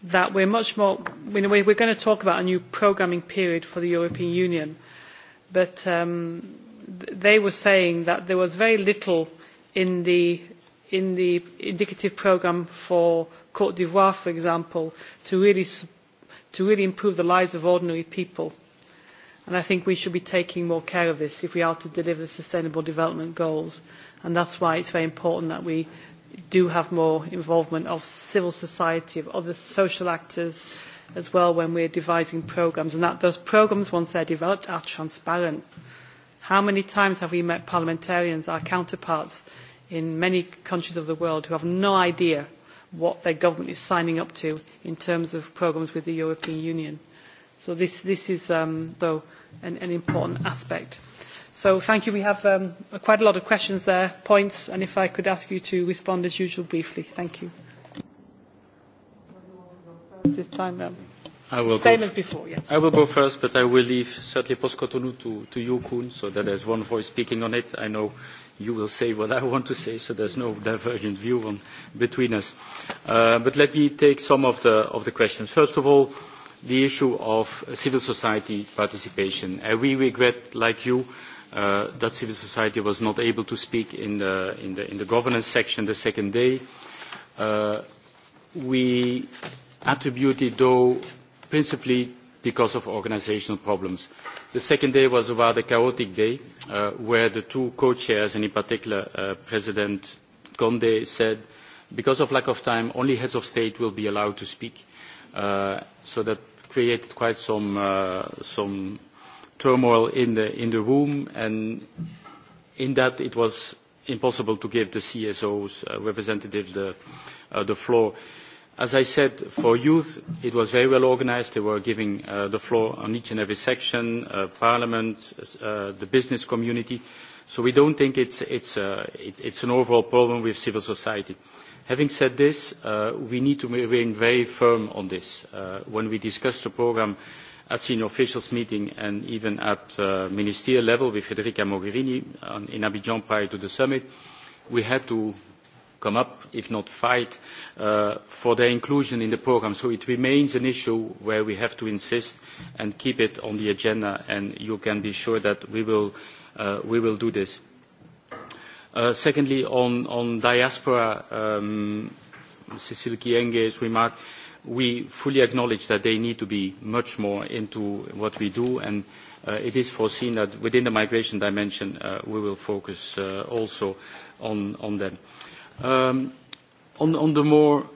that we're much more, you know, we're going to talk about a new programming period for the European Union, but um, they were saying that there was very little in the, in the indicative programme for Côte d'Ivoire, for example, to really support to really improve the lives of ordinary people. And I think we should be taking more care of this if we are to deliver the Sustainable Development Goals. And that's why it's very important that we do have more involvement of civil society, of other social actors as well when we're devising programmes. And that those programmes, once they're developed, are transparent. How many times have we met parliamentarians, our counterparts in many countries of the world, who have no idea – what their government is signing up to in terms of programmes with the European Union. So this, this is, um, though, an, an important aspect. So thank you. We have um, quite a lot of questions there, points, and if I could ask you to respond as usual briefly. Thank you. This time, um, I will Same as before, yeah. I will go first, but I will leave certainly post-Cotonou to, to you, Kuhn, so that there's one voice speaking on it. I know you will say what I want to say, so there's no divergent view on, between us. but let me take some of the, of the questions. First of all, the issue of civil society participation. we regret, like you, that civil society was not able to speak in the, in the, in the governance section the second day. we attributed, though, principally because of organisational problems. The second day was a rather chaotic day where the two co-chairs, and in particular President Conde, said because of lack of time, only heads of state will be allowed to speak. so that created quite some, turmoil in the, in the room, and in that it was impossible to give the CSOs representatives the, floor As I said, for youth, it was very well organised. They were giving the floor on each and every section, Parliament, the business community. So we don't think it's, it's, a, it's an overall problem with civil society. Having said this, we need to remain very firm on this. when we discussed the programme at senior officials meeting and even at ministerial level with Federica Mogherini in Abidjan prior to the summit, we had to come up, if not fight, for their inclusion in the programme. So it remains an issue where we have to insist and keep it on the agenda, and you can be sure that we will, do this. secondly, on, diaspora, Cecil Kienge's remark, we fully acknowledge that they need to be much more into what we do, and it is foreseen that within the migration dimension, we will focus also on them. On the more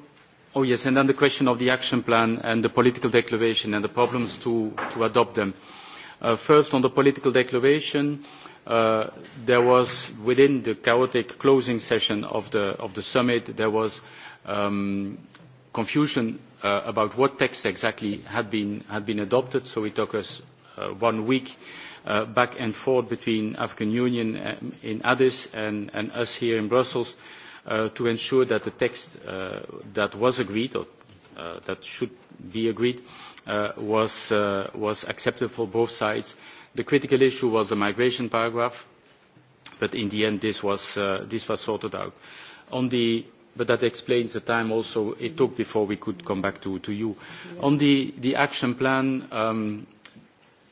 Oh, yes, and then the question of the action plan and the political declaration and the problems to adopt them. First, on the political declaration, there was, within the chaotic closing session of the summit, there was confusion about what text exactly had been adopted. So it took us one week back and forth between African Union in Addis and us here in Brussels to ensure that the text that was agreed or that should be agreed was accepted for both sides. The critical issue was the migration paragraph, but in the end this was sorted out. But that explains the time also it took before we could come back to you. On the action plan,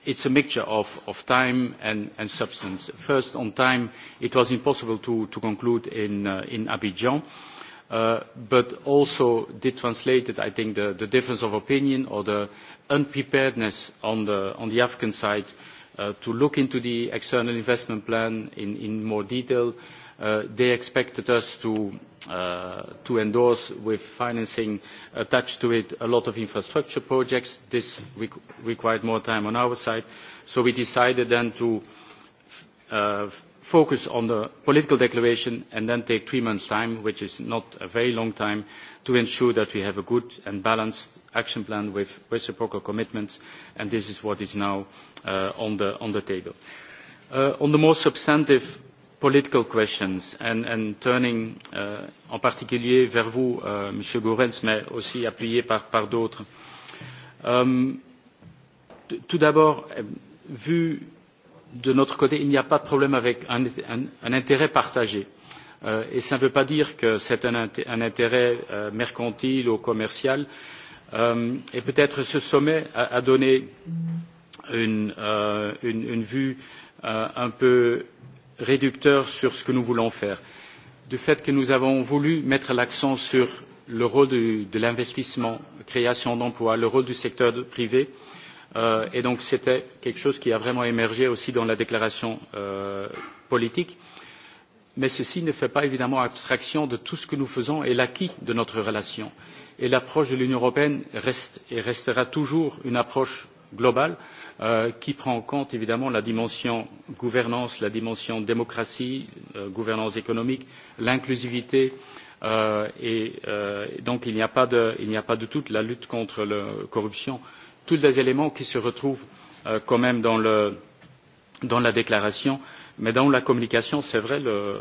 it's a mixture of, time and, substance. First, on time, it was impossible to, conclude in, Abidjan, but also did translate, I think, the, difference of opinion or the unpreparedness on the, African side to look into the external investment plan in, more detail, uh, they expected us to endorse with financing attached to it a lot of infrastructure projects. This required more time on our side, so we decided then to focus on the political declaration and then take three months' time, which is not a very long time, to ensure that we have a good and balanced action plan with reciprocal commitments, and this is what is now on the table. On the more substantive political questions and turning en particulier vers vous, Monsieur Goerens, mais aussi appuyé par d'autres. Tout d'abord, vu de notre côté, il n'y a pas de problème avec un intérêt partagé. Et cela ne veut pas dire que c'est un intérêt mercantile ou commercial. Et peut-être ce sommet a donné une vue un peu réducteur sur ce que nous voulons faire. Du fait que nous avons voulu mettre l'accent sur le rôle de, l'investissement, la création d'emplois, le rôle du secteur privé, et donc c'était quelque chose qui a vraiment émergé aussi dans la déclaration politique. Mais ceci ne fait pas évidemment abstraction de tout ce que nous faisons et l'acquis de notre relation. Et l'approche de l'Union européenne reste et restera toujours une approche global qui prend en compte évidemment la dimension gouvernance, la dimension démocratie, gouvernance économique, l'inclusivité. et donc il n'y a, pas de doute, la lutte contre la corruption, tous les éléments qui se retrouvent quand même dans, la déclaration, mais dans la communication, c'est vrai, le,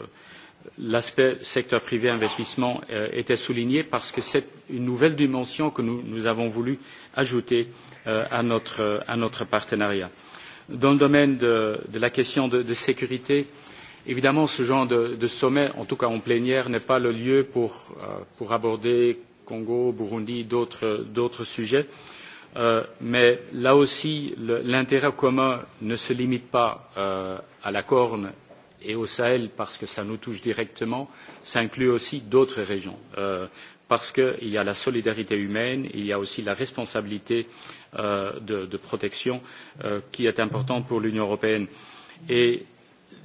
l'aspect secteur privé investissement était souligné parce que c'est une nouvelle dimension que nous, avons voulu ajouter à, notre, partenariat. Dans le domaine de, la question de, sécurité, évidemment ce genre de, sommet, en tout cas en plénière, n'est pas le lieu pour, aborder Congo, Burundi, d'autres sujets. mais là aussi, l'intérêt commun ne se limite pas à la Corne et au Sahel parce que cela nous touche directement, ça inclut aussi d'autres régions. parce qu'il y a la solidarité humaine, il y a aussi la responsabilité de, protection qui est importante pour l'Union européenne. Et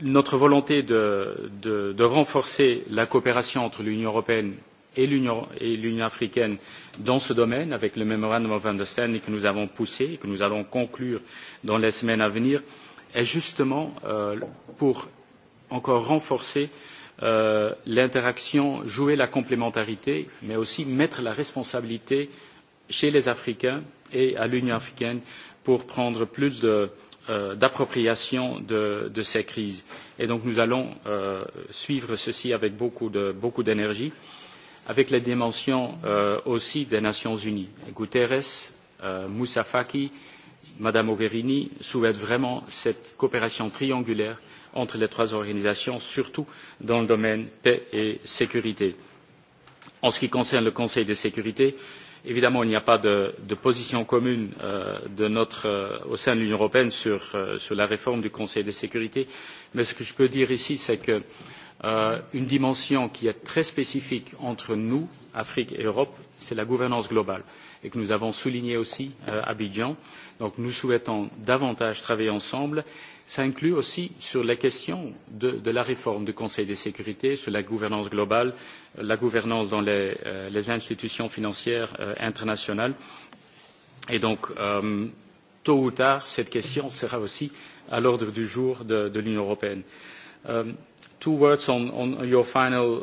notre volonté de, renforcer la coopération entre l'Union européenne et l'Union africaine dans ce domaine, avec le Memorandum of Understanding que nous avons poussé et que nous allons conclure dans les semaines à venir, est justement pour encore renforcer l'interaction, jouer la complémentarité, mais aussi mettre la responsabilité chez les Africains et à l'Union africaine pour prendre plus d'appropriation de, ces crises. Et donc nous allons suivre ceci avec beaucoup d'énergie, avec la dimension aussi des Nations Unies. Guterres, Moussa Faki, Madame Mogherini souhaitent vraiment cette coopération triangulaire entre les trois organisations, surtout dans le domaine paix et sécurité. En ce qui concerne le Conseil de sécurité, évidemment, il n'y a pas de, position commune au sein de l'Union européenne sur, la réforme du Conseil de sécurité, mais ce que je peux dire ici, c'est que une dimension qui est très spécifique entre nous, Afrique et Europe, c'est la gouvernance globale, et que nous avons soulignée aussi à Abidjan. Euh, Donc nous souhaitons davantage travailler ensemble. Cela inclut aussi sur la question de, la réforme du Conseil de sécurité, sur la gouvernance globale, la gouvernance dans les, institutions financières internationales. Et donc, tôt ou tard, cette question sera aussi à l'ordre du jour de, l'Union européenne. two words on, your final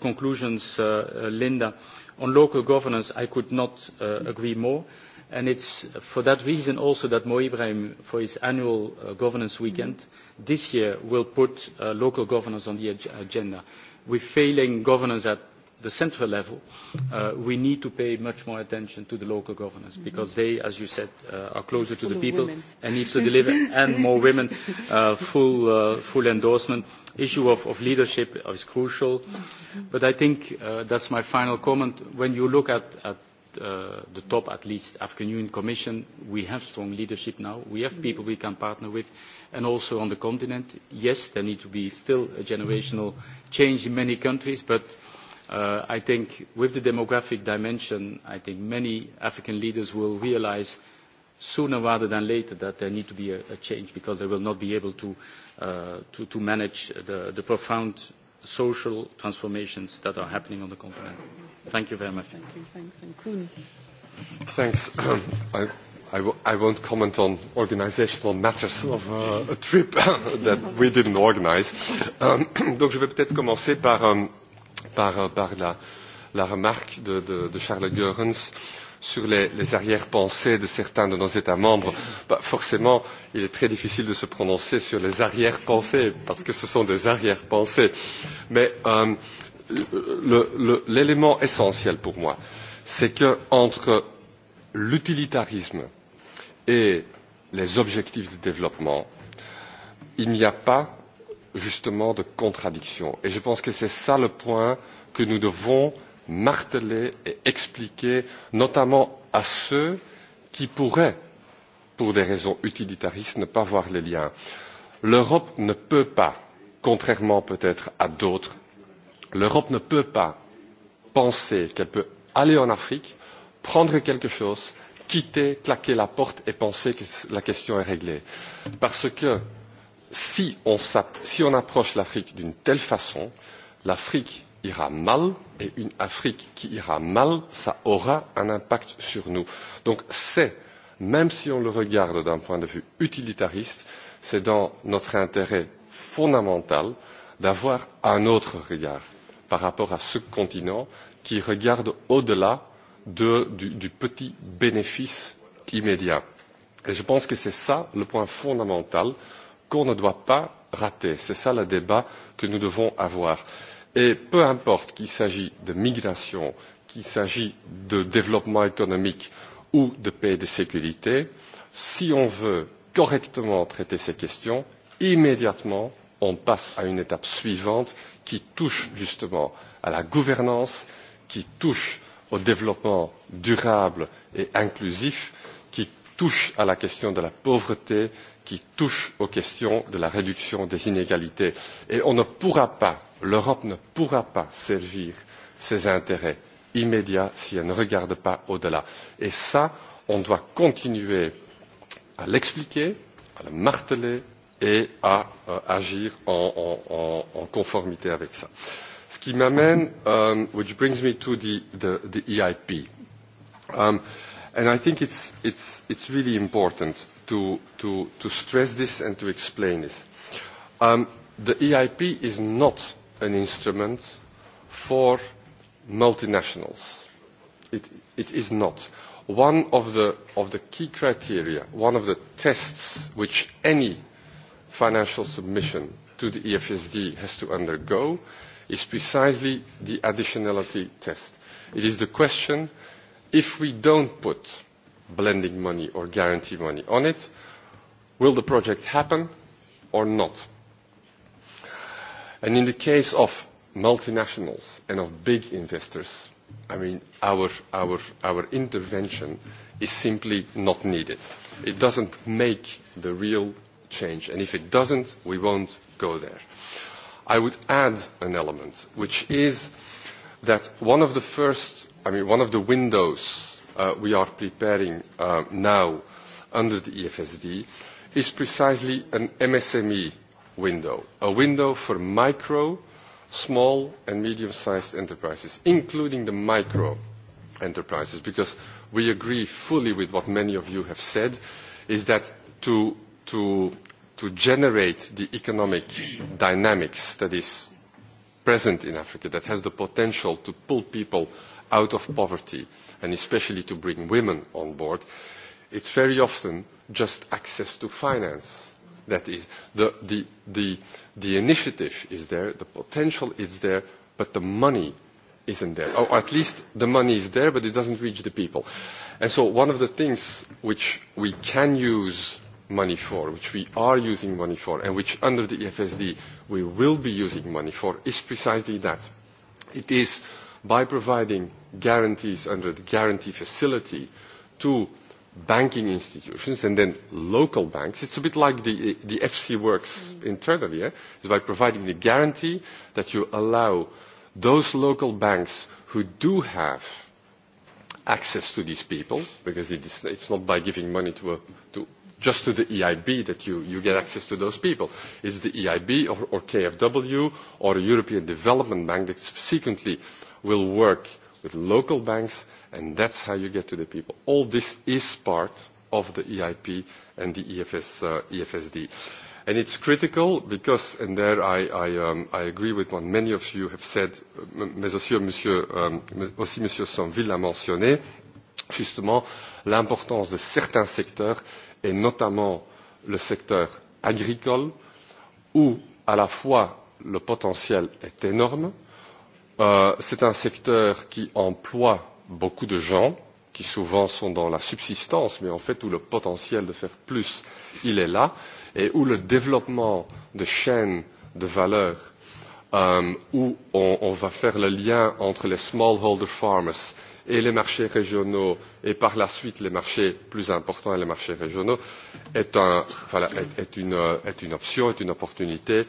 conclusions, Linda. On local governance, I could not agree more And it's for that reason also that Mo Ibrahim, for his annual governance weekend this year, will put local governance on the agenda. With failing governance at the central level, we need to pay much more attention to the local governance because they, as you said, are closer to the people and need to deliver, and more women, full endorsement. Issue of leadership is crucial. But I think that's my final comment. When you look at the top, at least, African Union Commission, we have strong leadership now. We have people we can partner with. And also on the continent, yes, there needs to be still a generational change in many countries, but I think with the demographic dimension, I think many African leaders will realise sooner rather than later that there needs to be a change because they will not be able to manage the profound social transformations that are happening on the continent. Thank you very much. Thank you. Thanks. And Kuhn. Thanks. I, I, w- I won't comment on organizational matters of uh, a trip that we didn't organize. Um, donc je vais peut-être commencer par, um, par, uh, par la, la remarque de, de, de Charles Goerens sur les, les arrière-pensées de certains de nos États membres, bah, forcément, il est très difficile de se prononcer sur les arrière-pensées, parce que ce sont des arrière-pensées. Mais euh, l'élément essentiel pour moi, c'est que entre l'utilitarisme et les objectifs de développement, il n'y a pas justement de contradiction. Et je pense que c'est ça le point que nous devons marteler et expliquer, notamment à ceux qui pourraient, pour des raisons utilitaristes, ne pas voir les liens. L'Europe ne peut pas, contrairement peut-être à d'autres, L'Europe ne peut pas penser qu'elle peut aller en Afrique, prendre quelque chose, quitter, claquer la porte et penser que la question est réglée. Parce que si on, si on approche l'Afrique d'une telle façon, l'Afrique ira mal et une Afrique qui ira mal, ça aura un impact sur nous. Donc c'est, même si on le regarde d'un point de vue utilitariste, c'est dans notre intérêt fondamental d'avoir un autre regard par rapport à ce continent qui regarde au-delà de, du, du petit bénéfice immédiat. Et je pense que c'est ça le point fondamental qu'on ne doit pas rater. C'est ça le débat que nous devons avoir. Et peu importe qu'il s'agit de migration, qu'il s'agit de développement économique ou de paix et de sécurité, si on veut correctement traiter ces questions, immédiatement, on passe à une étape suivante qui touche justement à la gouvernance, qui touche au développement durable et inclusif, qui touche à la question de la pauvreté, qui touche aux questions de la réduction des inégalités. Et on ne pourra pas, l'Europe ne pourra pas servir ses intérêts immédiats si elle ne regarde pas au-delà. Et ça, on doit continuer à l'expliquer, à le marteler et à agir en, conformité avec cela. Ce qui m'amène, which brings me to the, the, the EIP. and I think it's, it's, it's really important to, to, to stress this and to explain this. the EIP is not an instrument for multinationals. It, it is not. One of the, of the key criteria, one of the tests which any financial submission to the EFSD has to undergo is precisely the additionality test. It is the question, if we don't put blending money or guarantee money on it, will the project happen or not? And in the case of multinationals and of big investors, I mean, our, our, our intervention is simply not needed. It doesn't make the real change. And if it doesn't, we won't go there. I would add an element, which is that one of the first, I mean, one of the windows uh, we are preparing uh, now under the EFSD is precisely an MSME window, a window for micro, small and medium-sized enterprises, including the micro enterprises, because we agree fully with what many of you have said, is that to to, to generate the economic dynamics that is present in Africa, that has the potential to pull people out of poverty, and especially to bring women on board, it's very often just access to finance. That is, the, the, the, the initiative is there, the potential is there, but the money isn't there. Or at least the money is there, but it doesn't reach the people. And so one of the things which we can use money for, which we are using money for, and which under the EFSD we will be using money for, is precisely that. It is by providing guarantees under the guarantee facility to banking institutions and then local banks. It's a bit like the, the FC works internally. Eh? It's by providing the guarantee that you allow those local banks who do have access to these people, because it is, it's not by giving money to, a, to, just to the EIB that you, you get access to those people. It's the EIB or, or KFW or a European Development Bank that subsequently will work with local banks, and that's how you get to the people. All this is part of the EIP and the EFS, uh, EFSD. And it's critical because, and there I, I, um, I agree with what many of you have said, mais aussi Monsieur, um, aussi Monsieur Sanville a mentionné, justement l'importance de certains secteurs et notamment le secteur agricole, où à la fois le potentiel est énorme, c'est un secteur qui emploie beaucoup de gens, qui souvent sont dans la subsistance, mais en fait où le potentiel de faire plus, il est là, et où le développement de chaînes de valeur, euh, où on, on va faire le lien entre les smallholder farmers et les marchés régionaux et par la suite les marchés plus importants et les marchés régionaux est, un, voilà, est, une, est une option, est une opportunité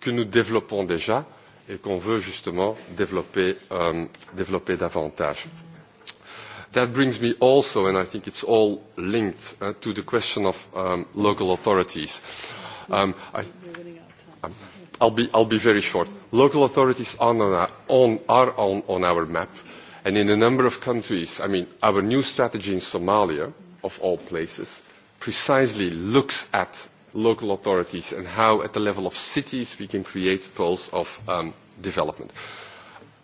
que nous développons déjà et qu'on veut justement développer, um, développer davantage. That brings me also, and I think it's all linked, uh, to the question of um, local authorities. Um, I, I'll, be, I'll be very short. Local authorities are on, our, on, are on, on our map. And in a number of countries, I mean, our new strategy in Somalia, of all places, precisely looks at local authorities and how at the level of cities we can create poles of um, development.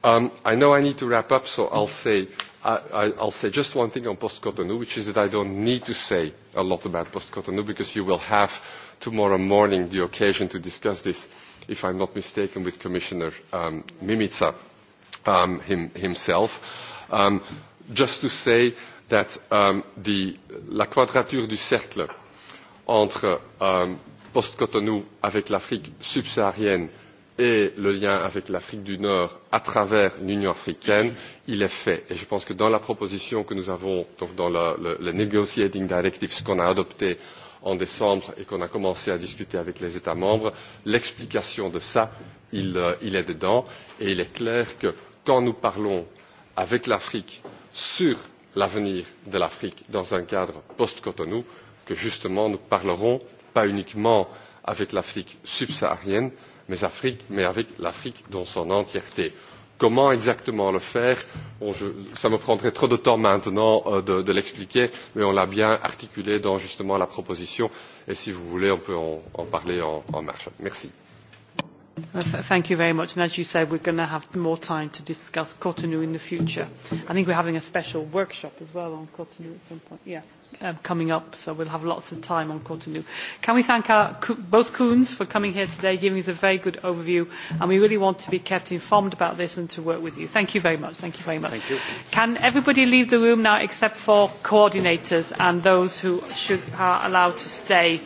Um, I know I need to wrap up, so I'll say, I, I, I'll say just one thing on post-Cotonou, which is that I don't need to say a lot about post-Cotonou because you will have tomorrow morning the occasion to discuss this, if I'm not mistaken, with Commissioner um, Mimica um, him, himself. Um, just to say that um, the, la quadrature du cercle entre um, post-Cotonou avec l'Afrique subsaharienne et le lien avec l'Afrique du Nord à travers l'Union africaine, il est fait. Et je pense que dans la proposition que nous avons, donc dans le, le, le Negotiating Directive, ce qu'on a adopté en décembre et qu'on a commencé à discuter avec les États membres, l'explication de ça, il, il est dedans. Et il est clair que quand nous parlons avec l'Afrique sur l'avenir de l'Afrique dans un cadre post Cotonou que justement nous parlerons pas uniquement avec l'Afrique subsaharienne, mais, avec l'Afrique dans son entièreté. Comment exactement le faire Cela me prendrait trop de temps maintenant de, l'expliquer, mais on l'a bien articulé dans justement la proposition et si vous voulez, on peut en, parler en, marche. Merci. Thank you very much. And as you said, we're going to have more time to discuss Cotonou in the future. I think we're having a special workshop as well on Cotonou at some point. Yeah, coming up. So we'll have lots of time on Cotonou. Can we thank our, both Koons for coming here today, giving us a very good overview. And we really want to be kept informed about this and to work with you. Thank you very much. Thank you very much. Thank you. Can everybody leave the room now except for coordinators and those who should, are allowed to stay?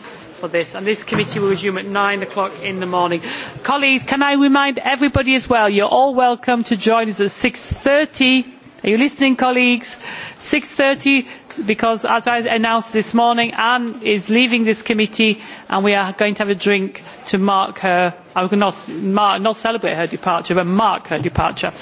for this and this committee will resume at nine o'clock in the morning. colleagues can i remind everybody as well you are all welcome to join us at six thirty are you listening colleagues? six thirty because as i announced this morning anne is leaving this committee and we are going to have a drink to mark her i will not, not celebrate her departure but mark her departure.